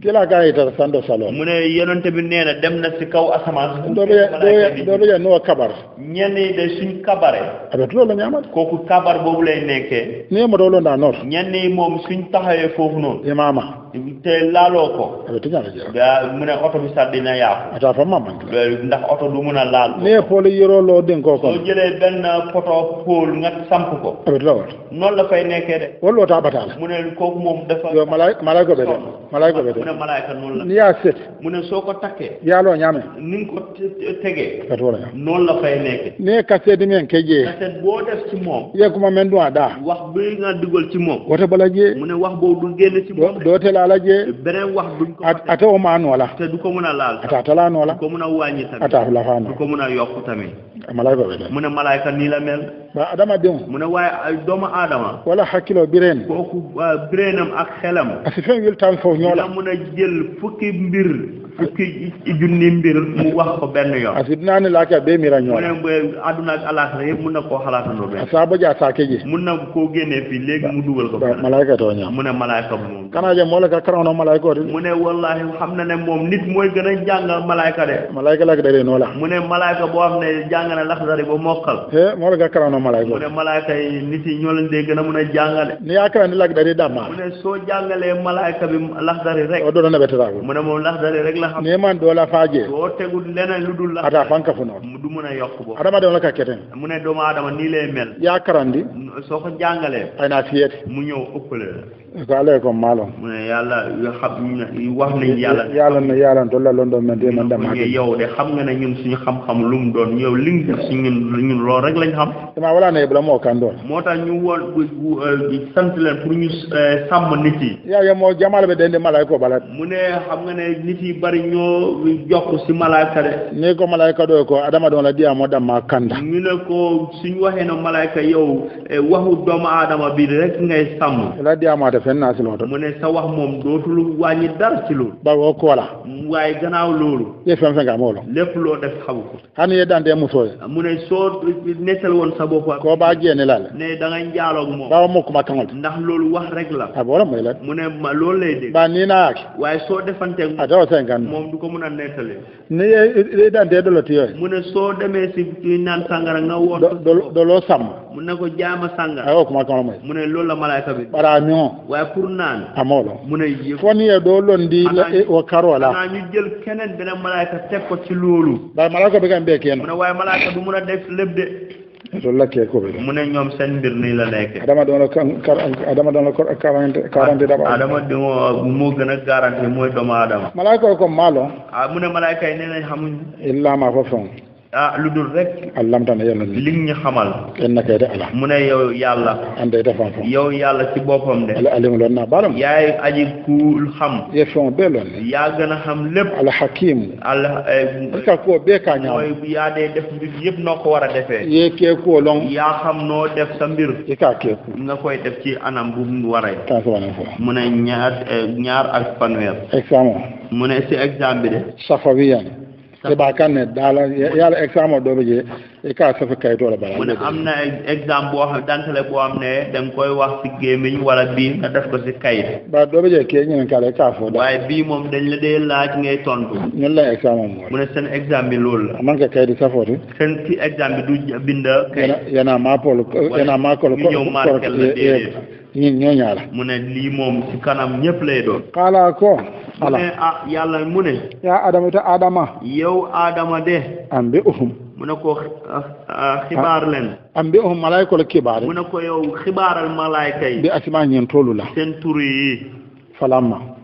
ci la gaa yi tar sando salo mu ne yonente bi nee na dem na si kaw asamaan doobu yee nuwa kabar ñenn yi de suñ kabare avec loolu la ñu amat kooku kabar boobu lay nekkee nee ma doo loon daa noor ñenn yi moom suñ taxawee foofu noonu imaama te laaloo ko. mu ne oto bi sax dina yaaku. ndax oto du mun a laal. ne ye pôles loo den koo kon. soo jëlee benn poto pôle samp ko. a bɛ tila la fay nekkee de. wala taa bata la. mu ne kooku moom dafa. yow malaay malaay ko bɛ dɛ. malaay ko bɛ dɛ. mu ne malaay ka noonu la. n'i y'a set. mu ne soo ko takkee. yaaloo ñaame. ni nga ko tegee. noonu la fay nekkee. ne ye kaset min kɛ jee. kaset boo def ci moom. i ye kuma mɛ dun a da. wax bi nga dugal ci moom. woto bala jee. mu wax boobu du génn ci moom. doo lala je beren wax duñ ko ata o ma nola te du ko mën a laal ata tala nola ko mën a wàññi tamit ata la fa no ko mën a yokk tamit malaika be mu ne malaika nii la mel ba adama dem mu ne waaye doomu adama wala hakkilo bireen kooku bireenam ak a asi fen wil tan foofu ñoola mu a jël fukki mbir fukki junni mbir mu wax ko benn yoon. a naa ne laajte bee mi ra na koo xalaatandoo benn. saa ba jaa saa keji. koo génnee fii léegi mu dugal ko. malayka too ñëw mu ne malayka moom. kanaa je moo la ka karoon na malayka de. mu na moom nit mooy gën a jàngal malayka de. malayka la ak da dee la. mu ne malayka boo xam ne jàng na ba mokkal. eh moo la ka karoon na malayka. mu ne malayka yi nit yi ñoo leen dee a mun a jàngale. ni yaa karoon ni la ak da dee dàmmaa. soo jàngalee malayka bi laxdari rek. o doon a bett mu ne moom laxdari rek la xam neman doola faajee soo tegul leneen lu dul la ata fanka fu noonu du mun a yokk boobu adama dama la ka keten mu ne doomu adama nii lay mel yaa karandi soo ko jàngalee ay naa fiyeti mu ñëw ëppale la ko ko maalon yàlla yoo xam wax nañ yàlla yàlla na yàlla tolla loon doon men man dama yow de xam nga ne ñun suñu xam-xam lu doon yow li nga def si ñun ñun xam dama wala ne moo tax ñu woon euh, sant leen pour ñu euh, sàmm nit yi yaa yo moo jamal be dandi malayka o bala mu ne xam nga ne nit yi bari ñu jokk si malayka de ne ko malayka doo ko adama doon la diyaa moo dammaa kanda ñu ne ko suñu waxee na malayka yow eh, waxu doomu aadama bi rek ngay sàmm la diyaamaate te fenn a si loolu. mu ne sa wax moom dootul wàññi dara ci loolu. ba woo koola. waaye gannaaw loolu. ye fɛn fɛn k'a ma la. lépp loo def xamu ko. hali ni ye dante muso ye. mu ne soo netal woon sa bopp. koo b'a jɛ ne la la. ne da nga njaaloog moom. baaw ma kuma kaŋo ndax loolu wax rek la. a bɔra mooy la. mu ne ma loolu lay dégg. ba ni waaye soo defanteeg. a dɔw sɛn kan. moom du ko mun a netali. ni ye dante dɔ la mu ne soo demee si naan sangara nga woo. mu ne ko jaama sanga ayo kuma kama mai mu ne lola malaika bi bara nyo wa kurnan amolo mu ne yi ko ni do londi wa karo la na ñu jël keneen beneen malaika teg ko ci loolu ba malaika bi kan be kenn mu ne waaye malaika bi mu na def lépp de to lakke ko be mu ne ñoom seen mbir ni la nekk adama doon adama doon ko 40 40 daba adama do mo gën a garanti mooy doomu adama malaika ko maalo ah mu ne malaika yi nee nañ xamuñ illa ma fa fon ah lu dul rek. alhamdulilah yàlla nañu. li ñu xamal. kenn nakay de ala. mu ne yow yàlla. an day defar foofu. yow yàlla ci boppam de. ala alimu lool naa yaay aji kuul xam. yaa fɛn yaa gën a xam lépp. ala hakim. ala. est ce que bɛɛ kaa yëpp noo ko war a defee. yee kee yaa xam noo def sa mbir. i nga koy def ci anam bu mu waree. kaa saba ne fɔ. mu ñaar eh, ñaar ak fanweer. examen. mu ne si examen de. safa seba kanne dala yala exemple o ɗoɓe je e ka safi kayitola bala mun am na exemple boo xam dantale boo xam ne da nga koy wax si gémmiñ wala bii nga def ko si kayit ba ɗoɓe je ke ñenen waaye bii moom dañ la dee laaj ngay tontu ñun la exemple seen exemple bi loolu la man ka kayit safooti seen si exemple du binda kayit yana mapol yana ñëw markel mu ne lii moom si kanam ñëpp lay doon xaalaa ko sala yalla mu ne ya adama ta adama yow adama de ambe uhum mu ne ko eh, eh, xibaar leen an uhum malayka la kibar. mu ne ko yow xibaaral yi bi asma ñeen toolu la seen tur yi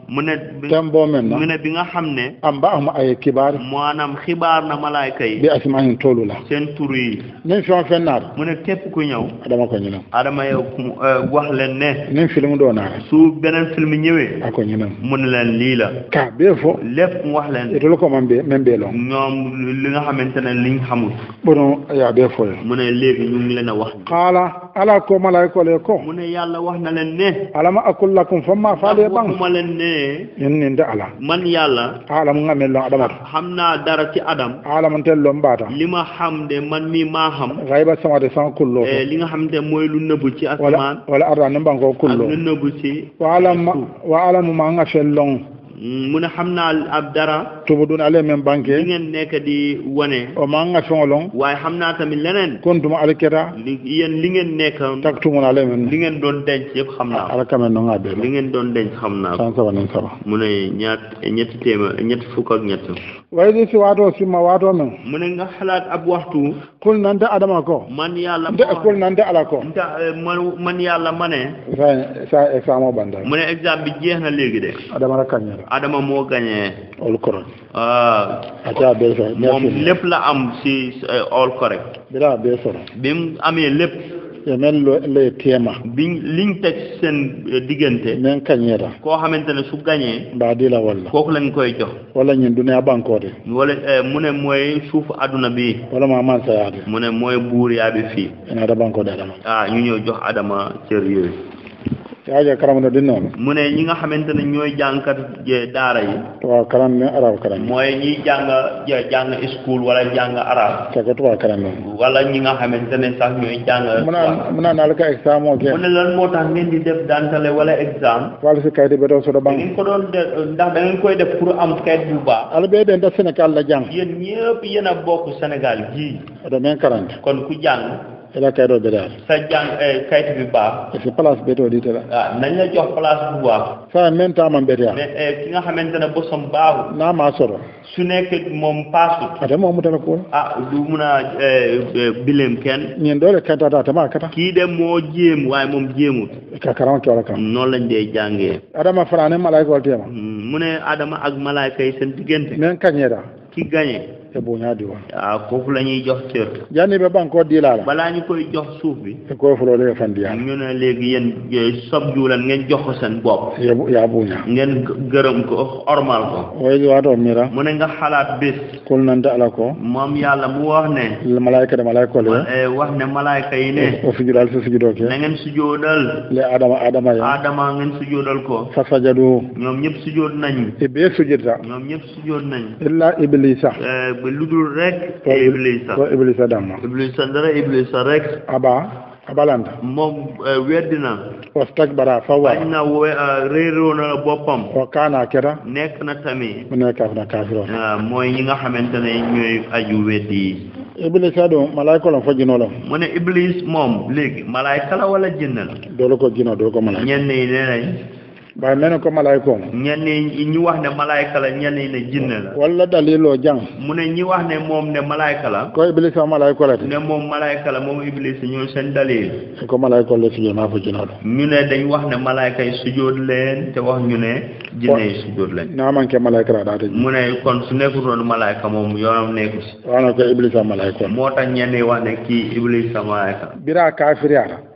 mu ne tem boo mel na mu ne bi nga xam ne am ba am ay kibaar maanaam xibaar na malaayka yi bi asmaahin toolu la seen tur yi nin fion fen naata mu ne képp ku ñëw adama ko ñinam adama yow eh, wax leen ne nin film doo naata su beneen film ñëwee a ko ñinam mu ne leen lii la ka bee fo lépp wax leen itolu ko man bee même bee loo ñoom li nga xamante ne liñ xamul bono yaa bee fo mu ne léegi ñu ngi leen a wax xaala ala ko malaikole ko mun ne yalla wax na len ne alama akul lakum famma faale bang waxuma leen ne en ni nda ala man yalla alam nga mel lon adama xam dara ci adam alam tel lon mbata lima ma xam de man mi ma xam gayba sama de san kullo eh, li nga xam de lu nëbbu ci asman wala arda ne banko kullo lu nëbbu ci wa alam wa alam ma nga fel lon muna hamna abdara tubudun ale men banke ngeen nek di woné o ma nga fengolon waaye xam naa tamit leneen kontuma alketa keta yeen li ngeen nek nekk taktumun ale men li ngeen don denc yeb xamna ala kamé no nga de li ngeen don denc xamna naa san saba nin saba mu ne ñaat ñet téma ñet fuk ak ñet way di ci wato ci ma wato na mu ne nga xalat ab waxtu kul nante adama ko man yàlla de kul nante ala ko nte eh, man yalla mané sa sa mo banda mu ne examen bi jeex na léegi de adama la adama moo gañee all correct ah. ataa bee moom lépp la am si eh, all correct biraa bee bi mu amee lépp yamen lay teema bi liñ teg seen eh, diggante men kañeeta koo xamante ne su gañee mbaa di la walla kooku lañ koy jox wala ñun duniyaa bankoo eh, mu ne mooy suuf aduna bi wala maa man sayaate mu ne mooy buur yaa bi fii ina da de adama ah, ñu ñëw jox adama cër yooyu ci aajo karam na dina noonu. mu ne ñi nga xamante ne ñooy jàngkat daara yi. tubaab karam ne arab karam. mooy ñiy jàng jàng school wala jàng arab. c' est que tubaab karam noonu. wala ñi nga xamante ne sax ñooy jàng. mu naan mu naan daal ka examen moo kii. mu ne lan moo tax ngeen di def dantale wala examen. wala si kayit bi doo sodo bang. ngeen ko doon def ndax da ngeen koy def pour am kayit bu baax. ala bee den da Sénégal la jàng. yéen ñëpp yéen a bokk Sénégal ji. domaine quarante. kon ku jàng. ila kayitoo bee daal. sa jàng eh, kayit bi baax. est-ce que place beetoo a. waaw nañ la jox place bu baax. ça même temps man eh, ki nga xamante ne bosam baaxul. naa maa soro. su nekk moom paasu. ah te mu tënk ko. a du mun a eh, bileem kenn. ñun doole kayita daa tama kata. kii de moo jéem waaye moom jéemut. ka karam kewala kan. noonu lañ dee jàngee. Adama Fara ne Malayka wala hmm, mu ne Adama ak Malayka yi seen diggante. même kañ ki gagné. e boñaadi o a la ñuy jox cër janni ɓe ɓan ko la balaa ñu koy jox suuf bi e koye fuloole e fandiyaa ñu ne léegi yéen sob juulan ngeen jox ko seen bopp yaa buuña ngeen gërëm ko ormal ko way waatoo mira ne nga xalaat bés kul nante ala ko moom yàlla mu wax ne malayka de malayka le eh, wax ne malayka yi ne o sujudaal si sujudoo ke na ngeen sujoodal le adama adama ya adama ngeen sujoodal ko fa sajadu ñoom ñëpp sujood nañ e bee sujudta ñoom ñëpp sujood nañ illa iblisa eh, ba ludul rek. te Iblisa te Iblisa dama. Iblisa dara Iblisa rek. Aba. abalanta moom eh, weddi na wastakbara fa war añ na boppam wa kaana kera nekk na tamit mu nekk na kaafiroon eh, mooy ñi nga xamante ne ñooy aju weddi yi iblis a doon malayka la mu ne iblis moom léegi malayka la wala jinne doolu ko jinoo doolu ko malayka ñenn yi nee nañ waaye mel na ko malayka o ñenn ñi wax ne malayka la ñenn ñi ne jinne la walla daliloo jang mu ne ñi wax ne moom ne malayka la ko iblis a malayka la ne moom malayka la moom iblis seen dalil ko malayka la sujjóot maa fa jinaa ñu ne dañ wax ne malayka yi sujjóot leen te wax ñu ne jinne yi sujjóot leen naa man ke malayka la daa mu ne kon su nekkul woon malayka moom yoonam nekku si wax na ko iblis a malayka moo tax ñenn wax ne kii iblis a malayka biraa kaafiriyaa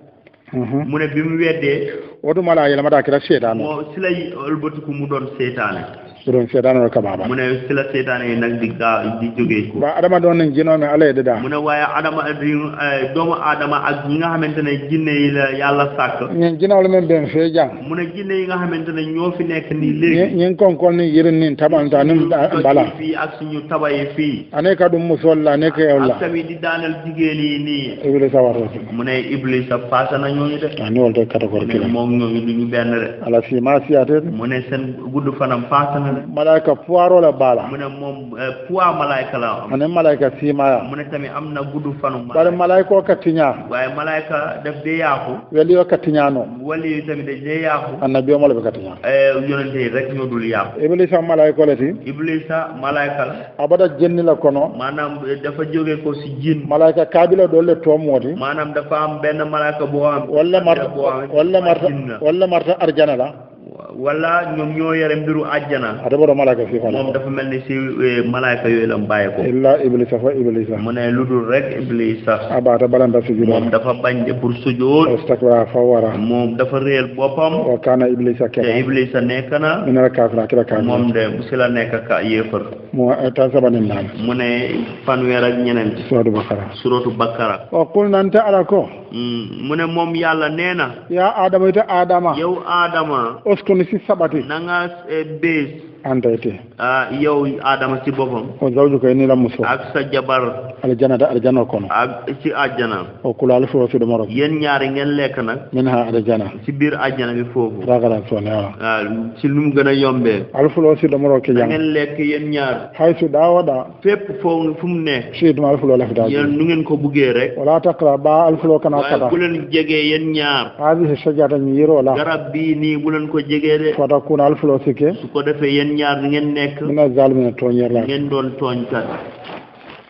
Mm-hmm. mu ne bi mu weddee. o dum ala yelema daa kira seetaane. moo si lay ëlbatiku mu doon seetaane. surun setan ka baba mune sila setan yi nak di di joge ko ba adama don nañ jinoome ala yi da mune waye adama adri doomu adama ak yi nga xamantene jinne yi la yalla sak ñen jinaaw la ben fe jang mune jinne yi nga xamantene ñoo fi nek ni legi ñen kon kon ni yere ni tabanta ni bala fi ak suñu tabay fi ane ka dum musol la nek yow la tammi di danal digeeli ni iblis sawar mune iblis faasa na ñoo ñu def ñu wol de categorie mo ñu ñu ben rek ala fi ma siate mune sen guddu fanam faasa na malaika puwaro la bala mune mom fuwa malaika la am muna malaika sima ya mune tami amna gudu fanu malaika bari malaika o katinya way malaika da de yako wali o katinya no wali tami de je yako annabi o malaika katinya eh yonante rek ñoo dul iblisa malaika la ti iblisa malaika la abada jenni la kono manam dafa joge ko si jin malaika kabila do le to modi manam dafa am ben malaika bo am wala marta wala marta wala marta arjana la wala ñoom ñoo yore mbiru àjjana. a demoon malaaka si xanaa moom dafa mel ni si eh, malaaka yooyu la mu bàyyi ko. illa iblisa fa iblisa. mu ne lu dul rek iblisa. abaata balanta si moom dafa bañ de pour sujood. istakbara fa wara. moom dafa réel boppam. wa kaana iblisa kenn. te iblisa nekk na. mu ne la moom de bu si la ka yéefar. mu eh, tan sabani naan. mu ne fanweer ak ñeneen. suratu bakara. suratu bakara. wa nante ala ko. Mm, moom yàlla nee yaa Adama ite Adama. yow Adama. tonisi sabati. Nangas eh, e base. an ta a ah, yow adama ci boppam o zawju ko ni la muso ak sa jabar aljana da aljana kono ak ci aljana o kula al fo fi do morok yeen ñaari ngeen lekk nag minha aljana ci biir aljana bi foofu ragala sone wa ah, ci lu gën a yombee al fo fi do morok jang ngeen lekk yeen ñaar haysu daawada fépp fo fu mu ne ci dum al fo la fi da yeen nu ngeen ko buggee rek wala takra ba al fo kana kada bu leen jegee yeen ñaar hadi sajata ni yiro la garab bi ni bu leen ko jegee de fatakuna al fo su ko defee yéen ñaar ngeen nekk. min azaalimiina ngeen doon tooñkat.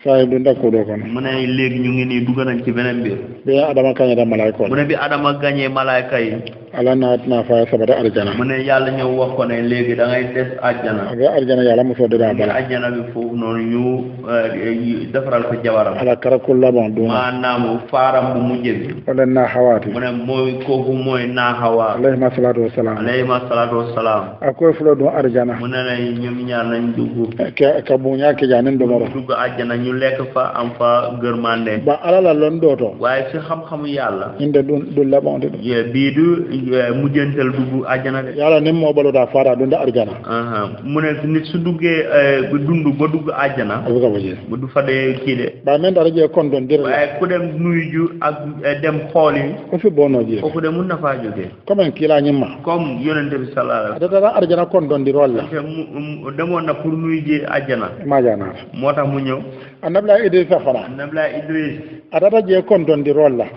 saay du ndako do ko mané légui ñu ngi ni dugg nañ ci benen bi bi adama kañe da malaika mané bi adama gagné malaika yi ala naat na fa sabara aljana mané yalla ñew wax ko né légui da ngay dess aljana nga aljana yalla mu fodda bala aljana bi fu non ñu defral ko jawaram ala karakul laban do manam faram bu mujjé bi ala na hawati mané moy kofu moy na hawa alayhi salatu wassalam alayhi salatu wassalam akoy flo do aljana mané ñom ñaar nañ dugg ka bu ñaak jaanen do mara dugg aljana ñi ñu lekk fa am fa gërmande ba alala lon dootoo waaye si xam-xamu yàlla inde du du labonte du bii du mujjantal dugg ajjana de yàlla ni moo balutaa faata dunda arjana mu ne nit su duggee eh, dund ba dugg ajjana bu du fa dee kii de ba men dara jee kon doon dir waaye ku dem nuyu ju ak eh, dem xool yi ku fi bonoo jee kooku de mun na faa jógee comme kii laa ñu ma comme yonente bi sallallahu alayhi wasallam arjana kon doon di rool la demoon na pour nuyu ji ajjana maa moo tax mu ñëw annabla idrissa fana annabla idris je la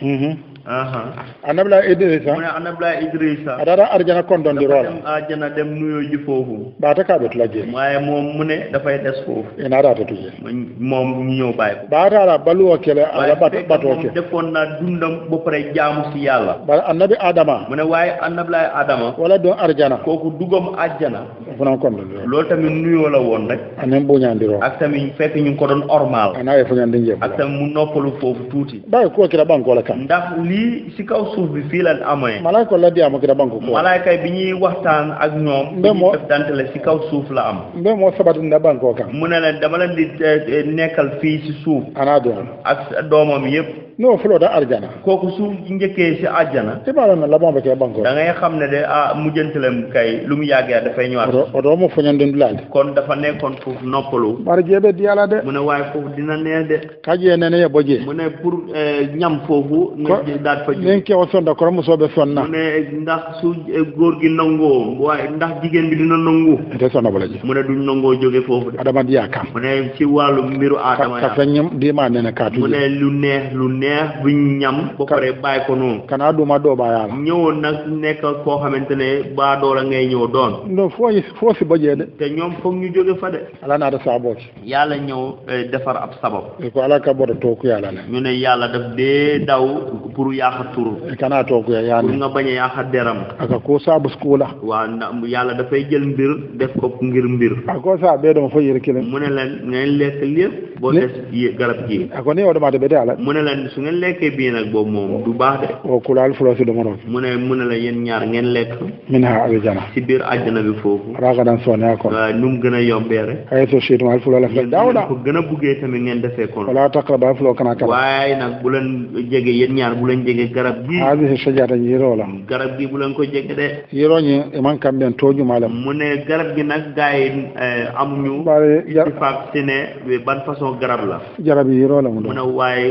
mm-hmm. an abla idrissa mona an abla idrissa adara arjana kondondirola arjana dem nuyoji foofu ɓata kaɓe tulaje waye moom mune dafay des foofu ena arata tuje moom ñëw bàyyi ko ɓaatala baluwo kele ala bato ke defoon na dundam ba pare jaamu si yàlla bara annabi adama mu ne waaye annabi adama wala doon arjana kooku dugam arjana funan kondondirol loolu tamit nuyoo la woon rek anen buñandiroo ak tamit fekk ñu ngi ko doon ormal anaye fuñandi njeb ak tamit mu noppalu foofu tuuti bàyyi koo kila ɓankola kam lii si kaw suuf bi fii la amee. malaayika la di am ak dabanko ko. malaayika bi ñuy waxtaan ak ñoom. mbéy moo def dante la si kaw suuf la am. mbéy moo sabati dabanko kan. mu ne la dama leen di eh, eh, nekkal fii si suuf. ana doon ak doomam yëpp. n'o fële da arjana. kooku su njëkkee si arjana. i b'a dɔn laban bɛ kɛ banko. da ngay xam ne de ah mujjantalem kay lu mu yàggee dafay ñëwaat. o dɔn mo foñandun bilal. kon dafa nekkoon foofu noppalu. bari jee bɛ di ala de. mu ne waaye foofu dina nee de. ka jee nene ye bɔ jee. mu ne pour eh, ñam foofu. ko daal fa. ni nga sonda ko musobe sonna ne ndax su eh, góor gi nangoo waaye ndax jigéen bi dina nangu. te sonna bu la ji. mu ne nangoo jóge foofu de. adamadenya kan. mu ne ci wàllu mbiru aadama ya. ka ka ñam diima ne ne kaatu. mu lu neex lu neex buñ ñam. ba pare bàyyi ko noonu. kana duma doo ba yàlla. ñëwoon nag nekk koo xamante ne ba doola ngay ñëw doon. non foo foo si bojjee de. te ñoom foog ñu jóge fa de. ala naa da saa booti. yàlla ñëw eh, defar ab sabab. ko ala ka bor tooku yàlla la. ñu ne yàlla daf dee daw pour bu a deram. a ka ko saabu suku la. waaw ndax yàlla dafay jël mbir def ko ngir mbir. a ko saa bee dama a ko ni yow damaa de bete ala. mu ne leen su o kulaal fulasi dama mu la yéen ñaar ngeen lekk. min ha aljana. si biir aljana bi foofu. raaka daan sonné ak kon. waaw nu mu gën a yombee rek. xëy na si itam alfula la ko gën a buggee tamit ngeen defee kon. wala takraba alfula kana kan. waaye nag bu leen jege yéen ñaar bu leen leen jege garab gi haadihi sajara yiroo la garab gi bu leen ko jege de yiroo ñi iman kam ben tooñuma la mu ne garab gi nag gars yi amuñu ittifaak si ne ban façon garab la garab yi yiroo la mu doon mu ne waaye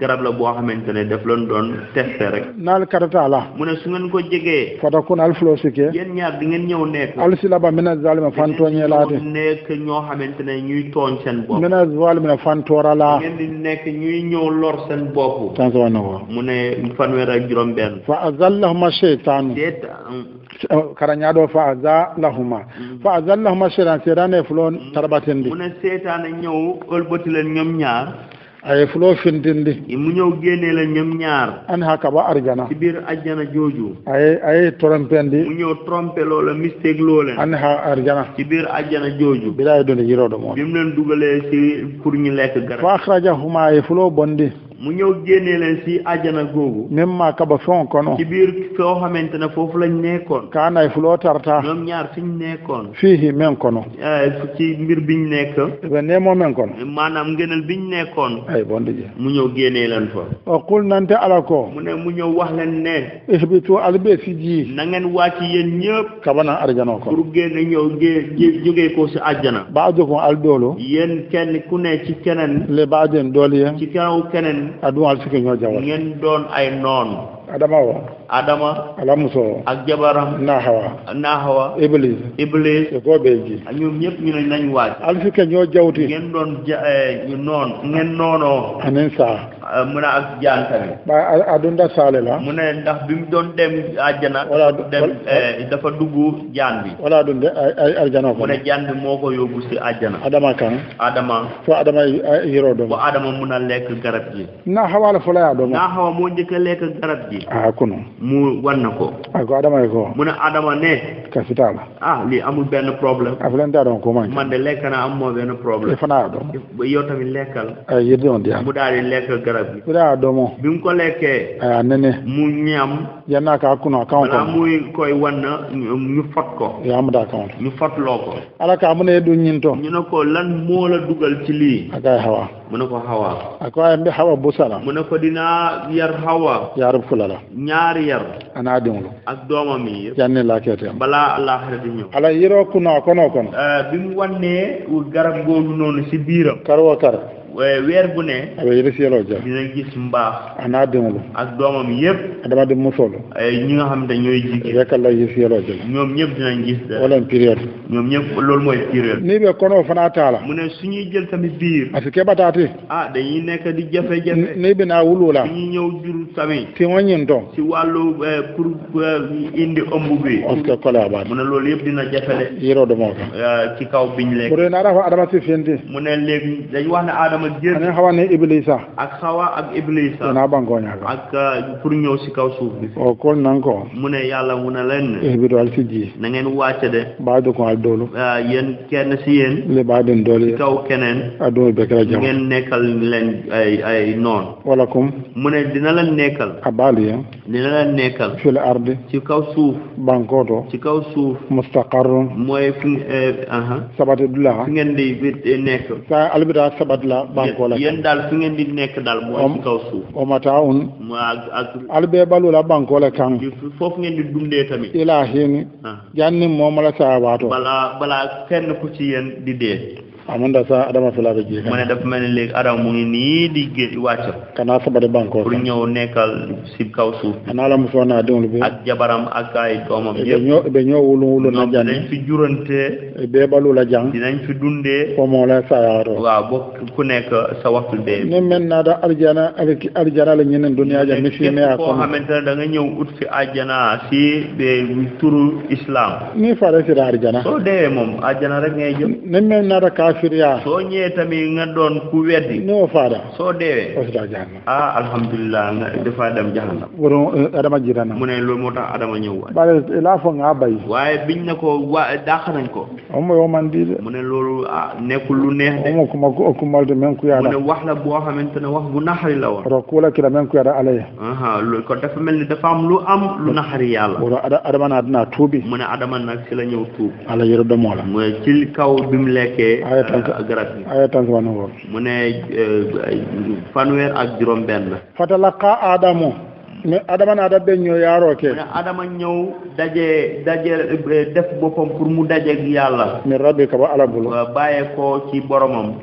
garab la boo xamante ne daf leen doon testé rek naal karata la mu ne su ngeen ko jegee fata kun alfuloo sikkee yéen ñaar di ngeen ñëw nekk alsilaba mina zalima fantooñee laate nekk ñoo xamante ne ñuy tooñ seen bopp mina zalima fantoora laa ngeen di nekk ñuy ñëw lor seen bopp tan sa wa na ko mu ne ne fanweer ak juróom-benn. fa azallahuma seytaanu. seytaanu. karañaa fa azallahuma. fa azallahuma seytaanu seytaanu ye fuloo tarabatindi. mu ne seytaane ñëw ëlbati leen ñoom ñaar. a ye fuloo fintindi. mu ñëw génnee leen ñoom ñaar. an haka ba arjana. ci biir arjana jooju. a ye trompendi. mu ñëw trompé loola mistake loola. an ha arjana. ci biir arjana jooju. bi laa ye dundi yiroo do moom. bi mu leen dugalee ci pour ñu lekk garab. fa axrajahuma a ye fuloo bondi. mu ñëw génnee leen si ajana googu nimma kaba feŋo kono ci biir foo xamante ne foofu lañ nekkoon kaanay fuloo tarta ñoom ñaar fiñ nekkoon fiihi men kono eh, ci mbir biñ nekk ɓe neemoo men kono maanaam ngënal biñ nekkoon ay bon mu ñëw génnee leen fa o qul nante ala ko mu ne mu ñëw wax leen ne ihbitu albee si jii na ngeen wàcc yéen ñëpp kabana arjanoo ko pour génne ñëw gé jógee ko si ajjana baa jokoon al doolu yéen kenn ku ne ci keneen le baa den doolu yéen ci kaw keneen adúmọ̀ àti kìnyàn jà wọ́n. ìyẹn ń dọ́n àìnọ́n. adama alamuso ak jabaram nahawa nahawa iblis iblis ko beji ñoom ñëpp ñu ne nañ waaj alfika ñoo jawti ngeen doon eh, ñu non ngeen nono anen sa eh, muna ak janta bi ba adunda sale la mu ne ndax bi mu doon dem aljana wala dem eh, dafa duggu jaan bi wala dunde de aljana ko mu ne jaan bi moko yobu ci aljana adama kan adama fo adama yiro do bo adama mun lek garab ji nahawa la fo la yaa na nahawa mo njëkk lek garab ji ah kunu mu wanna ko ko adama ko mun adama ne ka fitala ah li amul ben problème afulan da don ko man man de lekana am mo ben problème e fana do yo tamit lekal ay yede on dia mu daali lekal garab bi da do mo bi ko lekke ay nene mu ñam yana ka kuno kan ko muy koy wanna ñu fot ko ya mu da kan ñu fot loko ala ka mu ne du ñinto ñu ko lan mo la dugal ci li akay hawa mu ne ko hawa a ko ayen be hawa busala mu ne ko dinaa yar hawa yaarub fula la ñaari yar a naa diŋolu ak doomam yi janni laa keeteem balaa alaxira di ñëw ala yiroo kunoo konoo kono eh, bi mu wannee garab googu noonu si biiram kar kar weer bu ne. waaye yéen a si yàlla dina gis mbaax. ah naa demaloo. ak doomam yëpp. dama dem mosoo la. ñi nga xam ne ñooy jigéen. rek ñoom ñëpp dinañ gis. wala période. ñoom ñëpp loolu la. mu ne suñuy jël tamit biir. que kebataate. ah dañuy nekk di jafe-jafe. la. dañuy ñëw juru tamit. si ma ñun tɔn. si wàllu eh, pour eh, indi ëmb bi. parce que kole mu ne yëpp dina jafele. yéeroo dama kan. Eh, ci léegi dañ wax ne Adama Adama génn. xanaa xawa ne Iblisa. ak xawa ak Iblisa. naa ak euh, pour ñëw si kaw suuf bi. ɔ oh, ko nan ko. mu ne yàlla mu ne leen. ibiru alisi ji. na ngeen wàcce de. baa dugg al doolu. Euh, yéen kenn si yéen. li baa den doolu ye. kaw keneen. a dun bɛɛ kɛra jama. ngeen nekkal leen ay ay noon. wala kum. mu ne dina leen nekkal. a baalu ye. dina leen nekkal. fil ardi. ci kaw suuf. bankoto. ci kaw suuf. mustaqarrun. mooy fi. Euh, sabati dula. fi ngeen di nekk. saa alibira sabati la. banko la yéen daal fi ngeen di nekk daal mooy ci kaw suuf omataun ak albee balu la banko la kan foofu ngeen di dundee tamit ilaahin ah. balaa kenn ku ci di dee amanda sa adama fila be jii mu ne dafa mel ni léegi adama mu ngi nii di gé wàcc kana sabari banko pour ñëw nekkal si kaw suuf ana la musoo naa denwolu bi ak jabaram ak ay doomam yëpp be ñoo wulun wulun na jàng dinañ fi jurante bee la jàng dinañ fi dundee fo moo la sayaaro waaw bo ku nekk sa waxtu dee ni men naa da aljana avec aljana la ja misi ne a koo xamante ne da nga ñëw ut fi aljana si be turu islam ni fare si da aljana soo dee moom aljana rek ngay jëm kafiriya soo ñëwee tamit nga doon ku weddi no faada soo deewee wasda jahanna ah alhamdulillah nga dafa dem jahanna wono eh, adama jirana mu ne loolu moo tax adama ñëw waay bale nga bay waaye biñ na ko waa dàq nañ ko omo man mu ne loolu ah nekkul lu neex de omo kuma kuma de men ku yaada mu ne wax la boo xamante ne wax bu naxari la woon ro kula kila men ku yaada alay ko dafa mel ni dafa am lu am lu naxari yàlla wono adama naa dinaa tuubi mu ne adama nag si la ñëw tuub ala yërëm de moo la mu kaw bi lekkee ay tànk ak mu ne euh, fanweer ak juróom benn fatalaqa aadamu mais adama na da beñoo yaaro ke adama ñëw daje daje eh, def bopam pour mu ak yalla min rabbi ka ba ala bulu baye ko ci boromam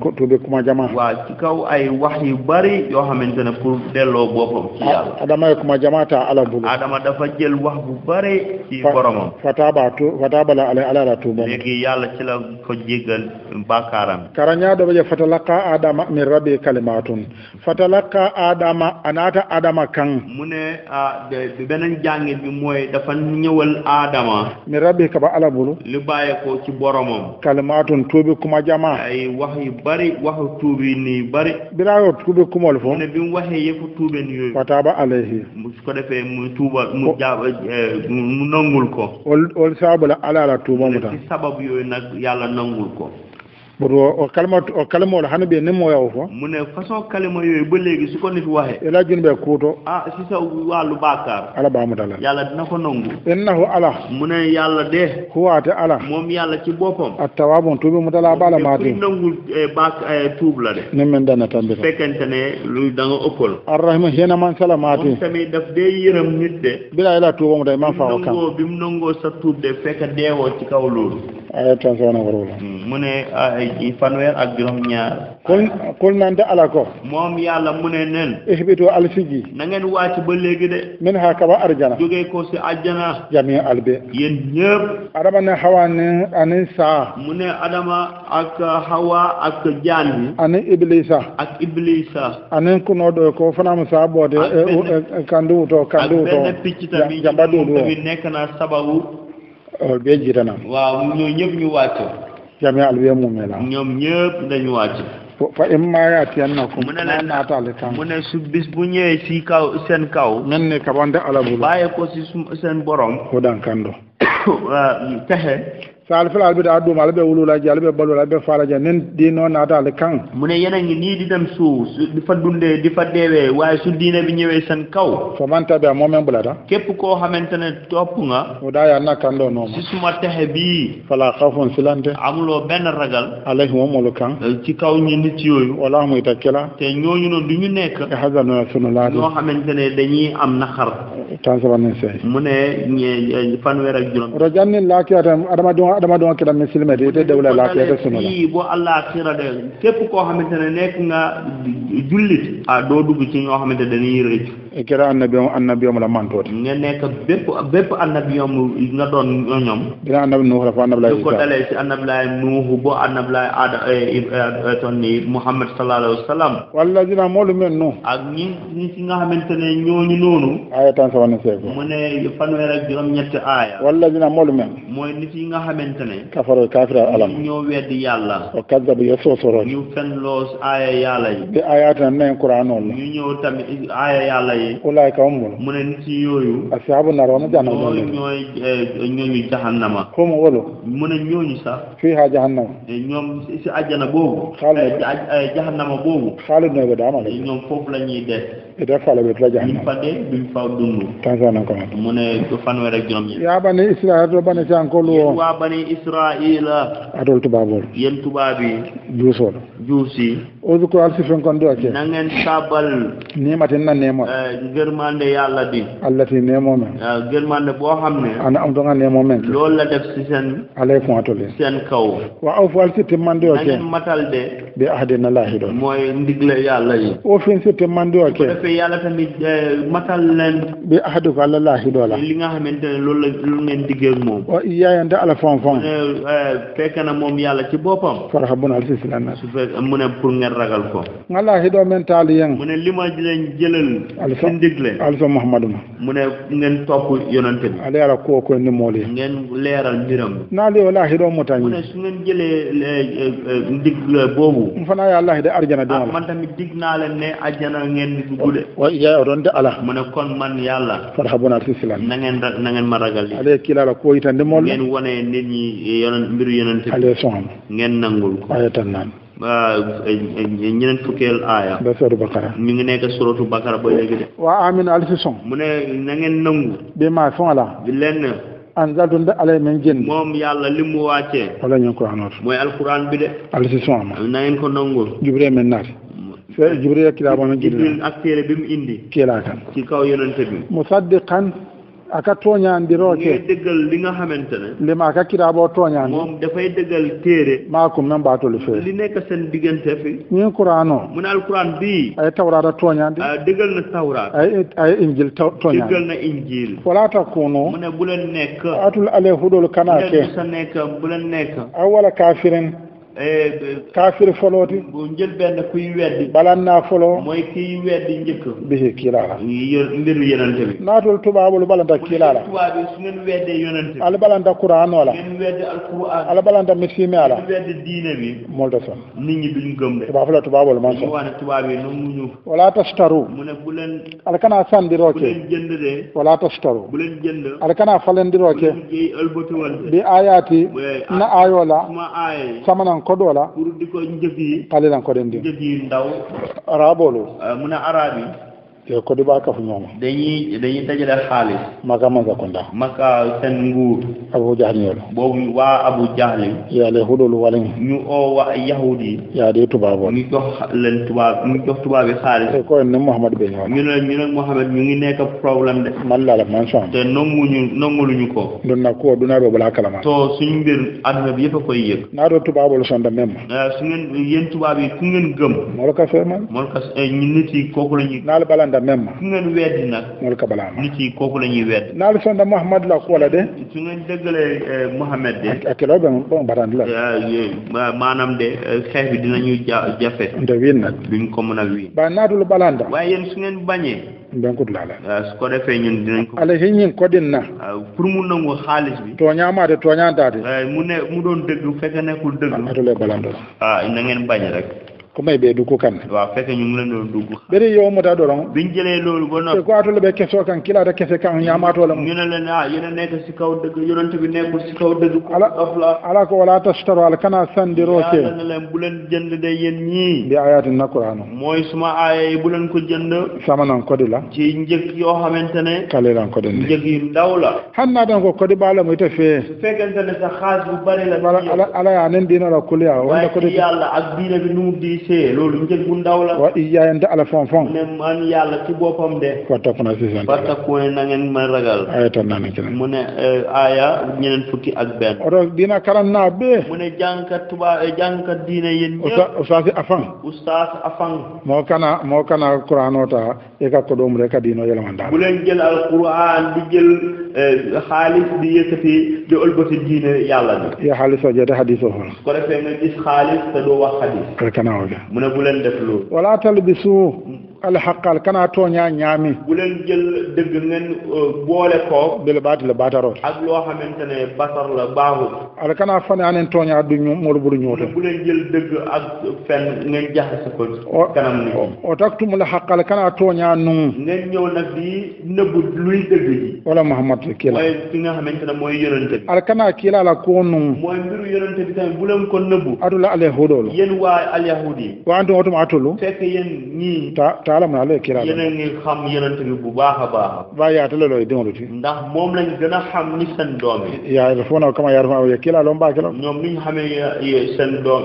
ko tuube kuma jama waaw ci kaw ay wax yu bari yo xamantene pour delloo bopam ci yalla adama ye kuma jama ta ala bulu adama dafa jël wax bu bari ci boromam fataba tu fataaba la ala ala la tuubam léegi yalla ci la ko jigal bakaram karañaa do be fatalaqa adama min rabbi kalimaatun fatalaqa adama anata adama ka kan mu ne da benen jàngit bi moy dafa ñewal adama. mi rabbi ka ba ala bolo li baye ko ci boromam kalimatun tubi kuma jama ay wax yu bari waxu tubi ni bari bi tubi kuma lu fo ne bi mu waxee tubi ni yooyu fataaba alayhi mu ko defee mu tuba mu jaba e, mu nangul ko ol ol la ala la tuba mu ta ci sabab yoy nak yalla nangul ko bodo o kalma o kalma wala hanbe ne mo yawo fo mune façon kalma yoy be legi su ko nit waxe ila jun ɓe kuuto ah si sa walu bakar ala ba mu dalal yalla dina ko nangu innahu ala mune yalla de huwata ala mom yalla ci bopam at-tawabu boppam a tawabum tuubi mutala baala maati nangu eh, baak eh, tub la de ne men dana tambe fekkente ne lu da nga oppol ar arrahima hena man salamati maati moom tamit daf de yeram nit de bila ila tubu mu day ma faaw kan bi mu nangoo sa tub de fekk deewoo ci kaw lolu aya tan sona warola hmm, mu ne ah, eh, fanweer ak juróom ñaar kul kul naan da ala ko moom yàlla mu nen ihbitu alfiji na ngeen wàcc ba léegi de min ha kaba arjana jógee ko si ajjana jami albe yen ñëpp adama ne hawa ne ani saa mu adama ak hawa ak jaan bi ani iblisa ak iblisa ani kunoo ɗo ko fanama saa boode kandi wuto kandi wuto jamba duudu o nekk na sababu bee jiite na. waaw ñooñu ñëpp ñu wàcc. jamiya al bee muumee la. ñoom ñëpp dañu wàcc. fa imma yatiyannakum mu ne leen mu ne su bis bu ñëwee si kaw seen kaw. men ne kabande ala bulu. bàyyi ko si seen borom. ko daan kando. texe. ta alfil albi da addu malabe wulula ji albe balu albe fara ja nin dino na ta alkan mune yanan ni di dam su di fadunde di fadewe waye su dina bi ñewé san kaw fo man tabe mo men bulata kep ko xamantene top nga o da ya na kando no ma suma tahe bi fala khafun silante amulo ben ragal alayhi wa mulukan ci kaw ñi nit yoyu wala muy takela te ñoñu non duñu nek hazan na sunu laati no xamantene dañuy am naxar tan sabane sey mune ñe fanwer ak juroom rajanni lakiatam adama adamadenwa kira misilima de ite dawla lafiya ta sunu la bo allah kira da képp koo xamante ne nga julit a do dugg ci ñoo xamante dañuy reccu e kera annabiyom annabiyom la mantode nga nekk bépp bépp annabiyom nga doon ñoom dina annabi nuuh la fa annabi lay ko dalee ci annabi lay nuuh bo annabi lay aada eh, eh, eh, tonni muhammad sallallahu alaihi wasallam walladina moolu men nu ak ñi ñi ci nga ne ñooñu noonu aaya tan sawana seeko mu ne ñetti aaya walladina yi nga xamante ne kafaro kafira alam ñoo weddi tamit aaya yàlla yi ulaika ummul mu ne ci yooyu ashabu nar wona jahannam ñooy ñooy ñooñu jahannama ko mu wolo mu ne ñooñu sax fiha jahannam ñoom eh, si ajjana boobu eh, eh, jahannama boobu xaalidina ba daama ñoom foofu la ñuy def ete fala ɓe tila jahannam fa de ɗum fa dundu tansan en comment mu ne fanweer ak juróom ya bani israil to bani cankolu o wa bani israila atol tubabol yen tubabi juusoɗo juusi odu ko alsifen kon do ake nangen sabal nimatin nan nemol germande yalla di allati nemoma ya, germande bo xamne ana am do nga nemoma lol la def ci sen alay fon atole sen kaw wa awfu al sitte mande o ken matal de bi ahdina lahi do moy ndigle yalla yi o fen sitte mande o ken dafa yalla tamit eh, matal len bi ahdu fa lahi do la li nga xamantene lol la lu ngeen digge ak mom wa yaaya nda ala fon fon eh, eh, fekkana mom yalla ci bopam farhabun al sitte mande su fek mune pour ngeen ragal ko nga do mentali yang mune lima jilen jelen al sun digle alisa muhammadu ma mu ne ngeen topp yonante bi ale yara koo koy ngeen leeral mbiram naa yoo laahi doo muta mu ne su ngeen jëlee e, e, ndigle boobu mu fanaa yaa laahi de arjana dina ah, la man tamit dig naa leen ne arjana ngeen duggude wa yaa yoo doon de kon man yàlla far xabonaa si silam na ngeen na ngeen ma ragal yi ale kii laa la koo itam ndimool ngeen wone nit ñi yonan mbiru yonante bi ale ngeen nangul ko naan ñeneen fukkeel aaya. ba sooru Bakara. ñu ngi nekk sorotu Bakara ba léegi de. waa Amine Alfison. mu ne na ngeen nangu. bi maa fond la. bi lenn. anzaltu alay min jinn. moom yàlla li mu wàccee. wala ñu ko anoot. mooy alquran bi de. Alfison ama. na ngeen ko nangoo jubree mel naat. Jibril ak kitaabam ak Jibril bi mu indi. Kéelaatan. ci kaw yonente bi. musaddiqan aka roke rooke dëggal li nga xamante ne li ma aka kiraaboo tooñaandi moom dafay dëggal téere nam nan baatolu fee li nekk seen diggante fi ñin Qur'an o mu ne alquran bii ay tawraata tooñaandi ah, dëggal na tawraat ay ay injil tooñaandi dëggal na injil wala takunu mu ne bu leen nekk atul ale hudol sa nekk bu leen nekk awala kafirin Eh, eh, Kafir folooti bu njël benn kuy weddi balan naa foloo mooy kiy weddi njëkk bisi kiilaala mbiru yonente bi naatul tubaabulu balanta kiilaala tubaabi su ngeen weddee yonente ala balanta qur'an wala ngeen weddi alquran ala balanta misime ala weddi diine bi molta son nit ñi duñ gëm de tubaab la man son wax ne yi noonu muñu wala tastaru mu ne bu leen ala kana sandi rooke bu leen jënd de wala tastaru bu leen jënd ala kana falen di rooke bi ayati na ayola sama aye samanan koɗo ala ɓurɗi koye jogii qalilan koɗen ndi jogii ndaw arabolu ah, muna arabi Côte d'Ivoire Kaffrine dañuy dañuy dajale xaalis. Maka Mazakonda. Maka seen nguur. Abu Jahl ñëw la. boobu waa Abu Jahl. yàlla hudul wala ñu oo waa yahudi yi. yaa de tubaaboo. ñu jox leen tubaab ñu jox tubaab yi xaalis. te ko ne Mouhamed Beye ñëw ñu ne ñu ne Mouhamed ñu ngi nekk problème de. man la la man soo te nanguwuñu nanguwuñu ko. du na ko du naa doon balaa kalama. to suñu mbir àdduna bi yëpp a koy yëg. naa doon tubaaboo la sonn même. Eh, su ngeen yéen tubaab yi ku ngeen eh, yi fenda même ngeen ki ngeen weddi nag. mool kabalaama nit yi kooku la ñuy wedd. naal fenda Mouhamed la ko wala de. su ngeen dëggalee eh, Mouhamed de. ak ak loolu ba batandi la. maanaam de eh, xeex bi dinañu ja jafe. nte wiin nag. duñ ko mën a wiin. ba naadul balanda. waaye yéen su ngeen bañee. mbenkut laa la. su ko defee ñun dinañ ko. ala yi ko din na. pour mu nangu xaalis bi. tooñaa maa de tooñaa daa eh, mu ne mu doon dëgg fekk nekkul dëgg. ah atul ah na ngeen bañ rek. ko may ɓe duggu kamɓe waaw fekk ñu ngi leen doon dugg ɓeɗe yowmuta ɗoron biñ jëlee loolu ba noppi ko atole ɓe keso kan kilata kese kan ñamatole mum ñune len a yene nekk si kaw dëgg yonente bi nekkul si kaw dëgg ala ala ko wala tastaro ala kana sandiro ke yàlla leen bu leen jënd de yéen ñii bi ayati na qur'anu mooy suma aaya yi bu leen ko jënd samanan kodi la ci njëg yoo xamante ne kalilan kodi ne njëg yu ndaw la hanna tan ko kodi baala muy tefee su fekkente ne sa xaas bu bari la ala ala yaa nen diina la kuliya wala kodi yàlla ak diina bi nu mu diis gisee loolu njëg bu ndaw la. wa iyyaaya ala fonfon. ne man yàlla ci boppam de. fatakuna si seen. fatakuna na ngeen ma ragal. ayata naa ne mu ne eh, aaya ñeneen fukki ak benn. oto dina karan naa bee. mu ne jànkat tuba eh, jànkat diina yéen ñëpp. ustaasi afan. ustaasi afan. moo kana moo kana kuranoo ta e ka kodoom rek ka diinoo yelema daal. bu leen jël alquran di jël eh, xaalis di yëkkati di ëlbati diine yàlla bi. ya xaalis soo jotee xadisoo xool. ko defee nga gis xaalis te mu ne bu leen def loolu. wala talbisu hmm. alhaqal kana toña ñaami bu leen jël dëgg ngeen euh, boole ko bil batil bataro ak loo xamante ne basar la baaxu ala kana fane anen nya du ñu mol buru ñu bu leen jël dëgg ak fen ngeen jaxase ko kanam ni o taktum alhaqal kana nya nu ngeen ñëw nag bi nëbbu luy dëgg ji wala muhammad kila mooy ki nga xamante ne mooy yonente bi ala kana kila la ko nu mooy mbiru yonente bi tamit bu ko nëbbu adula al yahudol yeen waa al wa antum atulu fek yen ñi ta taalam ala kira yéen a ngi xam yonent bi bu baax a baax ba yaata la looy dengo ti ndax moom lañ gën a xam ni seen doom yi yaa dafa na kama yaa dafa ya kila lon ba kila ñoom ni ñu xamee seen doom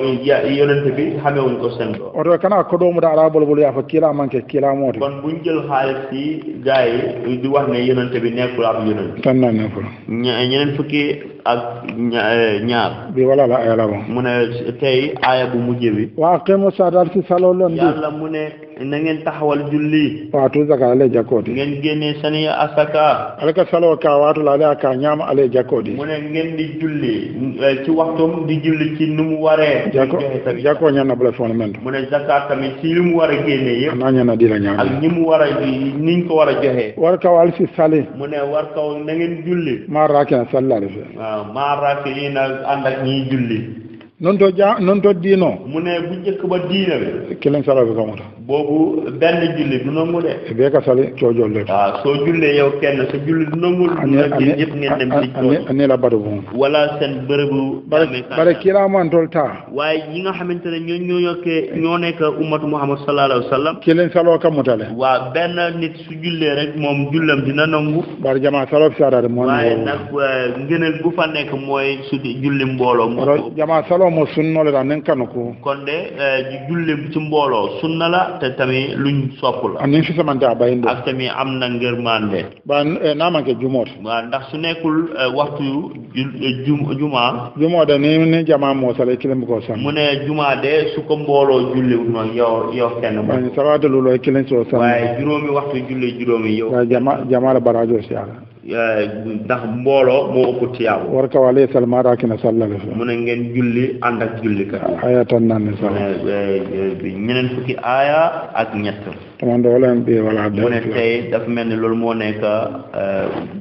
yonent bi xamewuñ ko seen doom oto ko doomu da arabol bol yaa fa kila manke kila mooti kon buñ jël xaalis yi gaay di wax ne yonent bi nekkul ab yonent tan na nekkul ñeneen fukki ak eh, ñaar bi wala la ayala eh, moom mu ne tay aya bu mujj bi wa qimu sadal si salo loon bi yalla mu ne na ngeen taxawal julli tu zakala le jakkooti ngeen gene sani asaka alaka saloo ka waatu la ale aka ñaam ale jakkooti mu ne ngeen di julli eh, ci waxtum di julli ci nu mu waree jakko jakko ñaan na bula men mu ne zaka tamit ci li mu war a génne yëpp naa na di la ñaan ak ñi mu war a niñ ko war a war kaw al si sali mu ne war kaw na ngeen julli maa raakeen sali la ma rafiina ànd ak ñiy julli non to jaa non to diinoo. mu ne bu njëkk ba diina bi. kelen sala bi kamuta. boobu benn julli du nangu de. bee ka sali coo jolle. waaw soo jullee yow kenn sa julli du nangu. ani ani ani la badu bu wala seen bërëbu. bari bari kiilaamantol taa. waaye ñi nga xamante ne ñoo ñoo yokkee ñoo nekk ummatu muhammad sallallahu alaihi wasallam. kelen saloo kamutale. waaw benn nit su jullee rek moom jullam dina nangu. bari jamaa salo fi saa daal mooy. waaye nag ngëneel bu fa nekk mooy su julli mbooloo. jamaa salo. mbooloo mo sunno le la aniŋ kanu ko kon de eh, julle bi ci mbooloo sunna la te tamit luñ sopp la aniŋ fisamante a bayindo ak tamit am na ngërmande ba eh, naa man ke jumoo te ndax su nekkul eh, waxtu juma jumoo de ni ni jamaa moo sala kilim bi ko sam mu ne juma de su ko mbooloo julliwul noonu yow yow kenn mo salaatu lu looy kilim soo sam waaye juróomi waxtu julle juróomi yow jama jama la baraajoo si yàlla Eh, ndax mbooloo moo ëpp tiyaabu. war ka waa les salma raakina sallale. mu ne ngeen julli ànd ak julli kat. ayatan naan ne sax. Eh, eh, ñeneen fukki aaya ak ñett. tamit wala bi mu ne tey dafa mel ni loolu moo nekk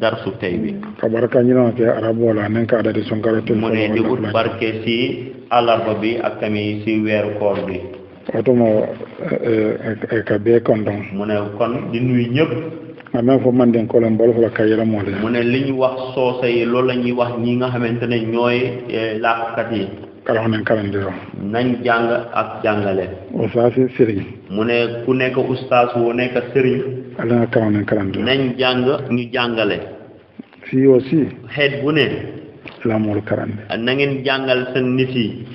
darsu tey bi. ka baraka ñu naan kii arabu wala ne ka adadi sunkaro. mu ne di ut barke si alarba bi ak tamit si weeru koor bi. oto moo ka bee kontoon. mu ne kon di nuyu ñëpp. amee fo man den kolen bol fo kay yela mo mu ne li ñu wax soose yi loolu la ñuy wax ñi nga xamante ne ñooy eh, laakukat yi kala honen kalandiroo nañ jàng ak jàngale ustaasi sëriñ mu ne ku nekk ustaas woo nekk sëriñ ala nga kala honen kalandiroo nañ jàng ñu jàngale si yoo si xeet bu ne la moolu karande na ngeen jàngal seen nit yi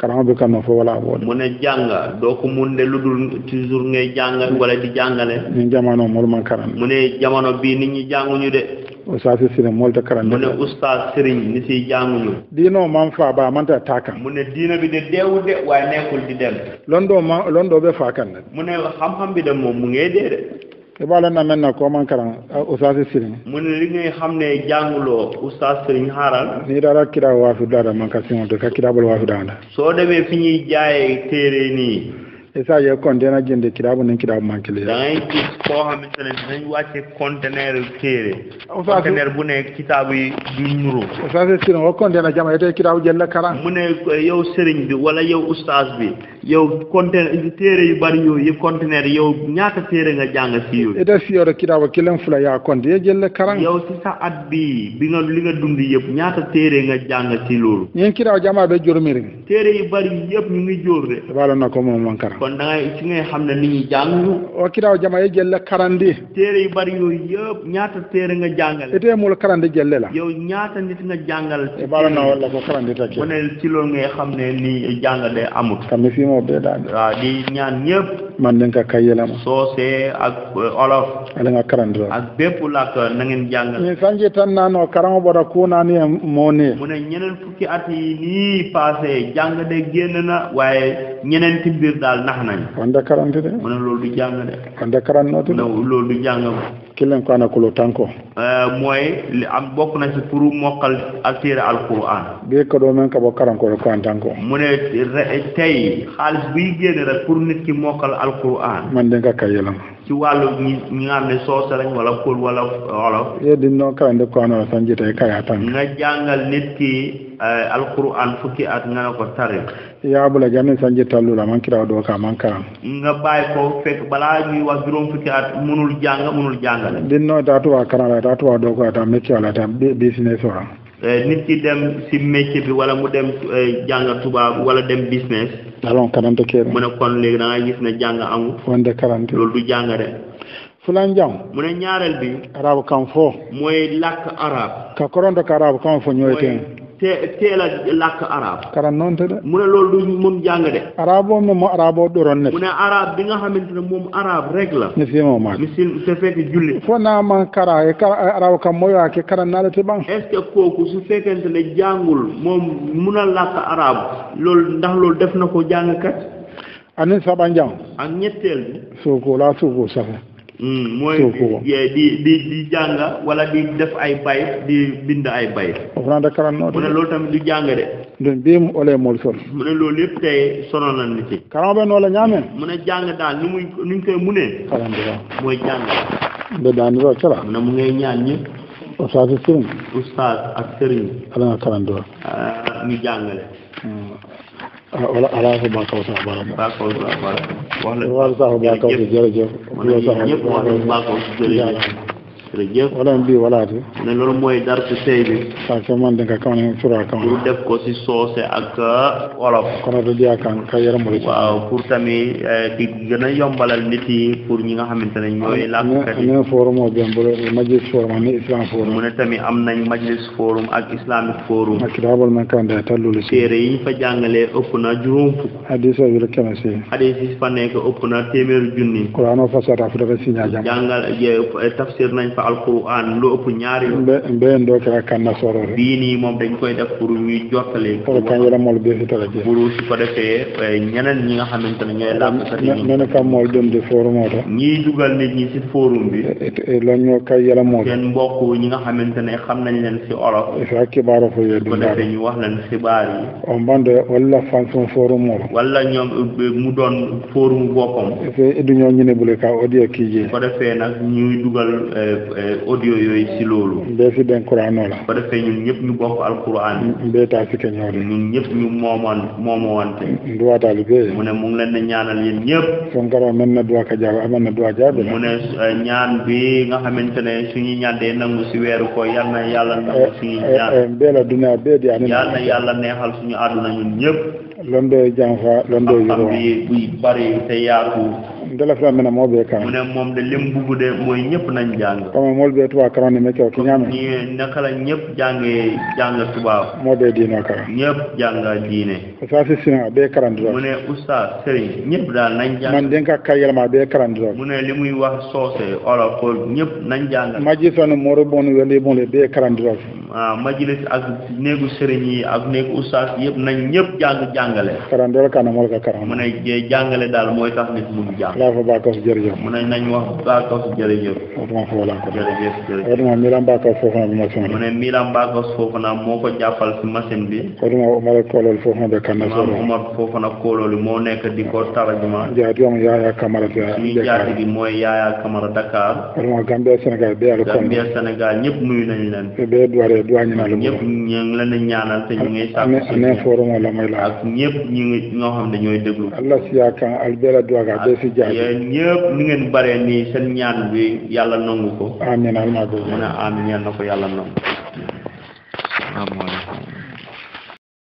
karam bi kan fo wala bo mu ne jàng doo ko de lu dul toujours ngay jàng wala di jàngale ni jamono moolu ma karan mu ne jamono bii nit ñi jànguñu de ustaas sëriñ moolu te karan mu ustaas sëriñ ni si jànguñu diinoo man faa baa man ta taakan mu ne diina bi de deewu de waaye nekkul di dem lon doo ma lon doo be faakan de mu ne bi de moom mu ngee dee de i e ba la na men na ko man karan se sirin mun li ñuy xamne jangulo ustaz sirin haral ni dara kira wa fi dara man ka sino to ka kira bol wa fi dana so deme fi ñi jaaye téré ni isa e ye kontena jende kira bu ni kira man kile da ngay ci ko xamantene dañ wacce container téré container bu ne kitabu du sa se sirin o kontena jama yete kira bu jella karan mu ne yow sirin bi wala yow ustaz bi yow conteneur téere yu bari yooyu yëpp conteneur yow ñaata téere nga jàng si yooyu. ete siyoro kitaaba kelen fula yaa konte ye jelle karan. yow si sa at bi bi nga li nga dund yëpp ñaata téere nga jàng si loolu. ñeen kitaaba jamaa bɛ joro mi rek. téere yu bari yëpp ñu ngi joor de. b'a dɔn na man karan. kon da ngay si ngay xam ne ni ñuy jàng. o kitaaba jamaa ye jelle karandi. téere yu bari yooyu yëpp ñaata téere nga jàngale. ete mul karandi jelle la. yow ñaata nit nga jàngal. b'a wala ko karandi ta kɛ. ko ne si loolu ngay xam ne ni jàng de amut. ñoo bee daal waaw di ñaan ñëpp man de nga kayyelama soose ak euh, olof ala nga karandira ak bépp làkk na ngeen jàng mi sanji tan naanoo karaŋo bota kuu naani ye moo ne mu ne ñeneen fukki at yi nii passé jàng de génn na waaye ñeneen ci daal nax nañ kon de karante de mu du jàng de kon de karan noo loolu du jàng kilen ko ana kulo tanko eh, moy am bokk na ci pour mokal altira alquran bi ko do men ka bo karan ko ko tanko mune tay xalis bi gene rek pour nit ki mokal alquran man de nga kayelam ci walu ñi nga so soosa lañ wala ko wala wala ye di no kan de ko ana kay kayatan nga jangal nit ki Eh, alquran fukki at ngana ko tare ya bula jamin sanje tallu la man kira do ka man ka nga bay ko fek bala ñuy wax juróom fukki at munul jàng munul jàngale din no tatu wa karala tatu wa do ko ta mecce wala ta business wala eh, nit ki dem si métier bi wala mu dem eh, jàng tubaab wala dem business alon karante kere mu ne kon léegi da ngay gis ne jàng amul wonde karante loolu du jàng de fulan jam mu ne ñaareel bi arab kan fo mooy làkk arab ka koronto ka arab kan fo ñooy teen teelaj lakk arab kara non te mu ne lolou du mom jang de arab mom mo arab o doron ne mu ne arab bi nga xamantene mom arab rek la ni fimo ma ni sin te fek julli fona ma kara e kara e arab kam mo ya ke kara nala te bang est ce koku su fekente ne jangul mom mu ne lakk arab lol ndax lol def nako jang kat ani sa ban jang ak ñettel bi soko la soko sa Mm, mooy di di di jàng wala di def ay bayit di bind ay bayit o fana da karan noo mu ne loolu tamit du jàng de don bii mu yëpp tey sono na nit ci karan be noo la ñaamee mu ne jàng daal ni muy ni ñu koy munee karan bi mooy jàng da daani roo cala mu a mu ngay ñaan ñi ustaas ak sëriñ ustaas ak sëriñ ala nga karan ah, ñu jàngale mm. ah voilà allah fi ba kaw sax baaraam. ba kaw sax baaraam. wax la waaw sax ba kaw si jërëjëf. ñëpp wax la ba kaw si jërëjëf. jërëjëf walambi walaati ne loolu mooy darsu tey bi sa ke man denka kaw ne sura kaw pour def ko si soose ak wolof euh, kono to diya kan ka yaramulo waaw pour tamit euh, di gën a yombalal nit yi pour ñi nga xamante ne ñooy làkkat yi ne forum o ben bolo majlis forum ani islam forum mu ne tamit am nañ majlis forum ak islamic forum ak kitaabal man kan da tallulu si téere yi fa jàngalee ëpp na juróom fukk hadisa wi rek na si hadis yi fa nekk ëpp na téeméeru junni qur'an o fasara fu dafa si ñaa jàngal eh, tafsir nañ fa alquran lo ëpp ñaari yoon be ndo ka kan na soro bi ni mom dañ koy def pour ñu jotale ko kan wala mol be ci tala ji buru su ko defé eh, ñeneen ñi nga xamantene ñoy lam sa ni ñene kam mol dem de forum ota ñi duggal nit ñi ci forum bi la ñoo kay yela mol ken mbokk ñi nga xamantene xam nañ leen ci olof fa baro fo yé du defé ñu wax leen xibaar yi on oh, bande wala fonction forum wala ñom eh, mu doon forum bokom fa edu ñoo ñene bu le ka odie ki ji ko defé nak ñuy duggal eh, Euh, audio yooyu si loolu. mbee si den Qur'an la. ba defee ñun ñëpp ñu bokk alquran. mbee taa si kañoo de. ñun ñëpp ñu moomoon moomowante. duwaa taalibe. mu ne mu ngi leen di ñaanal yéen ñëpp. son karaw mën na duwaa ka jaab amal na duwaa jaab mu ne euh, ñaan bi nga xamante ne suñu ñaan dee nangu si weeru ko yal na yàlla nangu suñu ñaan. mbee eh, eh, eh, la dunaa bee di. yal na yàlla neexal suñu àdduna ñun ñëpp. londe janfa londe yoro bi buy bari te yaatu ndela fila mena mo be kan mune mom de lim bugu de moy ñepp nañ jang kama mol be tuba mo be dina ka ñepp janga diine sa si sina be karan do mune usta seri ñepp dal nañ jang man den ka kayel ma be karan do mune limuy wax sosé ora ko nañ jang maji sonu moro bonu wele bon le be karan do ah, majilis ak neegu serigne yi ak neegu usta yépp nañ ñepp jang jang jàngale. karam dara kanam wala karam. mu je jàngale daal mooy tax nit mu ngi jàng. laa ko baax kaw jërëjëf. mu ne nañ wax baax kaw jërëjëf. waaw ko wala ko. jërëjëf jërëjëf. waaw dama miiraam baax kaw foofu naa bi machine bi. mu ne miiraam baax kaw foofu naa ko jàppal si machine bi. waaw dama Omar Kolo foofu naa bi na soxla. maanaam Omar foofu di ko tarajuma. jaa di wax yaaya kamara. si jaati bi mooy yaaya kamara Dakar. waaw dama Gambia Sénégal bee yàlla kon. Gambia Sénégal ñëpp nuyu nañu leen. bee duwaree duwaa ñu naa la mu wax. ñëpp ñu ngi ñaanal te ñu ngi sàkk. ne forum wala may laaj. ñëpp ñi ngi ñoo xam ne ñooy déglu. allah si a albela Duwaga ba si jaay. ñëpp ni ngeen bare nii seen ñaan bi yàlla nangu ko. amiin alhamdulilah mu a amiin ñeen na ko yàlla nangu.